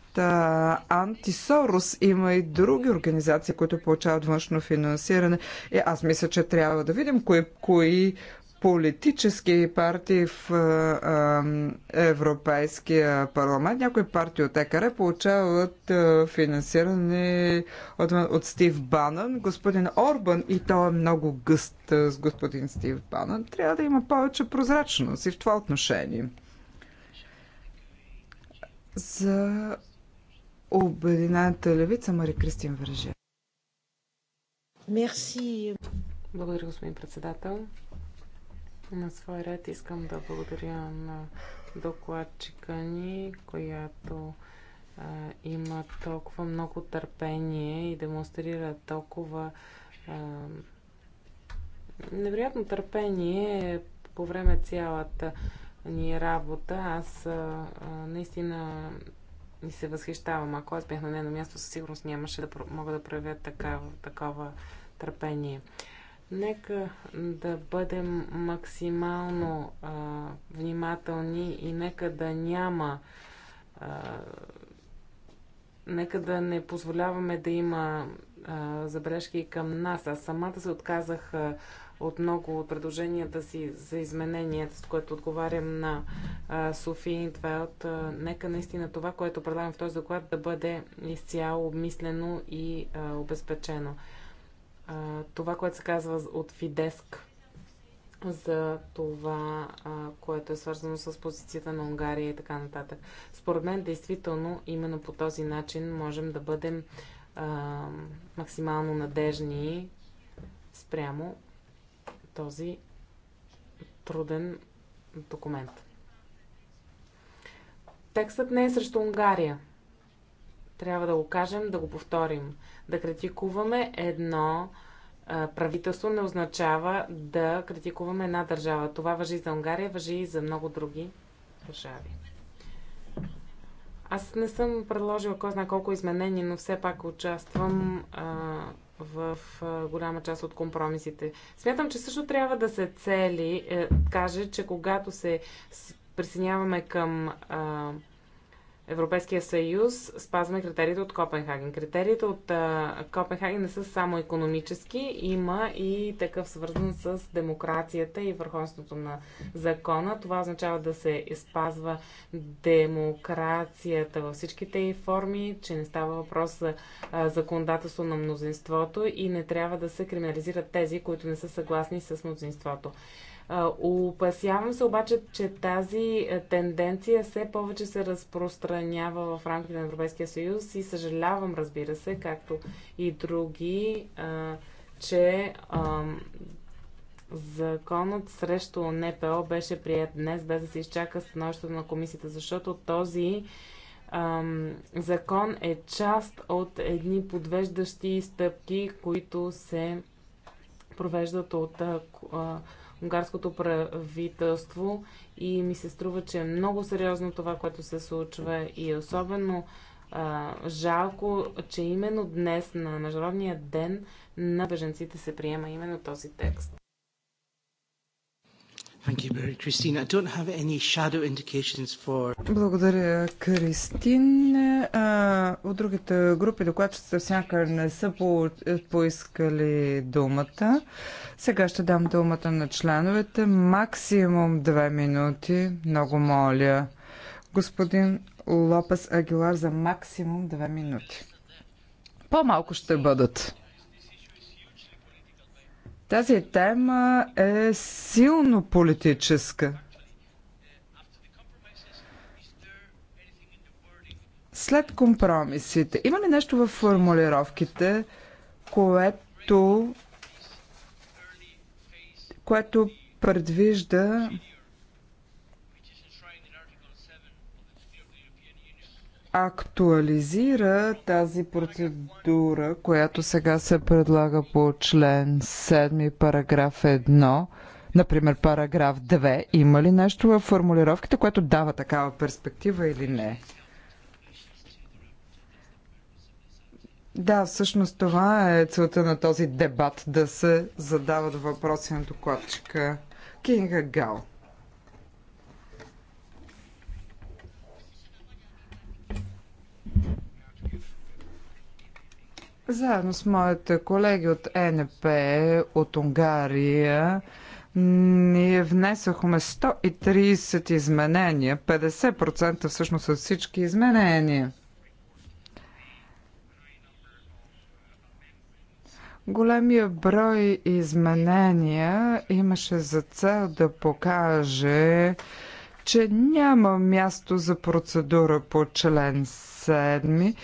Антисорос, има и други организации, които получават външно финансиране. И е, аз мисля, че трябва да видим кои, кои политически партии в а, Европейския парламент. Някои партии от ЕКР получават а, финансиране от, от Стив Банан, господин Орбан и той е много гъст а, с господин Стив Банан. Трябва да има повече прозрачност и в това отношение. За Обединената левица Мари Кристин Вържи. Мерси. Благодаря, господин председател. На свой ред искам да благодаря на докладчика ни, която а, има толкова много търпение и демонстрира толкова а, невероятно търпение по време цялата ни работа. Аз а, наистина и се възхищавам. Ако аз бях на нейно място, със сигурност нямаше да мога да проявя такава, такова търпение. Нека да бъдем максимално а, внимателни и нека да няма. А, нека да не позволяваме да има а, забележки към нас. Аз самата се отказах. А, от много от предложенията си за измененията, с което отговарям на Софи Интвелт. Нека наистина това, което предлагам в този доклад, да бъде изцяло обмислено и а, обезпечено. А, това, което се казва от Фидеск за това, а, което е свързано с позицията на Унгария и така нататък. Според мен, действително, именно по този начин можем да бъдем максимално надежни спрямо този труден документ. Текстът не е срещу Унгария. Трябва да го кажем, да го повторим. Да критикуваме едно правителство не означава да критикуваме една държава. Това въжи за Унгария, въжи и за много други държави. Аз не съм предложила кой знае колко изменения, но все пак участвам а, в голяма част от компромисите. Смятам, че също трябва да се цели, е, каже, че когато се присъединяваме към Европейския съюз спазваме критериите от Копенхаген. Критериите от а, Копенхаген не са само економически, има и такъв свързан с демокрацията и върховенството на закона. Това означава да се спазва демокрацията във всичките й форми, че не става въпрос за законодателство на мнозинството и не трябва да се криминализират тези, които не са съгласни с мнозинството. Опасявам се обаче, че тази е, тенденция все повече се разпространява в рамките на Европейския съюз и съжалявам, разбира се, както и други, че Законът срещу НПО беше прият днес, без да се изчака становището на комисията, защото този закон е част от едни подвеждащи стъпки, които се провеждат от а, унгарското правителство и ми се струва, че е много сериозно това, което се случва и е особено а, жалко, че именно днес на Международния ден на беженците се приема именно този текст. Благодаря, Кристин. от другите групи докладчица всяка не са по поискали думата. Сега ще дам думата на членовете. Максимум две минути. Много моля. Господин Лопес Агилар за максимум две минути. По-малко ще бъдат. Тази тема е силно политическа. След компромисите, има ли нещо в формулировките, което, което предвижда актуализира тази процедура, която сега се предлага по член 7, параграф 1, например параграф 2. Има ли нещо в формулировките, което дава такава перспектива или не? Да, всъщност това е целта на този дебат да се задават въпроси на докладчика Кинга Гал. Заедно с моите колеги от НП, от Унгария, ние внесохме 130 изменения, 50% всъщност от всички изменения. Големия брой изменения имаше за цел да покаже, че няма място за процедура по член седми,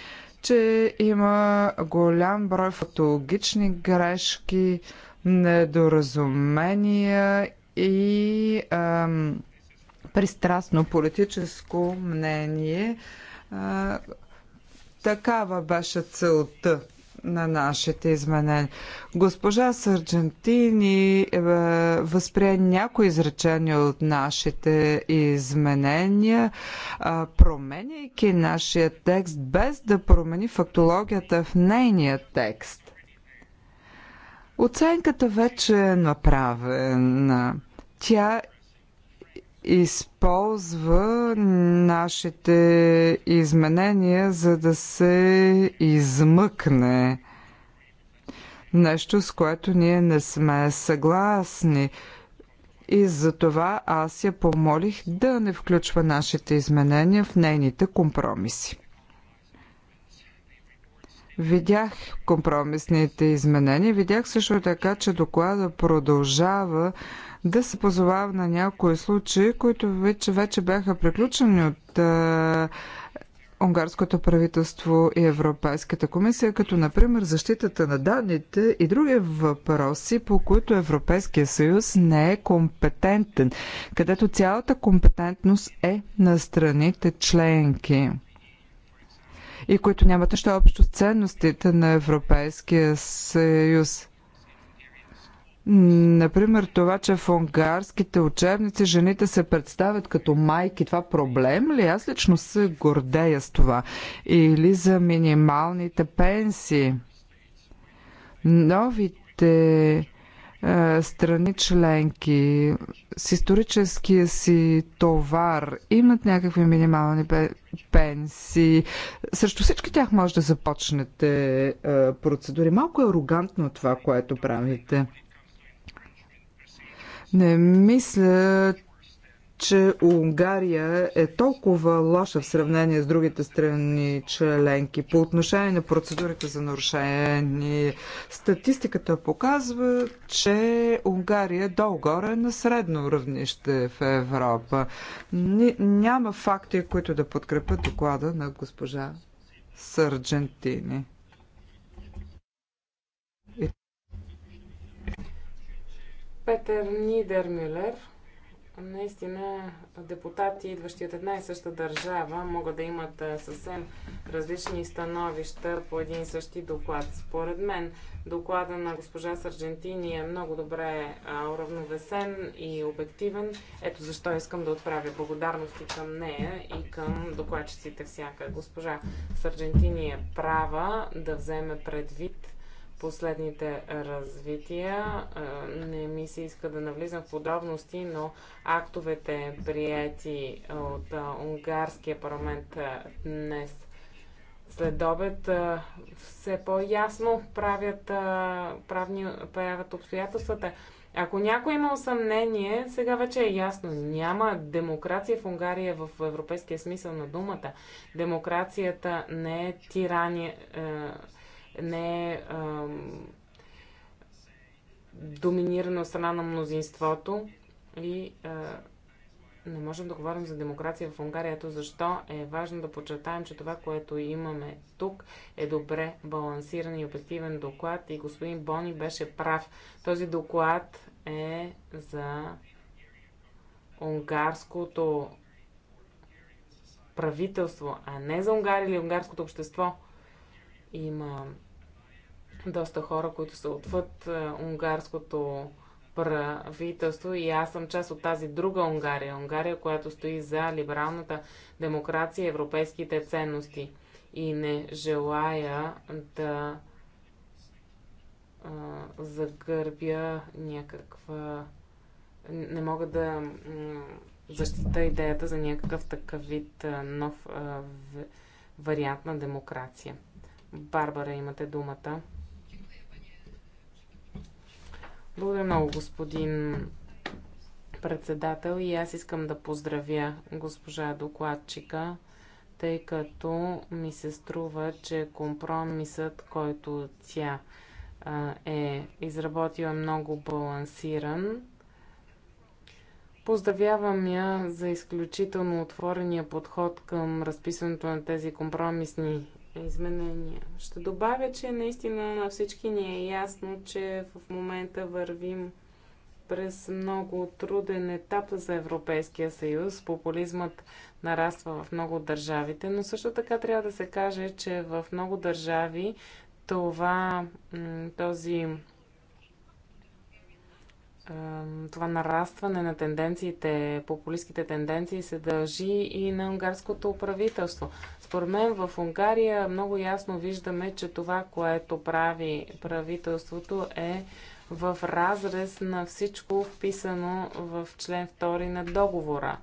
че има голям брой фактологични грешки, недоразумения и ам, пристрастно политическо мнение. А, такава беше целта на нашите изменения. Госпожа Сърджентини е, възприе някои изречения от нашите изменения, е, променяйки нашия текст, без да промени фактологията в нейния текст. Оценката вече е направена. Тя използва нашите изменения, за да се измъкне нещо, с което ние не сме съгласни. И за това аз я помолих да не включва нашите изменения в нейните компромиси. Видях компромисните изменения, видях също така, че доклада продължава да се позовава на някои случаи, които вече, вече бяха приключени от а, унгарското правителство и Европейската комисия, като например защитата на данните и други въпроси, по които Европейския съюз не е компетентен, където цялата компетентност е на страните членки и които нямат нещо общо с ценностите на Европейския съюз. Например, това, че в унгарските учебници жените се представят като майки, това проблем ли? Аз лично се гордея с това. Или за минималните пенсии. Новите е, страни членки с историческия си товар имат някакви минимални пенсии. Срещу всички тях може да започнете е, процедури. Малко е арогантно това, което правите. Не мисля, че Унгария е толкова лоша в сравнение с другите страни членки по отношение на процедурите за нарушение. Статистиката показва, че Унгария е долу-горе е на средно равнище в Европа. няма факти, които да подкрепят доклада на госпожа Сърджентини. Петър Нидермюлер Наистина, депутати, идващи от една и съща държава, могат да имат съвсем различни становища по един и същи доклад. Според мен, доклада на госпожа Сарджентини е много добре уравновесен и обективен. Ето защо искам да отправя благодарности към нея и към докладчиците всяка. Госпожа Сарджентини е права да вземе предвид последните развития. Не ми се иска да навлизам в подробности, но актовете, прияти от унгарския парламент днес след обед, все по-ясно правят, правни, правят обстоятелствата. Ако някой има съмнение, сега вече е ясно. Няма демокрация в Унгария в европейския смисъл на думата. Демокрацията не е тирания, е, не е доминирана от страна на мнозинството и не можем да говорим за демокрация в Унгария. Ето защо е важно да подчертаем, че това, което имаме тук, е добре балансиран и обективен доклад. И господин Бони беше прав. Този доклад е за унгарското правителство, а не за Унгария или унгарското общество. Има доста хора, които са отвъд е, унгарското правителство и аз съм част от тази друга Унгария. Унгария, която стои за либералната демокрация и европейските ценности. И не желая да а, загърбя някаква. Не мога да защита идеята за някакъв такъв вид нов а, в, вариант на демокрация. Барбара, имате думата. Благодаря много, господин председател. И аз искам да поздравя госпожа докладчика, тъй като ми се струва, че компромисът, който тя е изработила, е много балансиран. Поздравявам я за изключително отворения подход към разписването на тези компромисни изменения. Ще добавя, че наистина на всички ни е ясно, че в момента вървим през много труден етап за Европейския съюз. Популизмът нараства в много държавите, но също така трябва да се каже, че в много държави това, този това нарастване на тенденциите, популистските тенденции се дължи и на унгарското правителство. Според мен в Унгария много ясно виждаме, че това, което прави правителството е в разрез на всичко вписано в член 2 на договора.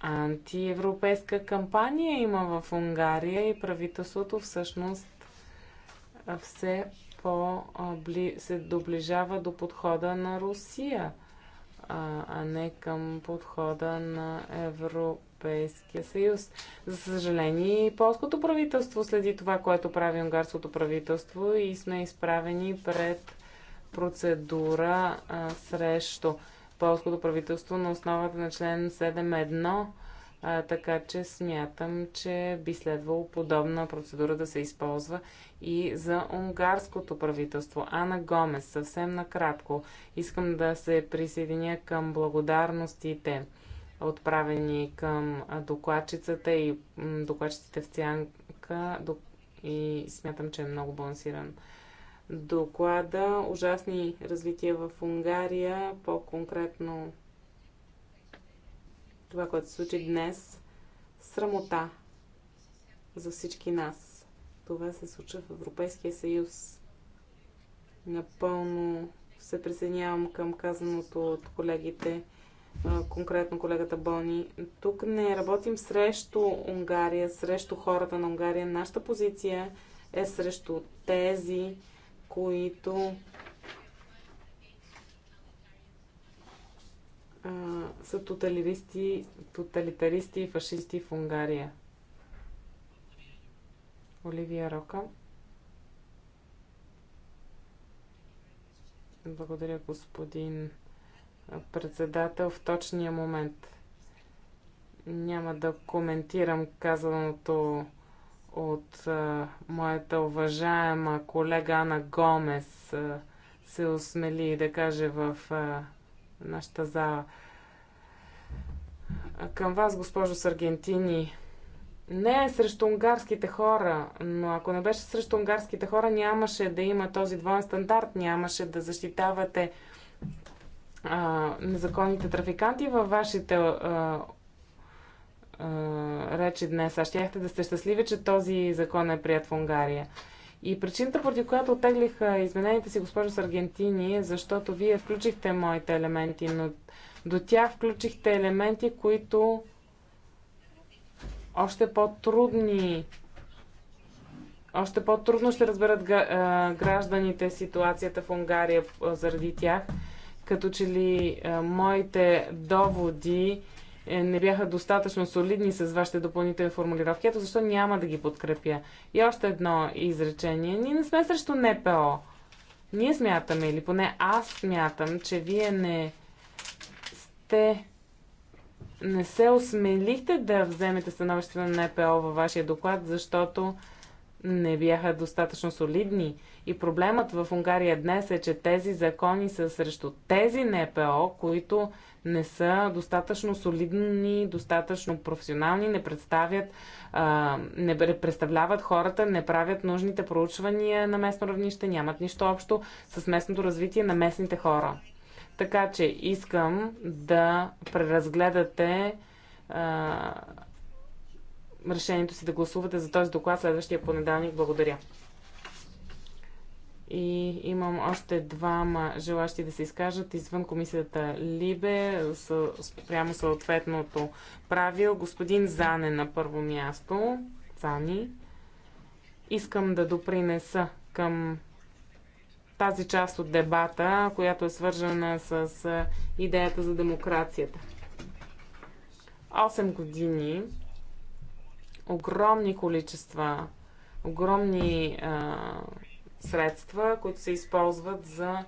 Антиевропейска кампания има в Унгария и правителството всъщност все по, бли, се доближава до подхода на Русия, а, а не към подхода на Европейския съюз. За съжаление, полското правителство следи това, което прави унгарското правителство и сме изправени пред процедура а, срещу полското правителство на основата на член 7.1 а, така че смятам, че би следвало подобна процедура да се използва и за унгарското правителство. Ана Гомес, съвсем накратко, искам да се присъединя към благодарностите отправени към докладчицата и докладчиците в Цянка и смятам, че е много балансиран доклада. Ужасни развития в Унгария, по-конкретно това, което се случи днес, срамота за всички нас. Това се случва в Европейския съюз. Напълно се присъединявам към казаното от колегите, конкретно колегата Бони. Тук не работим срещу Унгария, срещу хората на Унгария. Нашата позиция е срещу тези, които са тоталитаристи, тоталитаристи и фашисти в Унгария. Оливия Рока. Благодаря, господин председател, в точния момент. Няма да коментирам казаното от а, моята уважаема колега Ана Гомес а, се осмели да каже в а, нашата зала. Към вас, госпожо Саргентини, не е срещу унгарските хора, но ако не беше срещу унгарските хора, нямаше да има този двоен стандарт, нямаше да защитавате а, незаконните трафиканти във вашите а, а, речи днес. А щяхте да сте щастливи, че този закон е прият в Унгария. И причината, поради която оттеглих изменените си, госпожо с Аргентини, е защото вие включихте моите елементи, но до тях включихте елементи, които още по-трудни още по-трудно ще разберат гражданите ситуацията в Унгария заради тях, като че ли моите доводи е, не бяха достатъчно солидни с вашите допълнителни формулировки. Ето защо няма да ги подкрепя. И още едно изречение. Ние не сме срещу НПО. Ние смятаме, или поне аз смятам, че вие не сте не се осмелихте да вземете становище на НПО във вашия доклад, защото не бяха достатъчно солидни. И проблемът в Унгария днес е, че тези закони са срещу тези НПО, които не са достатъчно солидни, достатъчно професионални, не представят, а, не представляват хората, не правят нужните проучвания на местно равнище, нямат нищо общо с местното развитие на местните хора. Така че искам да преразгледате решението си да гласувате за този доклад следващия понеделник. Благодаря. И имам още двама желащи да се изкажат извън комисията Либе, прямо съответното правил. Господин Зане на първо място. Зани. Искам да допринеса към тази част от дебата, която е свържена с идеята за демокрацията. 8 години огромни количества, огромни а, средства, които се използват за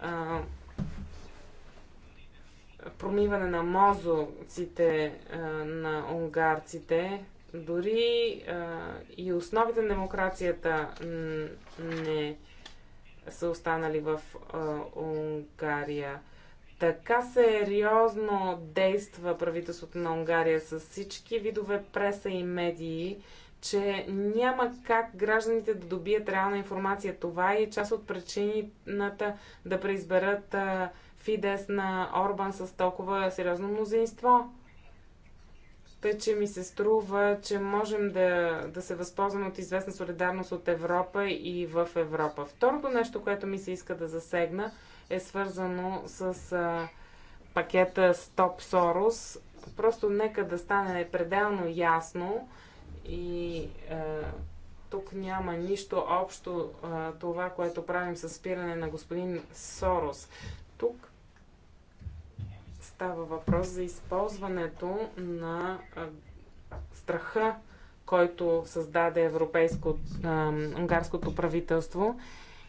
а, промиване на мозъците а, на унгарците. Дори а, и основите на демокрацията не са останали в а, Унгария. Така сериозно действа правителството на Унгария с всички видове преса и медии, че няма как гражданите да добият реална информация. Това е част от причината да преизберат Фидес на Орбан с толкова сериозно мнозинство. Тъй, че ми се струва, че можем да, да се възползваме от известна солидарност от Европа и в Европа. Второто нещо, което ми се иска да засегна, е свързано с а, пакета Stop Soros. Просто нека да стане пределно ясно и а, тук няма нищо общо а, това, което правим с спиране на господин Сорос. Тук става въпрос за използването на а, страха, който създаде европейско, а, унгарското правителство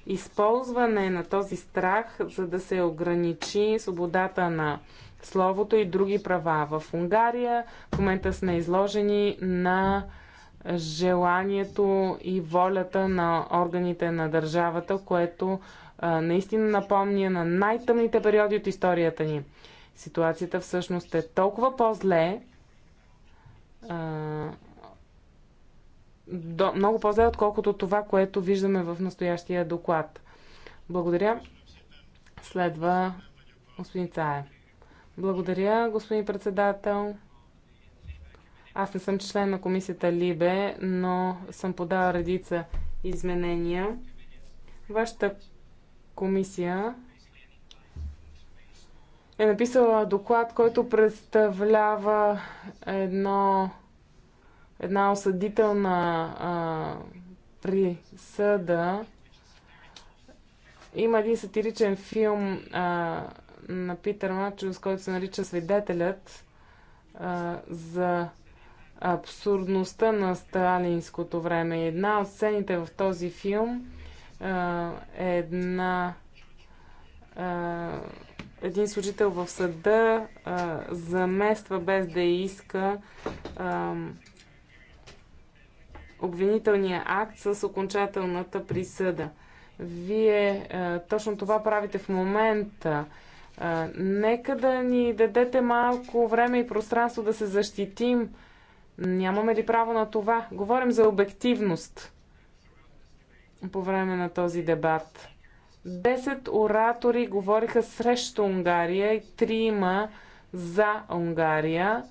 използване на този страх, за да се ограничи свободата на словото и други права. В Унгария в момента сме изложени на желанието и волята на органите на държавата, което а, наистина напомня на най-тъмните периоди от историята ни. Ситуацията всъщност е толкова по-зле, до, много по-зле, отколкото това, което виждаме в настоящия доклад. Благодаря. Следва господин Цае. Благодаря, господин председател. Аз не съм член на комисията Либе, но съм подала редица изменения. Вашата комисия е написала доклад, който представлява едно една осъдителна а, присъда. Има един сатиричен филм а, на Питър Мачус, който се нарича Свидетелят а, за абсурдността на сталинското време. Една от сцените в този филм а, е една а, един служител в съда а, замества без да иска а, обвинителния акт с окончателната присъда. Вие е, точно това правите в момента. Е, нека да ни дадете малко време и пространство да се защитим. Нямаме ли право на това? Говорим за обективност по време на този дебат. Десет оратори говориха срещу Унгария и трима за Унгария.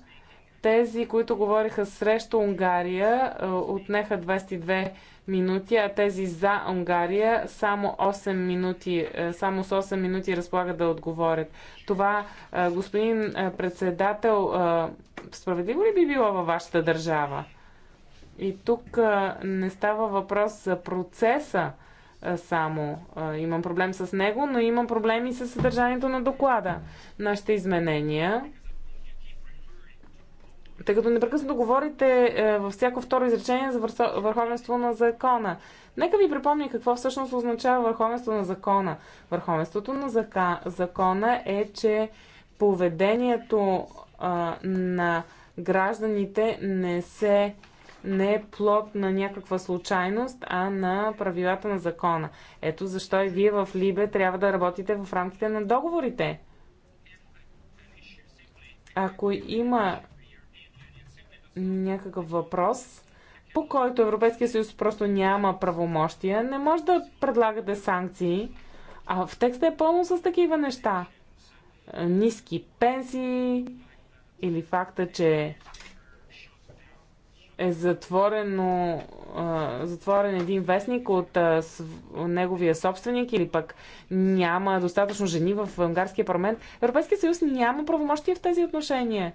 Тези, които говориха срещу Унгария, е, отнеха 22 минути, а тези за Унгария само 8 минути, е, само с 8 минути разполагат да отговорят. Това, е, господин председател, справедливо ли би било във вашата държава? И тук не става въпрос за процеса само. Имам проблем с него, но имам проблеми с съдържанието на доклада. Нашите изменения тъй като непрекъснато говорите е, във всяко второ изречение за върховенство на закона. Нека ви припомня какво всъщност означава върховенство на закона. Върховенството на зака, закона е, че поведението е, на гражданите не се не е плод на някаква случайност, а на правилата на закона. Ето защо и вие в Либе трябва да работите в рамките на договорите. Ако има някакъв въпрос, по който Европейския съюз просто няма правомощия, не може да предлагате санкции, а в текста е пълно с такива неща. Е, ниски пенсии или факта, че е затворено, е, затворен един вестник от е, неговия собственик или пък няма достатъчно жени в унгарския парламент. Европейския съюз няма правомощия в тези отношения.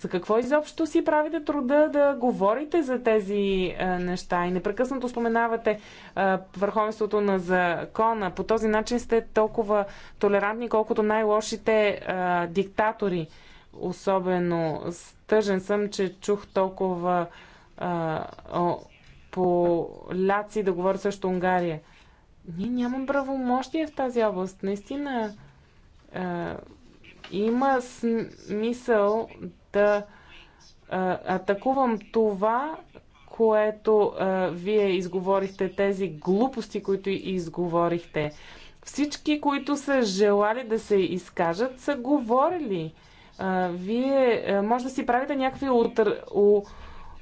За какво изобщо си правите труда да говорите за тези а, е, неща и непрекъснато споменавате а, е, върховенството на закона? По този начин сте толкова толерантни, колкото най-лошите е, диктатори. Особено стъжен съм, че чух толкова поляци да говорят също Унгария. Ние нямам правомощие в тази област. Наистина. А, има смисъл да а, атакувам това, което а, вие изговорихте, тези глупости, които изговорихте. Всички, които са желали да се изкажат, са говорили. А, вие а, може да си правите някакви у,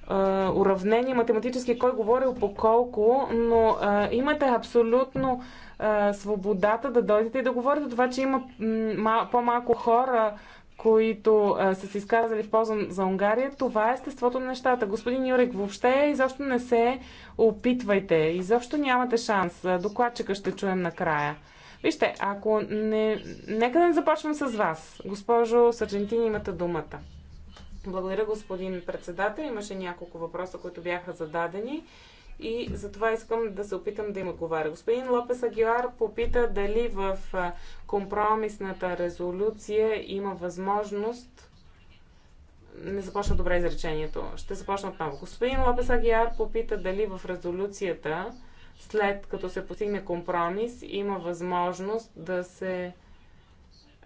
а, уравнения математически, кой говорил по колко, но а, имате абсолютно а, свободата да дойдете и да говорите. Това, че има по-малко хора, които а, са се изказали в полза за Унгария, това е естеството на нещата. Господин Юрик, въобще изобщо не се опитвайте, изобщо нямате шанс. Докладчика ще чуем накрая. Вижте, ако не... Нека да не започвам с вас. Госпожо Сарджентини, имате думата. Благодаря, господин председател. Имаше няколко въпроса, които бяха зададени и затова искам да се опитам да им отговаря. Господин Лопес Агилар попита дали в компромисната резолюция има възможност не започна добре изречението. Ще започна отново. Господин Лопес Агиар попита дали в резолюцията, след като се постигне компромис, има възможност да се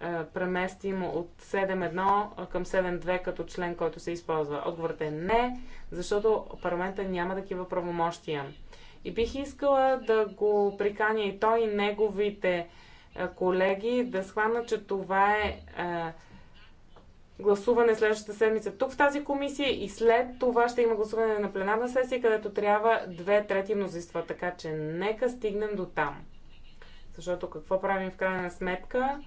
е, преместим от 7.1 към 7.2 като член, който се използва? Отговорът е не, защото парламента няма такива правомощия. И бих искала да го приканя и той и неговите е, колеги да схванат, че това е, е гласуване следващата седмица тук в тази комисия и след това ще има гласуване на пленарна сесия, където трябва две трети мнозинства. Така че нека стигнем до там. Защото какво правим в крайна сметка?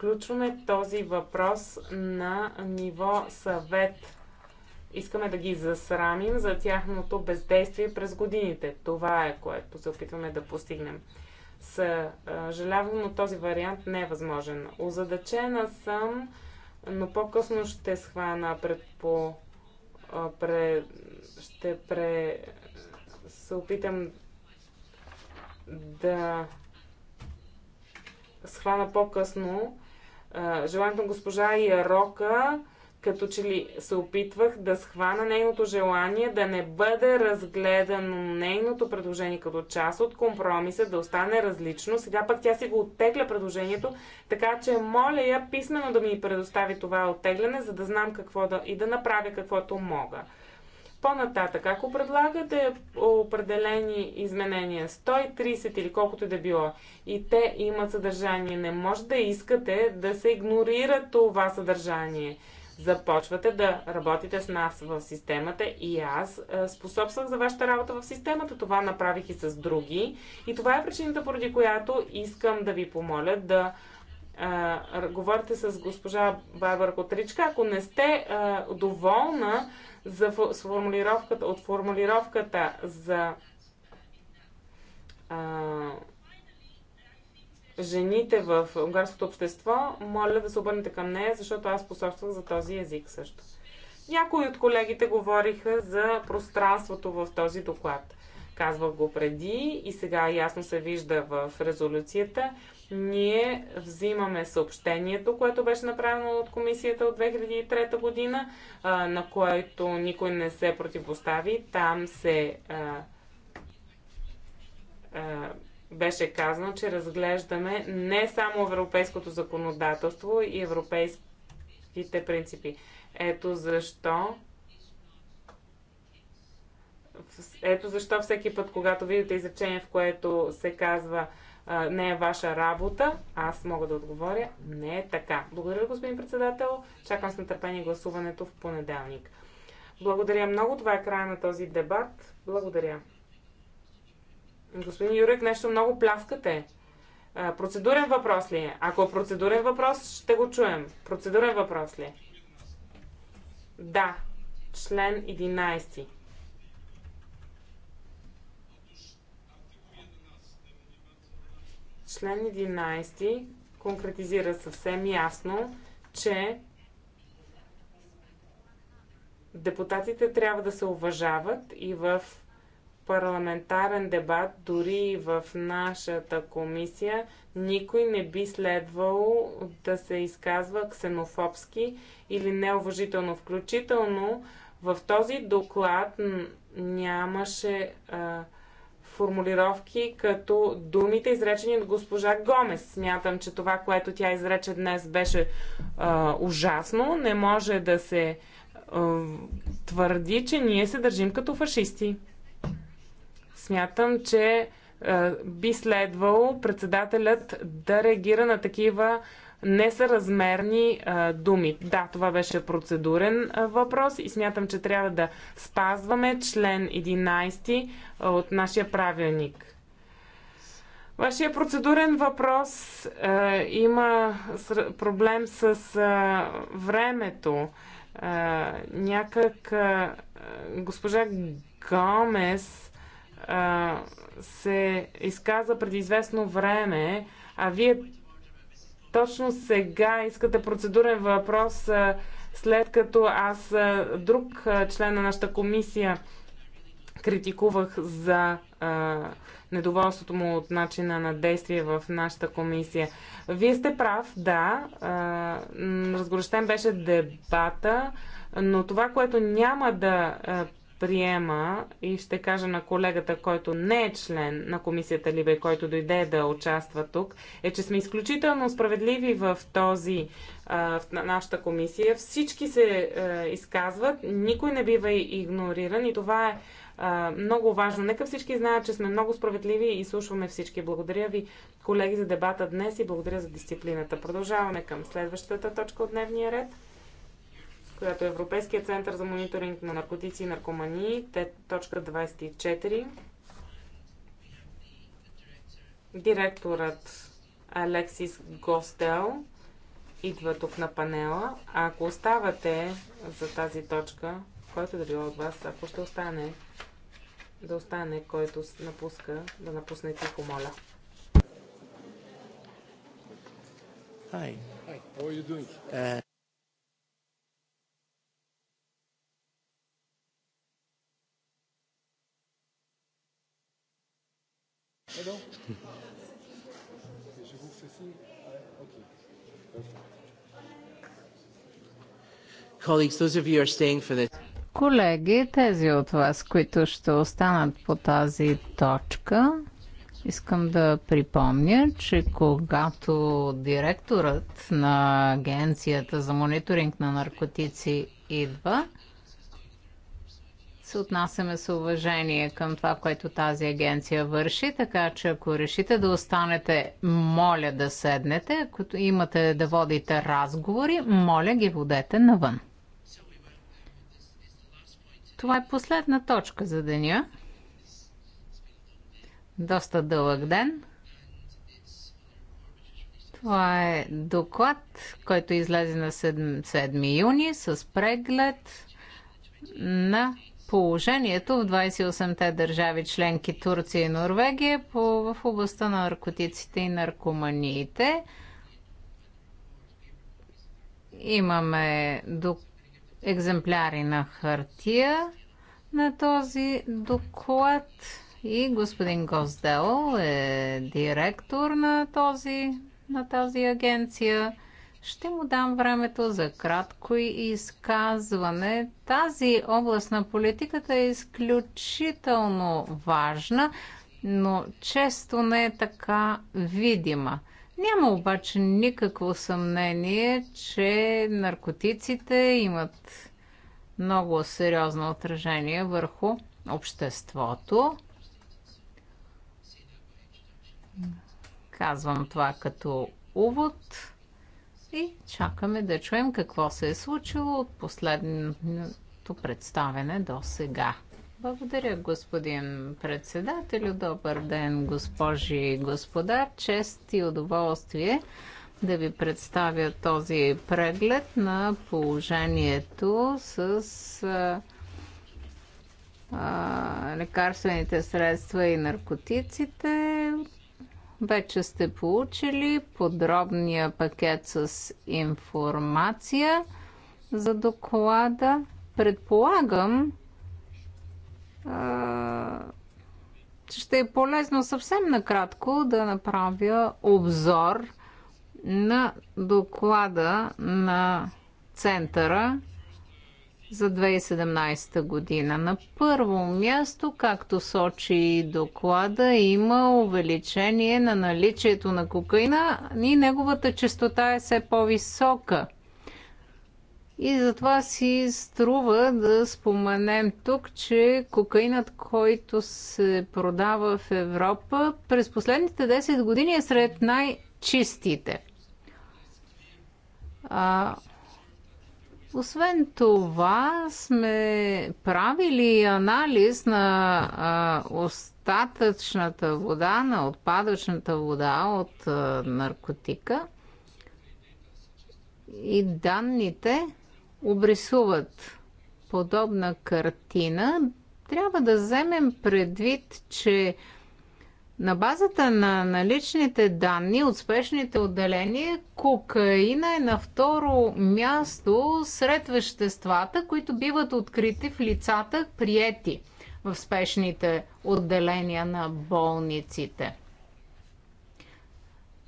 включваме този въпрос на ниво съвет. Искаме да ги засрамим за тяхното бездействие през годините. Това е което се опитваме да постигнем. Съжалявам, но този вариант не е възможен. Озадачена съм, но по-късно ще схвана по... Пре... ще пре... се опитам да схвана по-късно желанието на госпожа Ярока, като че ли се опитвах да схвана нейното желание да не бъде разгледано нейното предложение като част от компромиса, да остане различно. Сега пък тя си го оттегля предложението, така че моля я писменно да ми предостави това оттегляне, за да знам какво да и да направя каквото мога. По-нататък, ако предлагате определени изменения, 130 или колкото да било, и те имат съдържание, не може да искате да се игнорира това съдържание. Започвате да работите с нас в системата и аз е, способствах за вашата работа в системата. Това направих и с други. И това е причината, поради която искам да ви помоля да а, говорите с госпожа Барбара Котричка, ако не сте а, доволна за формулировката, от формулировката за а, жените в унгарското общество, моля да се обърнете към нея, защото аз посочвах за този език също. Някои от колегите говориха за пространството в този доклад. Казвах го преди и сега ясно се вижда в резолюцията. Ние взимаме съобщението, което беше направено от комисията от 2003 година, на което никой не се противостави. Там се беше казано, че разглеждаме не само европейското законодателство и европейските принципи. Ето защо ето защо всеки път, когато видите изречение, в което се казва не е ваша работа, аз мога да отговоря, не е така. Благодаря, господин председател. Чакам с нетърпение гласуването в понеделник. Благодаря много. Това е края на този дебат. Благодаря. Господин Юрик, нещо много пляскате. процедурен въпрос ли е? Ако е процедурен въпрос, ще го чуем. Процедурен въпрос ли е? Да. Член 11. Член 11 конкретизира съвсем ясно, че депутатите трябва да се уважават и в парламентарен дебат, дори и в нашата комисия, никой не би следвало да се изказва ксенофобски или неуважително. Включително в този доклад нямаше а, формулировки като думите, изречени от госпожа Гомес. Смятам, че това, което тя изрече днес, беше а, ужасно. Не може да се а, твърди, че ние се държим като фашисти. Смятам, че а, би следвало председателят да реагира на такива несъразмерни а, думи. Да, това беше процедурен а, въпрос и смятам, че трябва да спазваме член 11 от нашия правилник. Вашия процедурен въпрос а, има с, проблем с а, времето. А, някак а, госпожа Гомес а, се изказа преди известно време, а вие точно сега искате процедурен въпрос, след като аз друг член на нашата комисия критикувах за а, недоволството му от начина на действие в нашата комисия. Вие сте прав, да. А, разгорещен беше дебата, но това, което няма да приема и ще кажа на колегата, който не е член на комисията Либе, който дойде да участва тук, е, че сме изключително справедливи в този, в нашата комисия. Всички се е, изказват, никой не бива игнориран и това е много важно. Нека всички знаят, че сме много справедливи и слушваме всички. Благодаря ви, колеги, за дебата днес и благодаря за дисциплината. Продължаваме към следващата точка от дневния ред която е Европейския център за мониторинг на наркотици и наркомании, точка 24. Директорът Алексис Гостел идва тук на панела. А ако оставате за тази точка, който да било от вас, ако ще остане, да остане, който напуска, да напусне тихо, моля. Hi. Hi. How are you doing? Uh... Ah Колеги, тези от вас, които ще останат по тази точка, искам да припомня, че когато директорът на Агенцията за мониторинг на наркотици идва, се отнасяме с уважение към това, което тази агенция върши, така че ако решите да останете, моля да седнете. Ако имате да водите разговори, моля ги водете навън. Това е последна точка за деня. Доста дълъг ден. Това е доклад, който излезе на 7, 7 юни с преглед на положението в 28-те държави членки Турция и Норвегия по, в областта на наркотиците и наркоманиите. Имаме до, екземпляри на хартия на този доклад и господин Госдел е директор на, този, на тази агенция. Ще му дам времето за кратко изказване. Тази област на политиката е изключително важна, но често не е така видима. Няма обаче никакво съмнение, че наркотиците имат много сериозно отражение върху обществото. Казвам това като увод и чакаме да чуем какво се е случило от последното представене до сега. Благодаря, господин председател, Добър ден, госпожи и господа. Чест и удоволствие да ви представя този преглед на положението с а, а, лекарствените средства и наркотиците вече сте получили подробния пакет с информация за доклада. Предполагам, че ще е полезно съвсем накратко да направя обзор на доклада на центъра за 2017 година. На първо място, както сочи доклада, има увеличение на наличието на кокаина и неговата частота е все по-висока. И затова си струва да споменем тук, че кокаинът, който се продава в Европа, през последните 10 години е сред най-чистите. А, освен това, сме правили анализ на а, остатъчната вода, на отпадъчната вода от а, наркотика и данните обрисуват подобна картина. Трябва да вземем предвид, че на базата на наличните данни от спешните отделения, кокаина е на второ място сред веществата, които биват открити в лицата, приети в спешните отделения на болниците.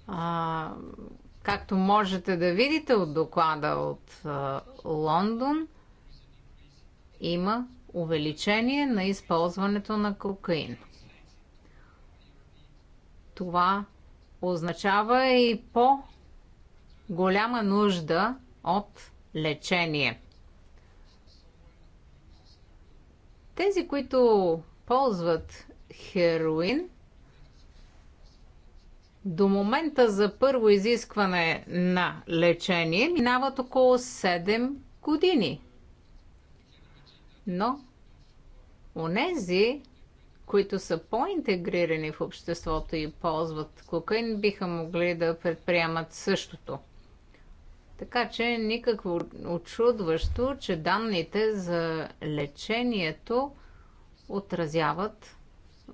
А, както можете да видите от доклада от а, Лондон, има увеличение на използването на кокаин. Това означава и по-голяма нужда от лечение. Тези, които ползват хероин, до момента за първо изискване на лечение минават около 7 години. Но нези, които са по-интегрирани в обществото и ползват кокаин, биха могли да предприемат същото. Така че никакво очудващо, че данните за лечението отразяват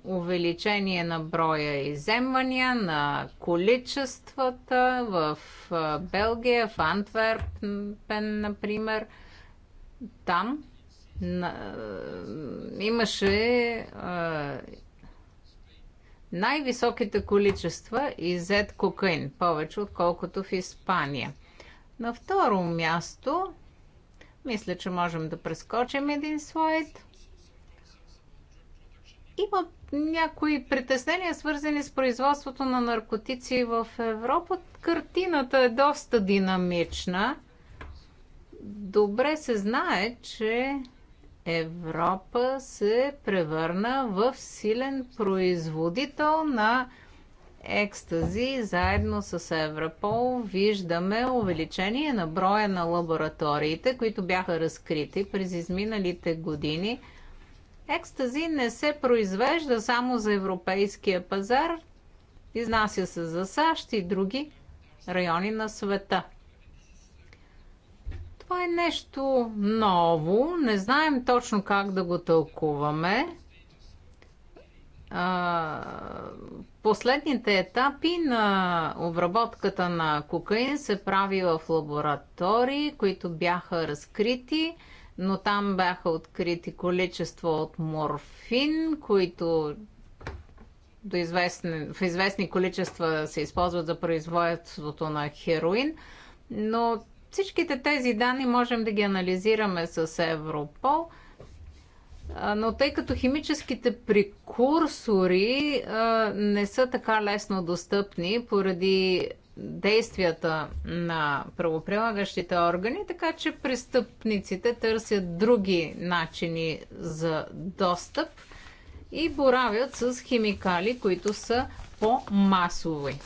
увеличение на броя иземвания, на количествата в Белгия, в Антверпен, например. Там на, имаше а, най-високите количества изет кокаин, повече отколкото в Испания. На второ място, мисля, че можем да прескочим един слайд. Има някои притеснения, свързани с производството на наркотици в Европа. Картината е доста динамична. Добре се знае, че Европа се превърна в силен производител на екстази. Заедно с Европол виждаме увеличение на броя на лабораториите, които бяха разкрити през изминалите години. Екстази не се произвежда само за европейския пазар, изнася се за САЩ и други райони на света – това е нещо ново, не знаем точно как да го тълкуваме. Последните етапи на обработката на кокаин се прави в лаборатории, които бяха разкрити, но там бяха открити количество от морфин, които до известни, в известни количества се използват за производството на хероин, но Всичките тези данни можем да ги анализираме с Европол, но тъй като химическите прекурсори не са така лесно достъпни поради действията на правоприлагащите органи, така че престъпниците търсят други начини за достъп и боравят с химикали, които са по-масови.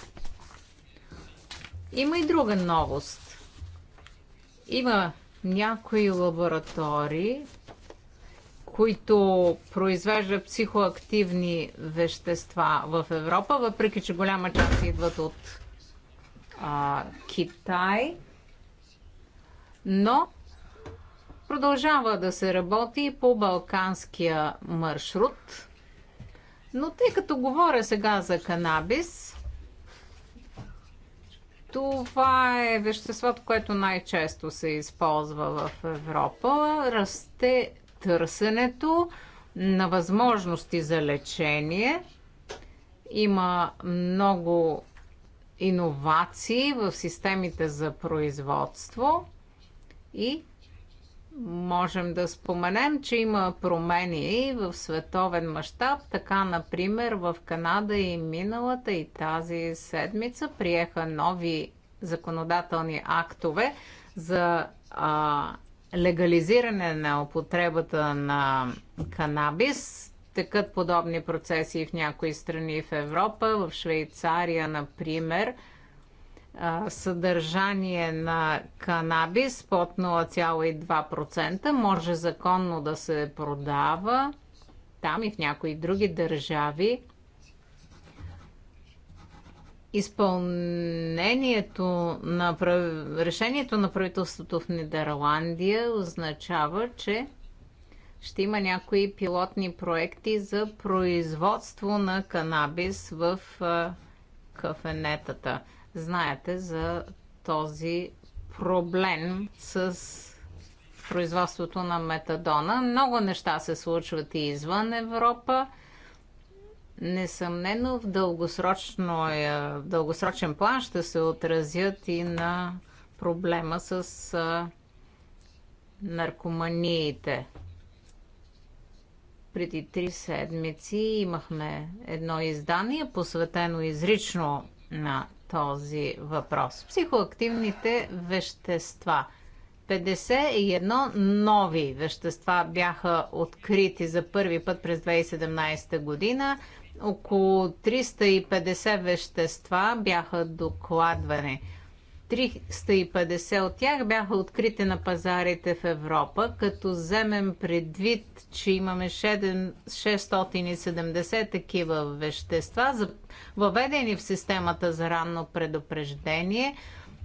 Има и друга новост. Има някои лаборатории, които произвеждат психоактивни вещества в Европа, въпреки че голяма част идват от а, Китай. Но продължава да се работи по балканския маршрут. Но тъй като говоря сега за канабис, това е веществото, което най-често се използва в Европа. Расте търсенето на възможности за лечение. Има много иновации в системите за производство и можем да споменем, че има промени в световен мащаб. Така, например, в Канада и миналата и тази седмица приеха нови законодателни актове за а, легализиране на употребата на канабис. Такът подобни процеси в някои страни в Европа, в Швейцария, например – съдържание на канабис под 0,2% може законно да се продава там и в някои други държави. Изпълнението на решението на правителството в Нидерландия означава, че ще има някои пилотни проекти за производство на канабис в кафенетата. Знаете за този проблем с производството на метадона. Много неща се случват и извън Европа. Несъмнено в, е, в дългосрочен план ще се отразят и на проблема с наркоманиите. Преди три седмици имахме едно издание, посветено изрично на този въпрос. Психоактивните вещества. 51 нови вещества бяха открити за първи път през 2017 година. Около 350 вещества бяха докладвани. 350 от тях бяха открити на пазарите в Европа, като вземем предвид, че имаме 670 такива вещества, въведени в системата за ранно предупреждение.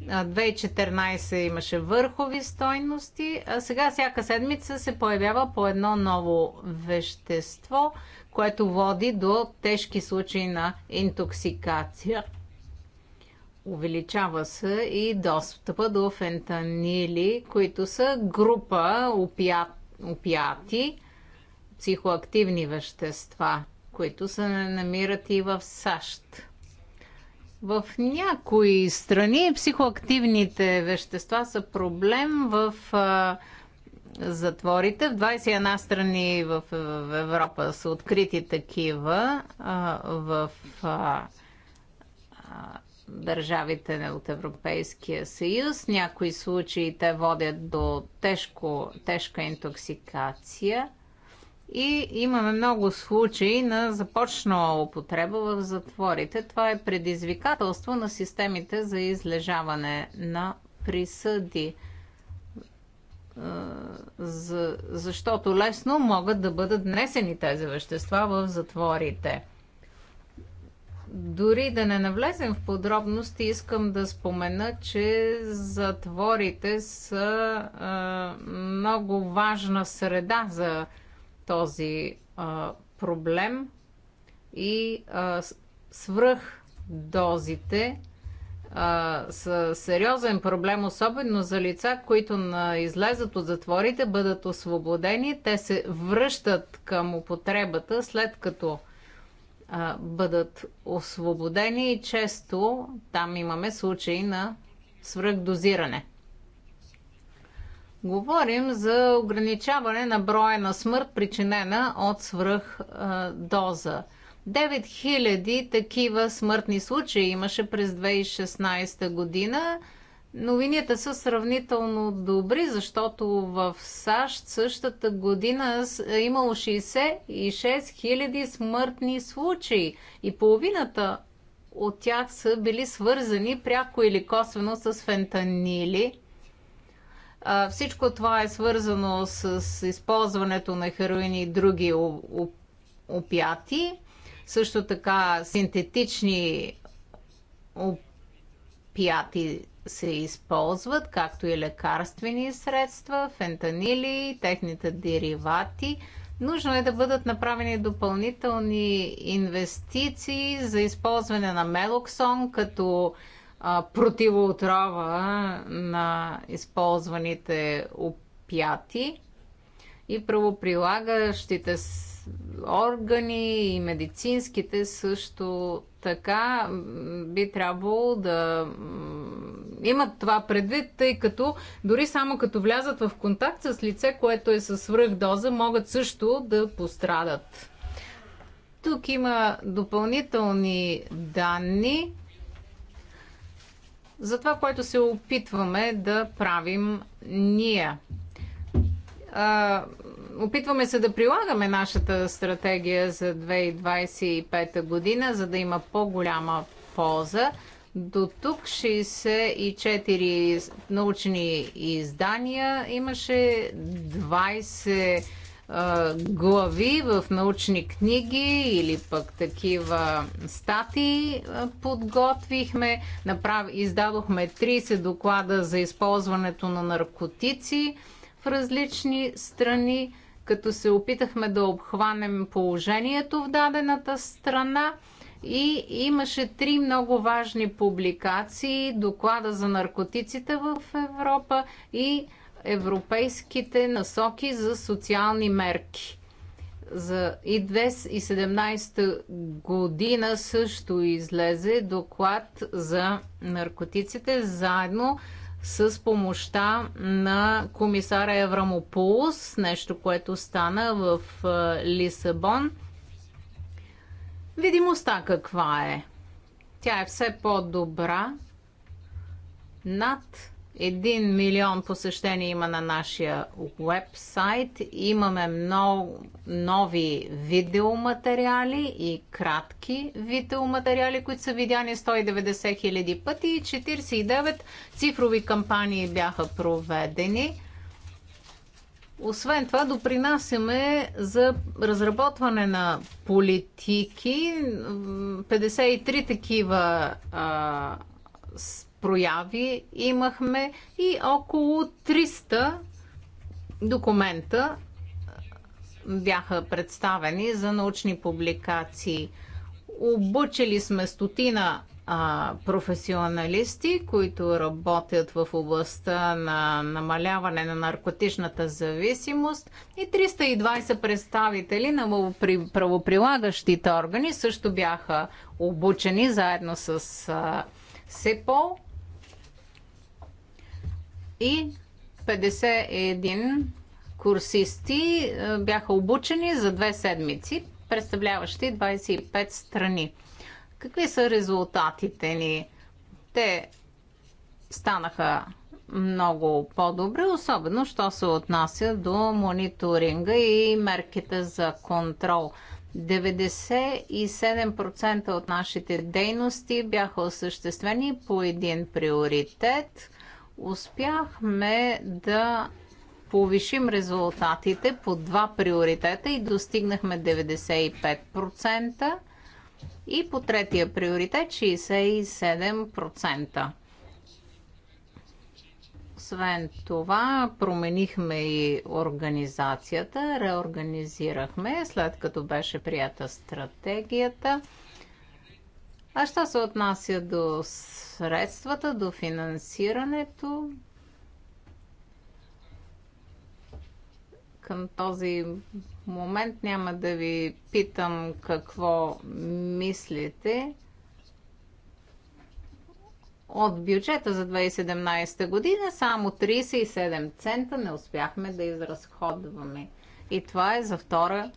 2014 имаше върхови стойности, а сега всяка седмица се появява по едно ново вещество, което води до тежки случаи на интоксикация Увеличава се и достъпа до фентанили, които са група опиати психоактивни вещества, които се намират и в САЩ. В някои страни психоактивните вещества са проблем в а, затворите. В 21 страни в, в Европа са открити такива. А, в а, държавите от Европейския съюз. Някои случаи те водят до тежко, тежка интоксикация. И имаме много случаи на започнала употреба в затворите. Това е предизвикателство на системите за излежаване на присъди. Е, за, защото лесно могат да бъдат внесени тези вещества в затворите. Дори да не навлезем в подробности, искам да спомена, че затворите са а, много важна среда за този а, проблем и а, свръх дозите а, са сериозен проблем, особено за лица, които на излезат от затворите, бъдат освободени. Те се връщат към употребата, след като а, бъдат освободени и често там имаме случаи на свръхдозиране. Говорим за ограничаване на броя на смърт, причинена от свръхдоза. 9000 такива смъртни случаи имаше през 2016 година Новините са сравнително добри, защото в САЩ същата година е имало 66 000 смъртни случаи и половината от тях са били свързани пряко или косвено с фентанили. Всичко това е свързано с използването на хероини и други опяти, също така синтетични опяти се използват, както и лекарствени средства, фентанили, техните деривати. Нужно е да бъдат направени допълнителни инвестиции за използване на мелоксон като а, противоотрова на използваните опяти и правоприлагащите органи и медицинските също така би трябвало да имат това предвид, тъй като дори само като влязат в контакт с лице, което е със свръхдоза, могат също да пострадат. Тук има допълнителни данни за това, което се опитваме да правим ние а, опитваме се да прилагаме нашата стратегия за 2025 година, за да има по-голяма полза. До тук 64 научни издания имаше 20 а, глави в научни книги или пък такива статии подготвихме. Направ... Издадохме 30 доклада за използването на наркотици различни страни, като се опитахме да обхванем положението в дадената страна. И имаше три много важни публикации доклада за наркотиците в Европа и европейските насоки за социални мерки. За и 2017 година също излезе доклад за наркотиците заедно с помощта на комисара Еврамополус, нещо, което стана в Лисабон. Видимостта каква е? Тя е все по-добра над един милион посещения има на нашия вебсайт. Имаме много нови видеоматериали и кратки видеоматериали, които са видяни 190 хиляди пъти и 49 цифрови кампании бяха проведени. Освен това, допринасяме за разработване на политики. 53 такива а, прояви имахме и около 300 документа бяха представени за научни публикации. Обучили сме стотина а, професионалисти, които работят в областта на намаляване на наркотичната зависимост и 320 представители на правоприлагащите органи също бяха обучени заедно с а, СЕПОЛ и 51 курсисти е, бяха обучени за две седмици, представляващи 25 страни. Какви са резултатите ни? Те станаха много по-добре, особено що се отнася до мониторинга и мерките за контрол. 97% от нашите дейности бяха осъществени по един приоритет успяхме да повишим резултатите по два приоритета и достигнахме 95% и по третия приоритет 67%. Освен това, променихме и организацията, реорганизирахме, след като беше прията стратегията – а що се отнася до средствата, до финансирането, към този момент няма да ви питам какво мислите от бюджета за 2017 година само 37 цента не успяхме да изразходваме. И това е за втора година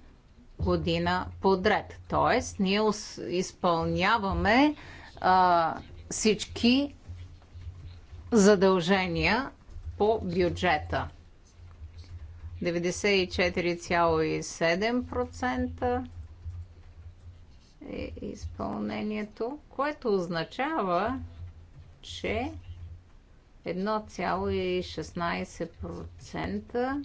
година подред. Тоест, ние изпълняваме а, всички задължения по бюджета. 94,7% е изпълнението, което означава, че 1,16%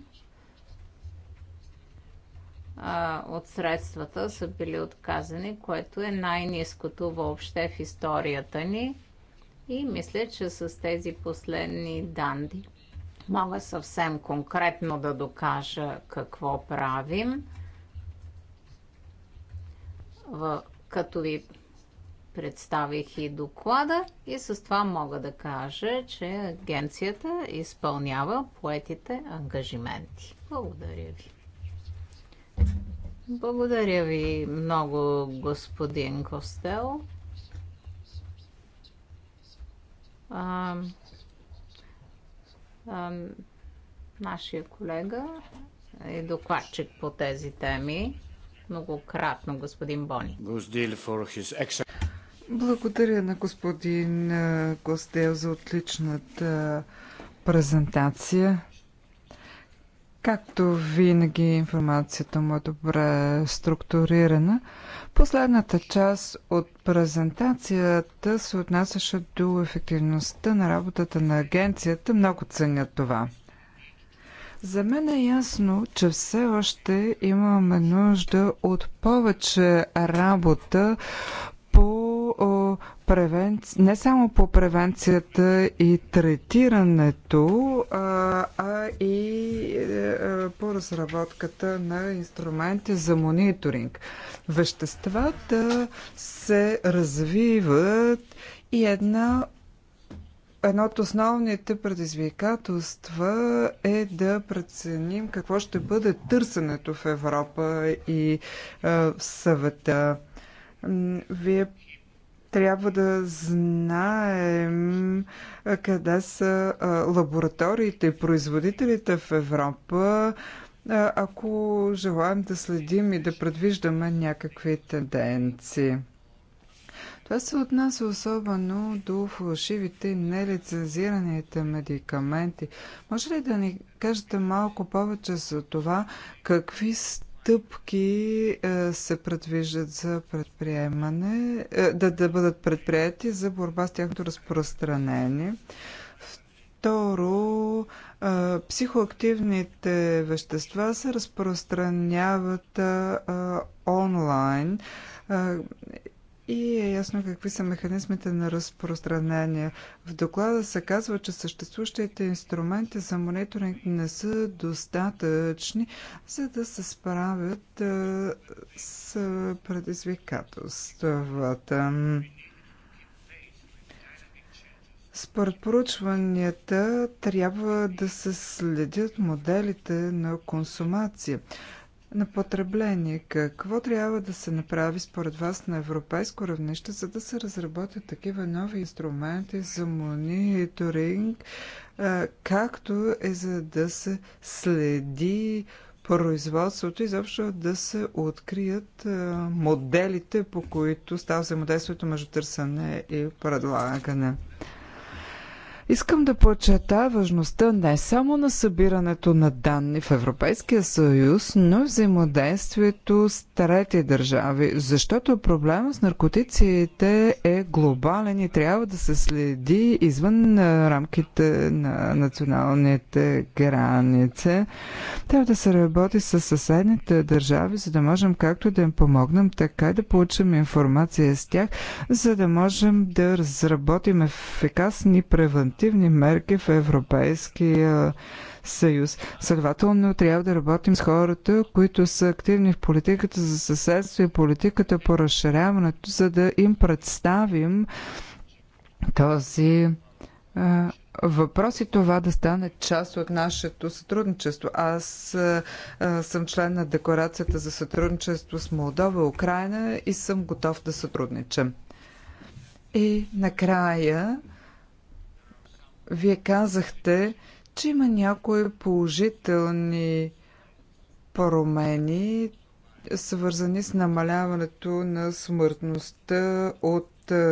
а, от средствата са били отказани, което е най-низкото въобще в историята ни. И мисля, че с тези последни данни мога съвсем конкретно да докажа какво правим. В, като ви представих и доклада и с това мога да кажа, че агенцията изпълнява поетите ангажименти. Благодаря ви. Благодаря ви много, господин Костел. А, а, нашия колега е докладчик по тези теми. Многократно, господин Бони. Благодаря на господин Костел за отличната презентация. Както винаги информацията му е добре структурирана, последната част от презентацията се отнасяше до ефективността на работата на агенцията. Много ценя това. За мен е ясно, че все още имаме нужда от повече работа превенци... не само по превенцията и третирането, а, а и а, е, е, по разработката на инструменти за мониторинг. Веществата се развиват и една едно от основните предизвикателства е да преценим какво ще бъде търсенето в Европа и е, в съвета. Вие трябва да знаем къде са лабораториите и производителите в Европа, ако желаем да следим и да предвиждаме някакви тенденции. Това се отнася особено до фалшивите и нелицензираните медикаменти. Може ли да ни кажете малко повече за това, какви стъпки е, се предвиждат за предприемане, е, да, да бъдат предприяти за борба с тяхното разпространение? Второ, е, психоактивните вещества се разпространяват онлайн и е ясно какви са механизмите на разпространение. В доклада се казва, че съществуващите инструменти за мониторинг не са достатъчни, за да се справят с предизвикателствата. Според поручванията трябва да се следят моделите на консумация на потребление. Какво трябва да се направи според вас на европейско равнище, за да се разработят такива нови инструменти за мониторинг, както е за да се следи производството, изобщо да се открият моделите, по които става взаимодействието между търсене и предлагане. Искам да подчертая важността не само на събирането на данни в Европейския съюз, но и взаимодействието с трети държави, защото проблема с наркотиците е глобален и трябва да се следи извън рамките на националните граници. Трябва да се работи с съседните държави, за да можем както да им помогнем, така и да получим информация с тях, за да можем да разработим ефикасни превентивни превентивни мерки в Европейския съюз. Следователно трябва да работим с хората, които са активни в политиката за съседство и политиката по разширяването, за да им представим този въпрос и това да стане част от нашето сътрудничество. Аз а, съм член на Декларацията за сътрудничество с Молдова, Украина и съм готов да сътрудничам. И накрая вие казахте, че има някои положителни промени, свързани с намаляването на смъртността от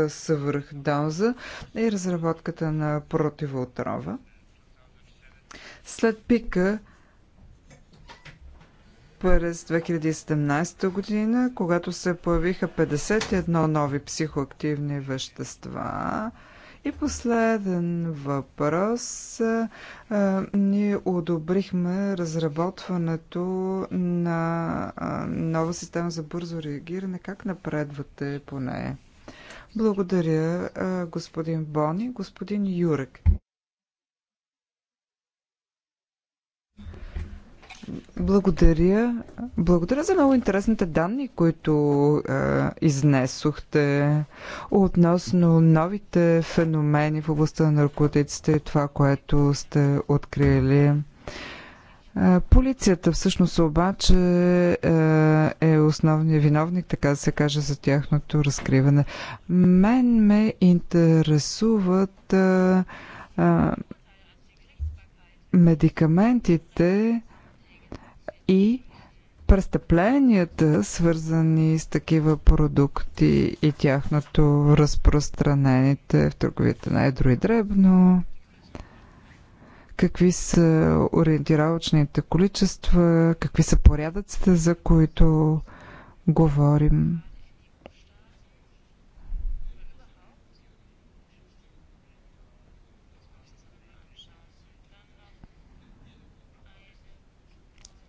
свръхдоза и разработката на противоотрова. След пика през 2017 година, когато се появиха 51 нови психоактивни вещества, и последен въпрос. Ние одобрихме разработването на нова система за бързо реагиране. Как напредвате по нея? Благодаря, господин Бони. Господин Юрек. Благодаря. Благодаря за много интересните данни, които е, изнесохте относно новите феномени в областта на наркотиците и това, което сте открили. Е, полицията всъщност обаче е, е основният виновник, така да се каже, за тяхното разкриване. Мен ме интересуват е, медикаментите, и престъпленията, свързани с такива продукти и тяхното разпространените в търговията на едро и дребно. Какви са ориентировъчните количества, какви са порядъците, за които говорим.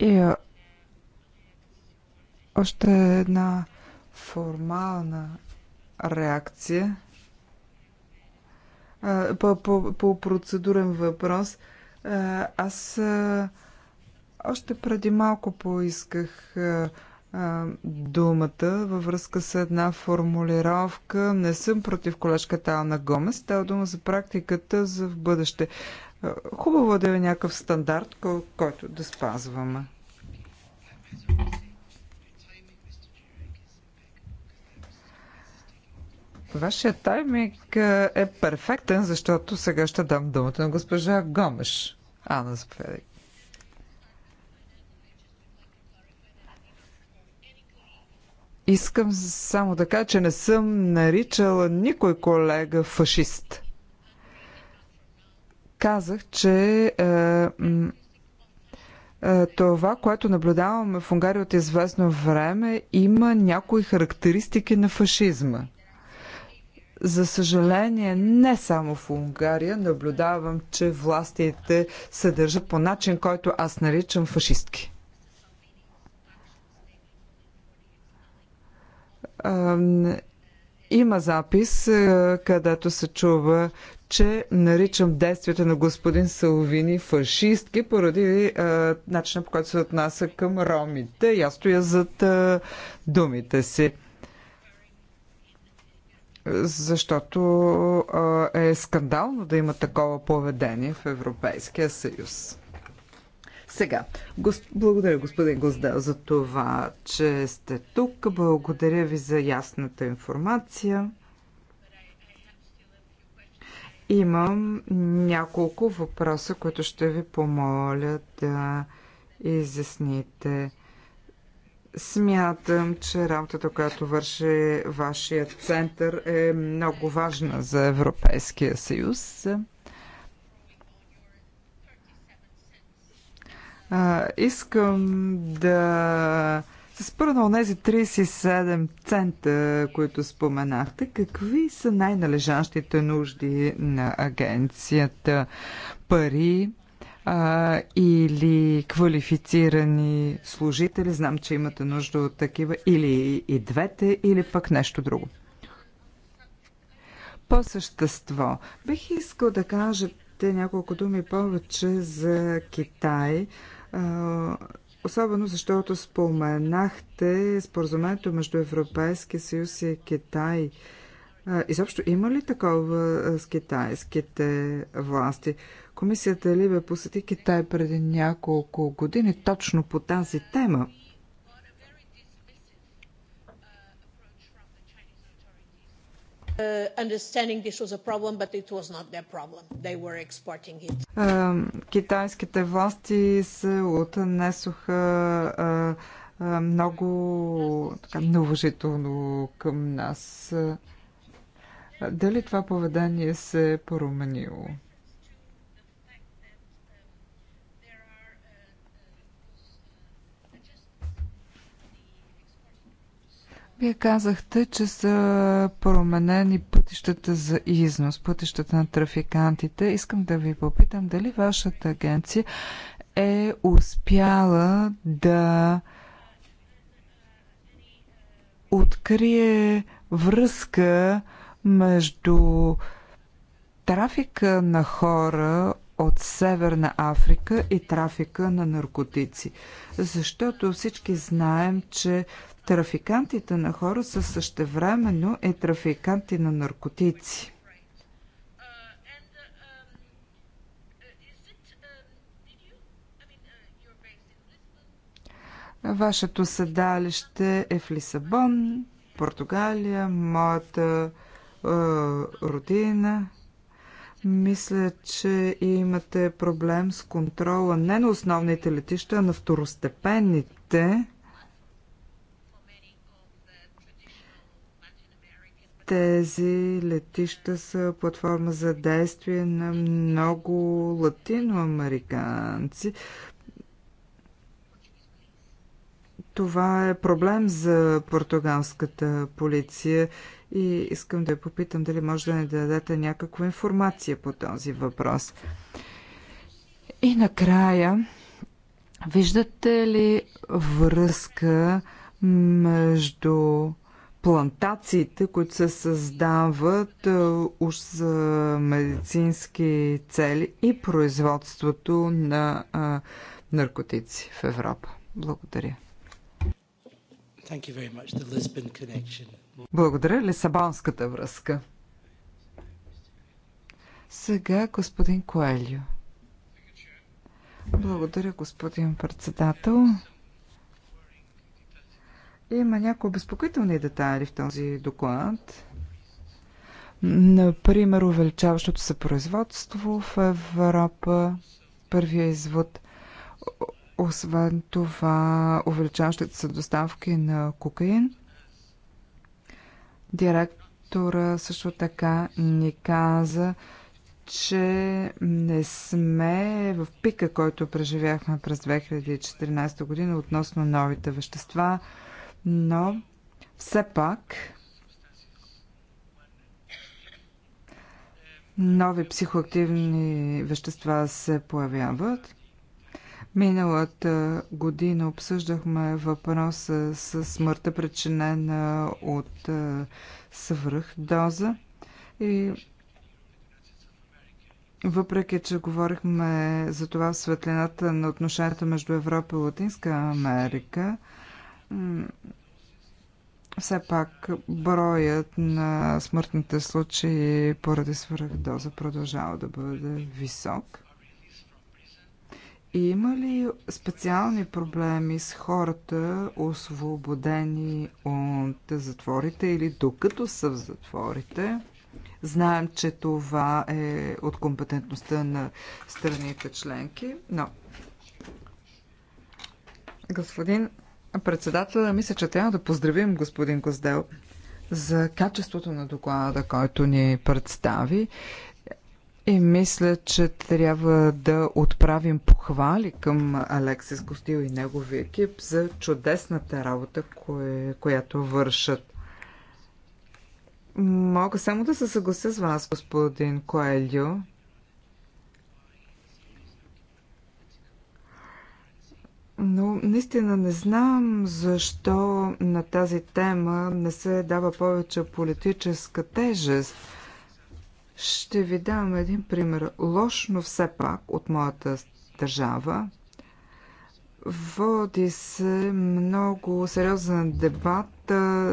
И още една формална реакция по, по, по процедурен въпрос. Аз още преди малко поисках думата във връзка с една формулировка. Не съм против колежката Ана Гомес. Става дума за практиката за в бъдеще. Хубаво да е някакъв стандарт, който да спазваме. Вашия тайминг е, е перфектен, защото сега ще дам думата на госпожа Гомеш. Ана, заповядай. Искам само да кажа, че не съм наричала никой колега фашист. Казах, че е, е това, което наблюдаваме в Унгария от известно време, има някои характеристики на фашизма. За съжаление, не само в Унгария наблюдавам, че властите се държат по начин, който аз наричам фашистки. Има запис, е, където се чува, че наричам действията на господин Салвини фашистки поради е, начина по който се отнася към ромите. Я стоя зад е, думите си защото е скандално да има такова поведение в Европейския съюз. Сега, благодаря господин Гозда за това, че сте тук. Благодаря ви за ясната информация. Имам няколко въпроса, които ще ви помоля да изясните. Смятам, че работата, която върши вашия център е много важна за Европейския съюз. А, искам да се спра на тези 37 цента, които споменахте. Какви са най-належащите нужди на агенцията? Пари, а, или квалифицирани служители, знам, че имате нужда от такива, или и двете, или пък нещо друго. По същество, бих искал да кажете няколко думи повече за Китай. А, Особено защото споменахте споразумението между Европейския съюз и Китай. Изобщо има ли такова с китайските власти? Комисията Либе посети Китай преди няколко години точно по тази тема. Uh, uh, китайските власти се отнесоха uh, много така, неуважително към нас. Дали това поведение се е променило? Вие казахте, че са променени пътищата за износ, пътищата на трафикантите. Искам да ви попитам дали вашата агенция е успяла да открие връзка между трафика на хора от Северна Африка и трафика на наркотици. Защото всички знаем, че Трафикантите на хора са същевременно и трафиканти на наркотици. Вашето седалище е в Лисабон, Португалия, моята е, родина. Мисля, че имате проблем с контрола не на основните летища, а на второстепенните. Тези летища са платформа за действие на много латиноамериканци. Това е проблем за португалската полиция и искам да я попитам дали може да не дадете някаква информация по този въпрос. И накрая, виждате ли връзка между плантациите, които се създават е, уж за медицински цели и производството на а, е, наркотици в Европа. Благодаря. Благодаря. Лисабонската връзка. Сега господин Коелио. Благодаря, господин председател. Има някои обезпокоителни детайли в този доклад. Например, увеличаващото се производство в Европа, първия извод. Освен това, увеличаващите се доставки на кокаин. Директора също така ни каза, че не сме в пика, който преживяхме през 2014 година относно новите вещества но все пак нови психоактивни вещества се появяват. Миналата година обсъждахме въпроса с смъртта, причинена от е, свръхдоза. И въпреки, че говорихме за това в светлината на отношенията между Европа и Латинска Америка, все пак броят на смъртните случаи поради свръхдоза продължава да бъде висок. И има ли специални проблеми с хората, освободени от затворите или докато са в затворите? Знаем, че това е от компетентността на страните членки, но господин Председателя, мисля, че трябва да поздравим господин Коздел за качеството на доклада, който ни представи. И мисля, че трябва да отправим похвали към Алексис Гостил и неговия екип за чудесната работа, кое, която вършат. Мога само да се съглася с вас, господин Коелио. Но наистина не знам защо на тази тема не се дава повече политическа тежест. Ще ви дам един пример. Лошно все пак от моята държава. Води се много сериозен дебат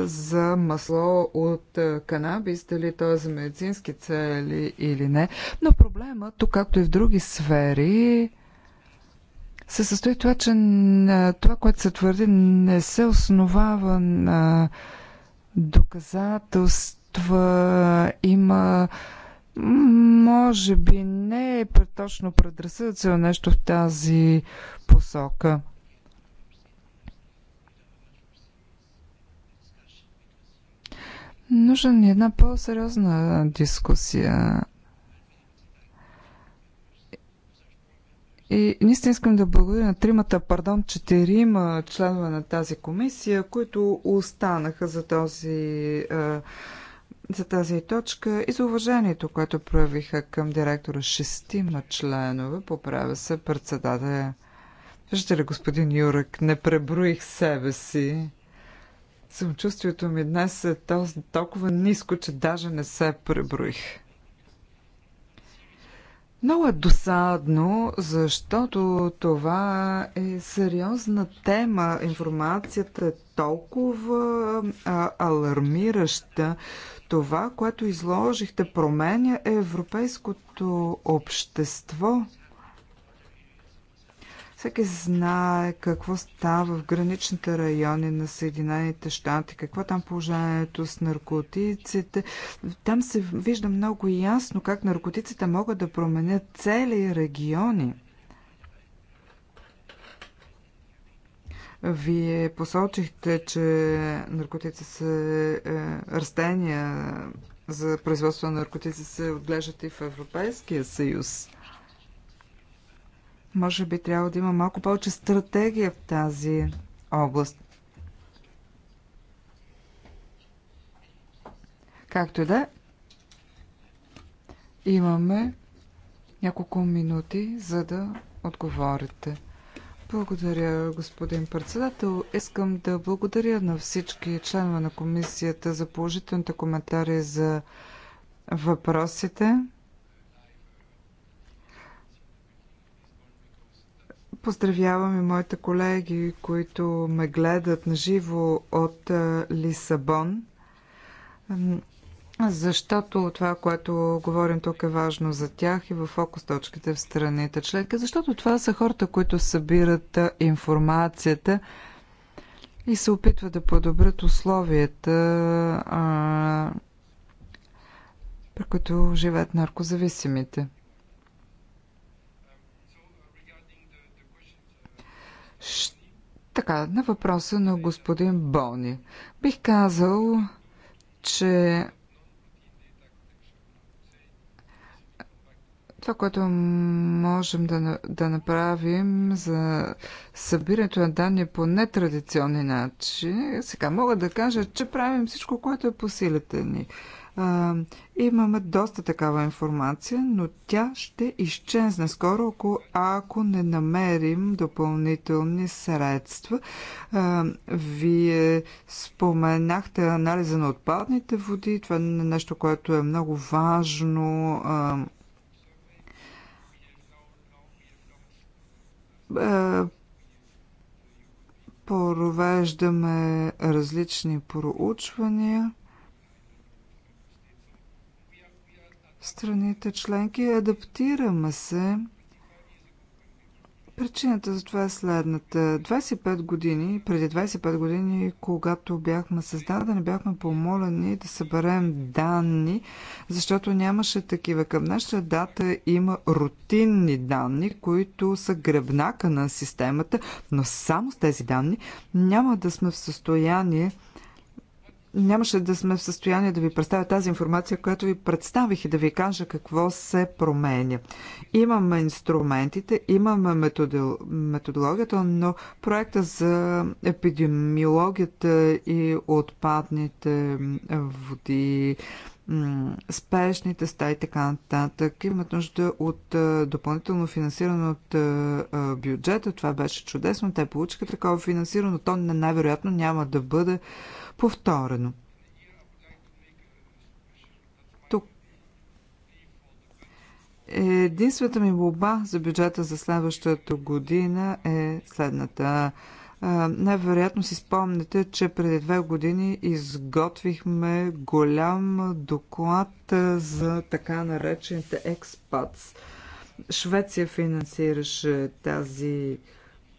за масло от канабис, дали то е за медицински цели или не. Но проблема, тук както и в други сфери, се състои това, че това, което се твърди, не се основава на доказателства. Има може би не е точно предразсъдъци, а нещо в тази посока. Нужна ни е една по-сериозна дискусия. И наистина искам да благодаря на тримата, пардон, четирима членове на тази комисия, които останаха за този за тази точка и за уважението, което проявиха към директора шестима членове, поправя се председателя. Виждате ли, господин Юрък, не преброих себе си. Самочувствието ми днес е толкова ниско, че даже не се преброих. Много е досадно, защото това е сериозна тема. Информацията е толкова а, алармираща. Това, което изложихте, променя европейското общество. Всеки знае какво става в граничните райони на Съединените щати, какво е там положението с наркотиците. Там се вижда много ясно как наркотиците могат да променят цели региони. Вие посочихте, че наркотици са е, растения за производство на наркотици се отглеждат и в Европейския съюз. Може би трябва да има малко повече стратегия в тази област. Както и да е. имаме няколко минути, за да отговорите. Благодаря, господин председател. Искам да благодаря на всички членове на комисията за положителните коментари за въпросите. Поздравявам и моите колеги, които ме гледат на живо от Лисабон, защото това, което говорим тук е важно за тях и в фокус точките в страните членки, защото това са хората, които събират информацията и се опитват да подобрят условията, при които живеят наркозависимите. Така, на въпроса на господин Бони. Бих казал, че Това, което можем да, да направим за събирането на данни по нетрадиционни начини, сега мога да кажа, че правим всичко, което е по силите ни. А, имаме доста такава информация, но тя ще изчезне скоро, ако, ако не намерим допълнителни средства. А, вие споменахте анализа на отпадните води. Това е нещо, което е много важно. А, провеждаме различни проучвания. страните членки. Адаптираме се. Причината за това е следната. 25 години, преди 25 години, когато бяхме създадени, бяхме помолени да съберем данни, защото нямаше такива. Към нашата дата има рутинни данни, които са гръбнака на системата, но само с тези данни няма да сме в състояние нямаше да сме в състояние да ви представя тази информация, която ви представих и да ви кажа какво се променя. Имаме инструментите, имаме методил, методологията, но проекта за епидемиологията и отпадните води, спешните стаи така нататък имат нужда от допълнително финансиране от бюджета. Това беше чудесно. Те получиха такова финансиране, но то най-вероятно няма да бъде повторено. Тук единствената ми молба за бюджета за следващата година е следната. Най-вероятно си спомняте, че преди две години изготвихме голям доклад за така наречените експатс. Швеция финансираше тази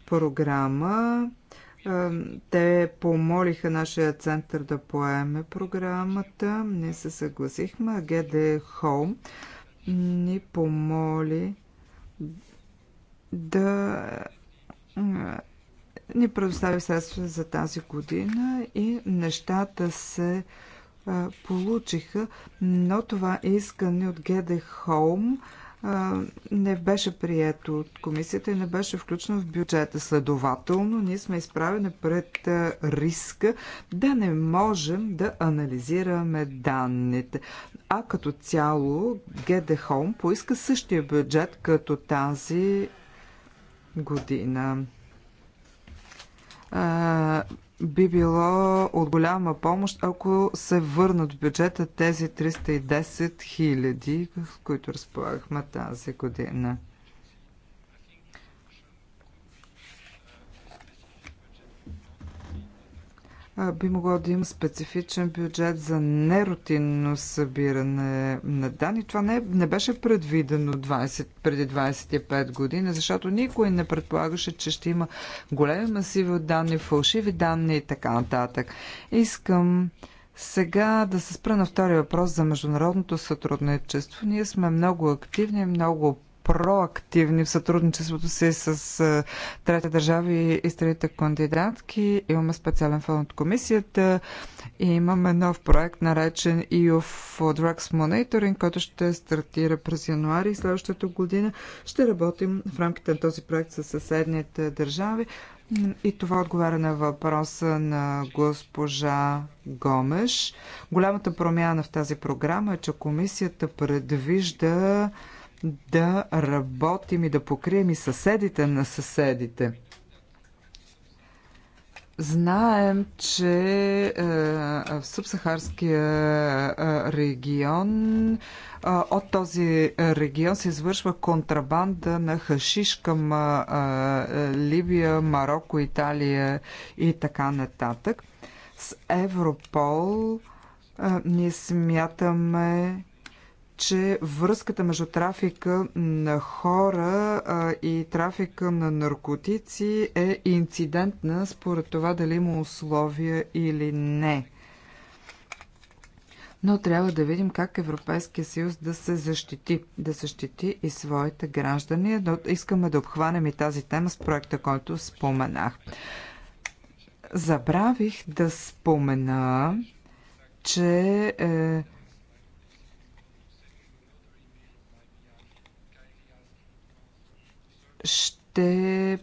програма. Те помолиха нашия център да поеме програмата. Ние се съгласихме. ГД Холм ни помоли да ни предостави средства за тази година и нещата се получиха, но това искане от GD Home – не беше прието от комисията и не беше включено в бюджета. Следователно, ние сме изправени пред риска да не можем да анализираме данните. А като цяло GD Home поиска същия бюджет като тази година би било от голяма помощ, ако се върнат в бюджета тези 310 хиляди, с които разполагахме тази година. би могло да има специфичен бюджет за нерутинно събиране на данни. Това не, не беше предвидено 20, преди 25 години, защото никой не предполагаше, че ще има големи масиви от данни, фалшиви данни и така нататък. Искам сега да се спра на втория въпрос за международното сътрудничество. Ние сме много активни, много проактивни в сътрудничеството си с трета държави и страните кандидатки. Имаме специален фонд от комисията и имаме нов проект, наречен EU for Drugs Monitoring, който ще стартира през януари следващата година. Ще работим в рамките на този проект с съседните държави. И това отговаря на въпроса на госпожа Гомеш. Голямата промяна в тази програма е, че комисията предвижда да работим и да покрием и съседите на съседите. Знаем, че е, в субсахарския е, регион е, от този регион се извършва контрабанда на хашиш към е, е Либия, Марокко, Италия и така нататък. С Европол е, ние смятаме че връзката между трафика на хора а, и трафика на наркотици е инцидентна според това дали има условия или не. Но трябва да видим как Европейския съюз да се защити, да защити и своите граждани. Но искаме да обхванем и тази тема с проекта, който споменах. Забравих да спомена, че е, Ще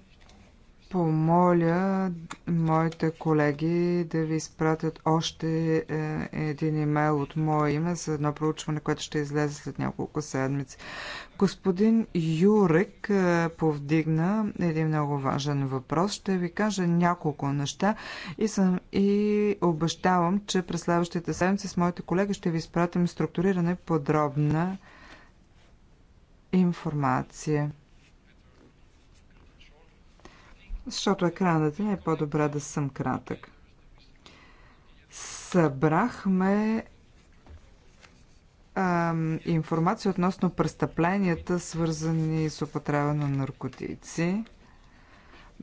помоля моите колеги да ви изпратят още е, един имейл от мое име за едно проучване, което ще излезе след няколко седмици. Господин Юрек е, повдигна един много важен въпрос. Ще ви кажа няколко неща и, съм, и обещавам, че през следващите седмици с моите колеги ще ви изпратим структуриране подробна информация. защото екраната не е по-добре да съм кратък. Събрахме а, информация относно престъпленията, свързани с употреба на наркотици.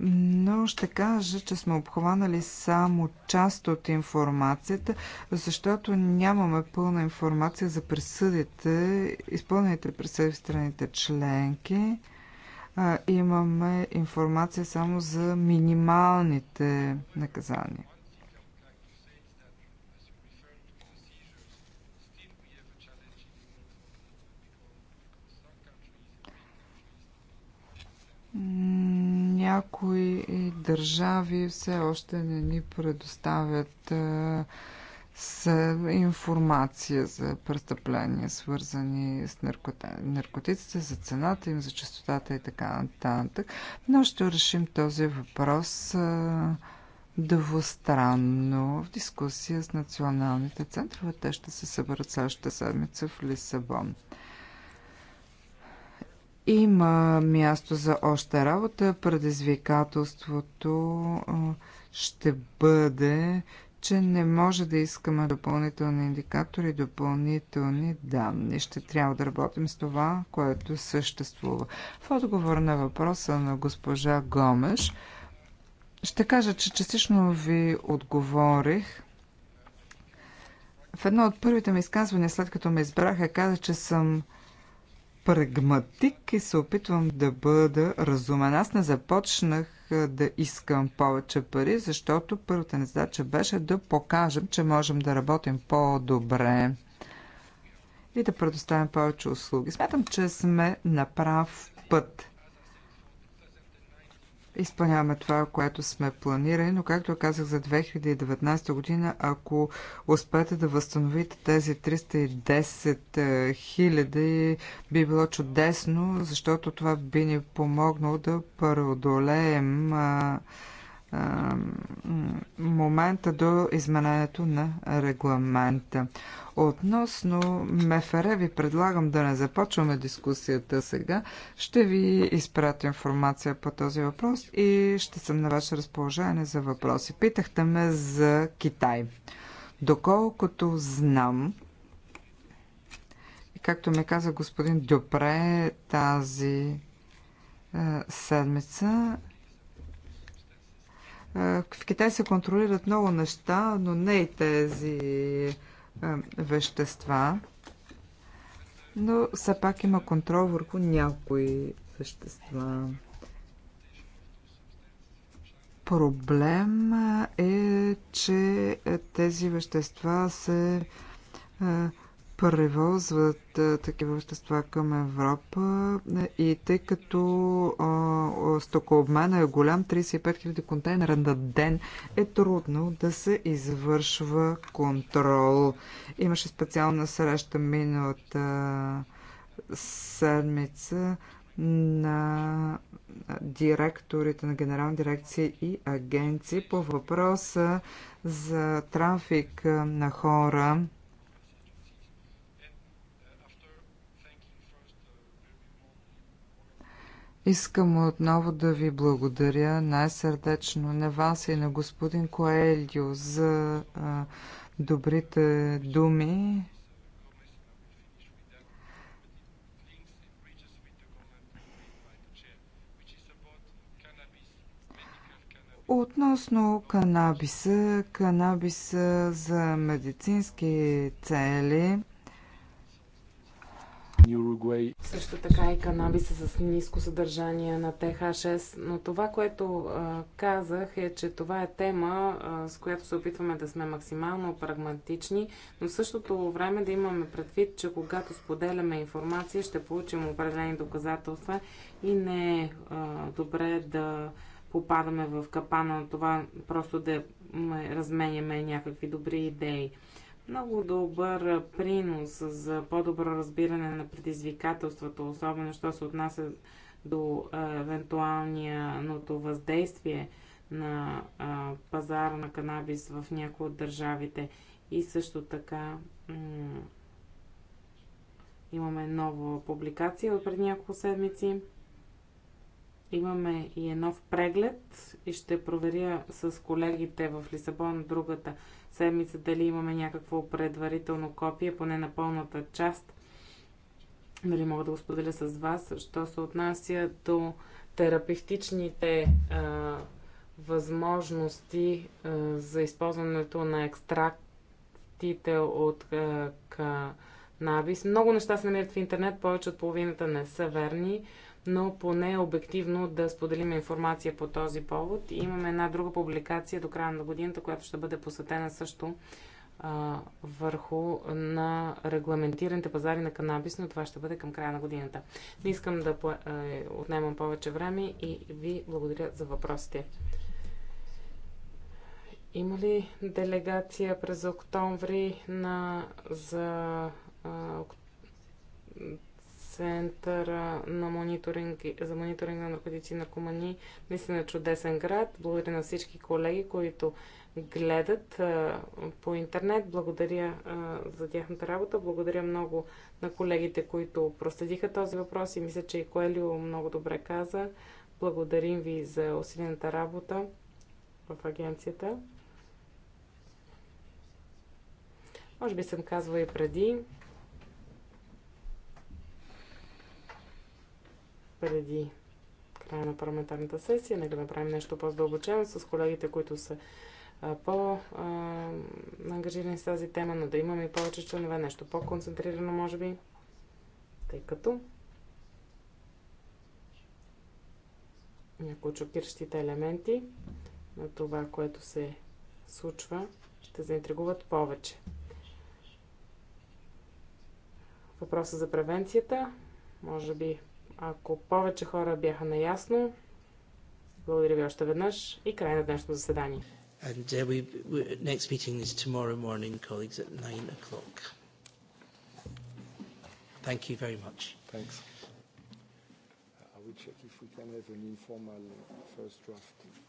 Но ще кажа, че сме обхванали само част от информацията, защото нямаме пълна информация за присъдите, изпълнените присъди в страните членки а, имаме информация само за минималните наказания. Някои държави все още не ни предоставят а, с информация за престъпления, свързани с наркота... наркотиците, за цената им, за частотата и така нататък. Но ще решим този въпрос двустранно в дискусия с националните центрове. Те ще се съберат следващата седмица в Лисабон. Има място за още работа. Предизвикателството ще бъде че не може да искаме допълнителни индикатори, допълнителни данни. Ще трябва да работим с това, което съществува. В отговор на въпроса на госпожа Гомеш, ще кажа, че частично ви отговорих. В едно от първите ми изказвания, след като ме избраха, каза, че съм прагматик и се опитвам да бъда разумен. Аз не започнах да искам повече пари, защото първата ни задача беше да покажем, че можем да работим по-добре и да предоставим повече услуги. Смятам, че сме на прав път изпълняваме това, което сме планирали, но както казах за 2019 година, ако успеете да възстановите тези 310 е, хиляди, би било чудесно, защото това би ни помогнало да преодолеем е, момента до изменението на регламента. Относно МФР ви предлагам да не започваме дискусията сега. Ще ви изпратя информация по този въпрос и ще съм на ваше разположение за въпроси. Питахте ме за Китай. Доколкото знам, както ме каза господин Дюпре тази е, седмица, в Китай се контролират много неща, но не и тези вещества. Но все пак има контрол върху някои вещества. Проблем е, че тези вещества се превозват такива вещества към Европа и тъй като стокообмена е голям, 35 000 контейнера на ден, е трудно да се извършва контрол. Имаше специална среща миналата седмица на директорите на генерални дирекции и агенции по въпроса за трафик на хора Искам отново да ви благодаря най-сърдечно на вас и на господин Коелио за а, добрите думи. Относно канабиса, канабиса за медицински цели – също така и канабиса с ниско съдържание на ТХ6. Но това, което а, казах е, че това е тема, а, с която се опитваме да сме максимално прагматични, но в същото време да имаме предвид, че когато споделяме информация, ще получим определени доказателства и не е добре да попадаме в капана на това просто да разменяме някакви добри идеи много добър принос за по-добро разбиране на предизвикателствата, особено що се отнася до евентуалното въздействие на пазара на канабис в някои от държавите. И също така имаме нова публикация от преди няколко седмици. Имаме и е нов преглед и ще проверя с колегите в Лисабон другата седмица дали имаме някакво предварително копие, поне на пълната част. Дали мога да го споделя с вас, що се отнася до терапевтичните а, възможности а, за използването на екстрактите от а, канабис. Много неща се намират в интернет, повече от половината не са верни. А, но поне обективно да споделим информация по този повод. И имаме една друга публикация до края на годината, която ще бъде посветена също а, върху на регламентираните пазари на канабис, но това ще бъде към края на годината. Не искам да е, отнемам повече време и ви благодаря за въпросите. Има ли делегация през октомври на, за а, Център на мониторинг, за мониторинг на наркотици и наркомани. Наистина е чудесен град. Благодаря на всички колеги, които гледат а, по интернет. Благодаря а, за тяхната работа. Благодаря много на колегите, които проследиха този въпрос и мисля, че и Коелио много добре каза. Благодарим ви за усилената работа в агенцията. Може би съм казвала и преди. преди края на парламентарната сесия. Нека направим нещо по здълбочено с колегите, които са по-ангажирани с тази тема, но да имаме и повече членове, нещо по-концентрирано, може би, тъй като някои шокиращите елементи на това, което се случва, ще заинтригуват повече. Въпроса за превенцията, може би ако повече хора бяха наясно, благодаря ви още веднъж и край на днешното заседание. And uh, we, we, next meeting is tomorrow morning, colleagues, at 9 o'clock. Thank you very much. Thanks. I will check if we can have an informal first draft.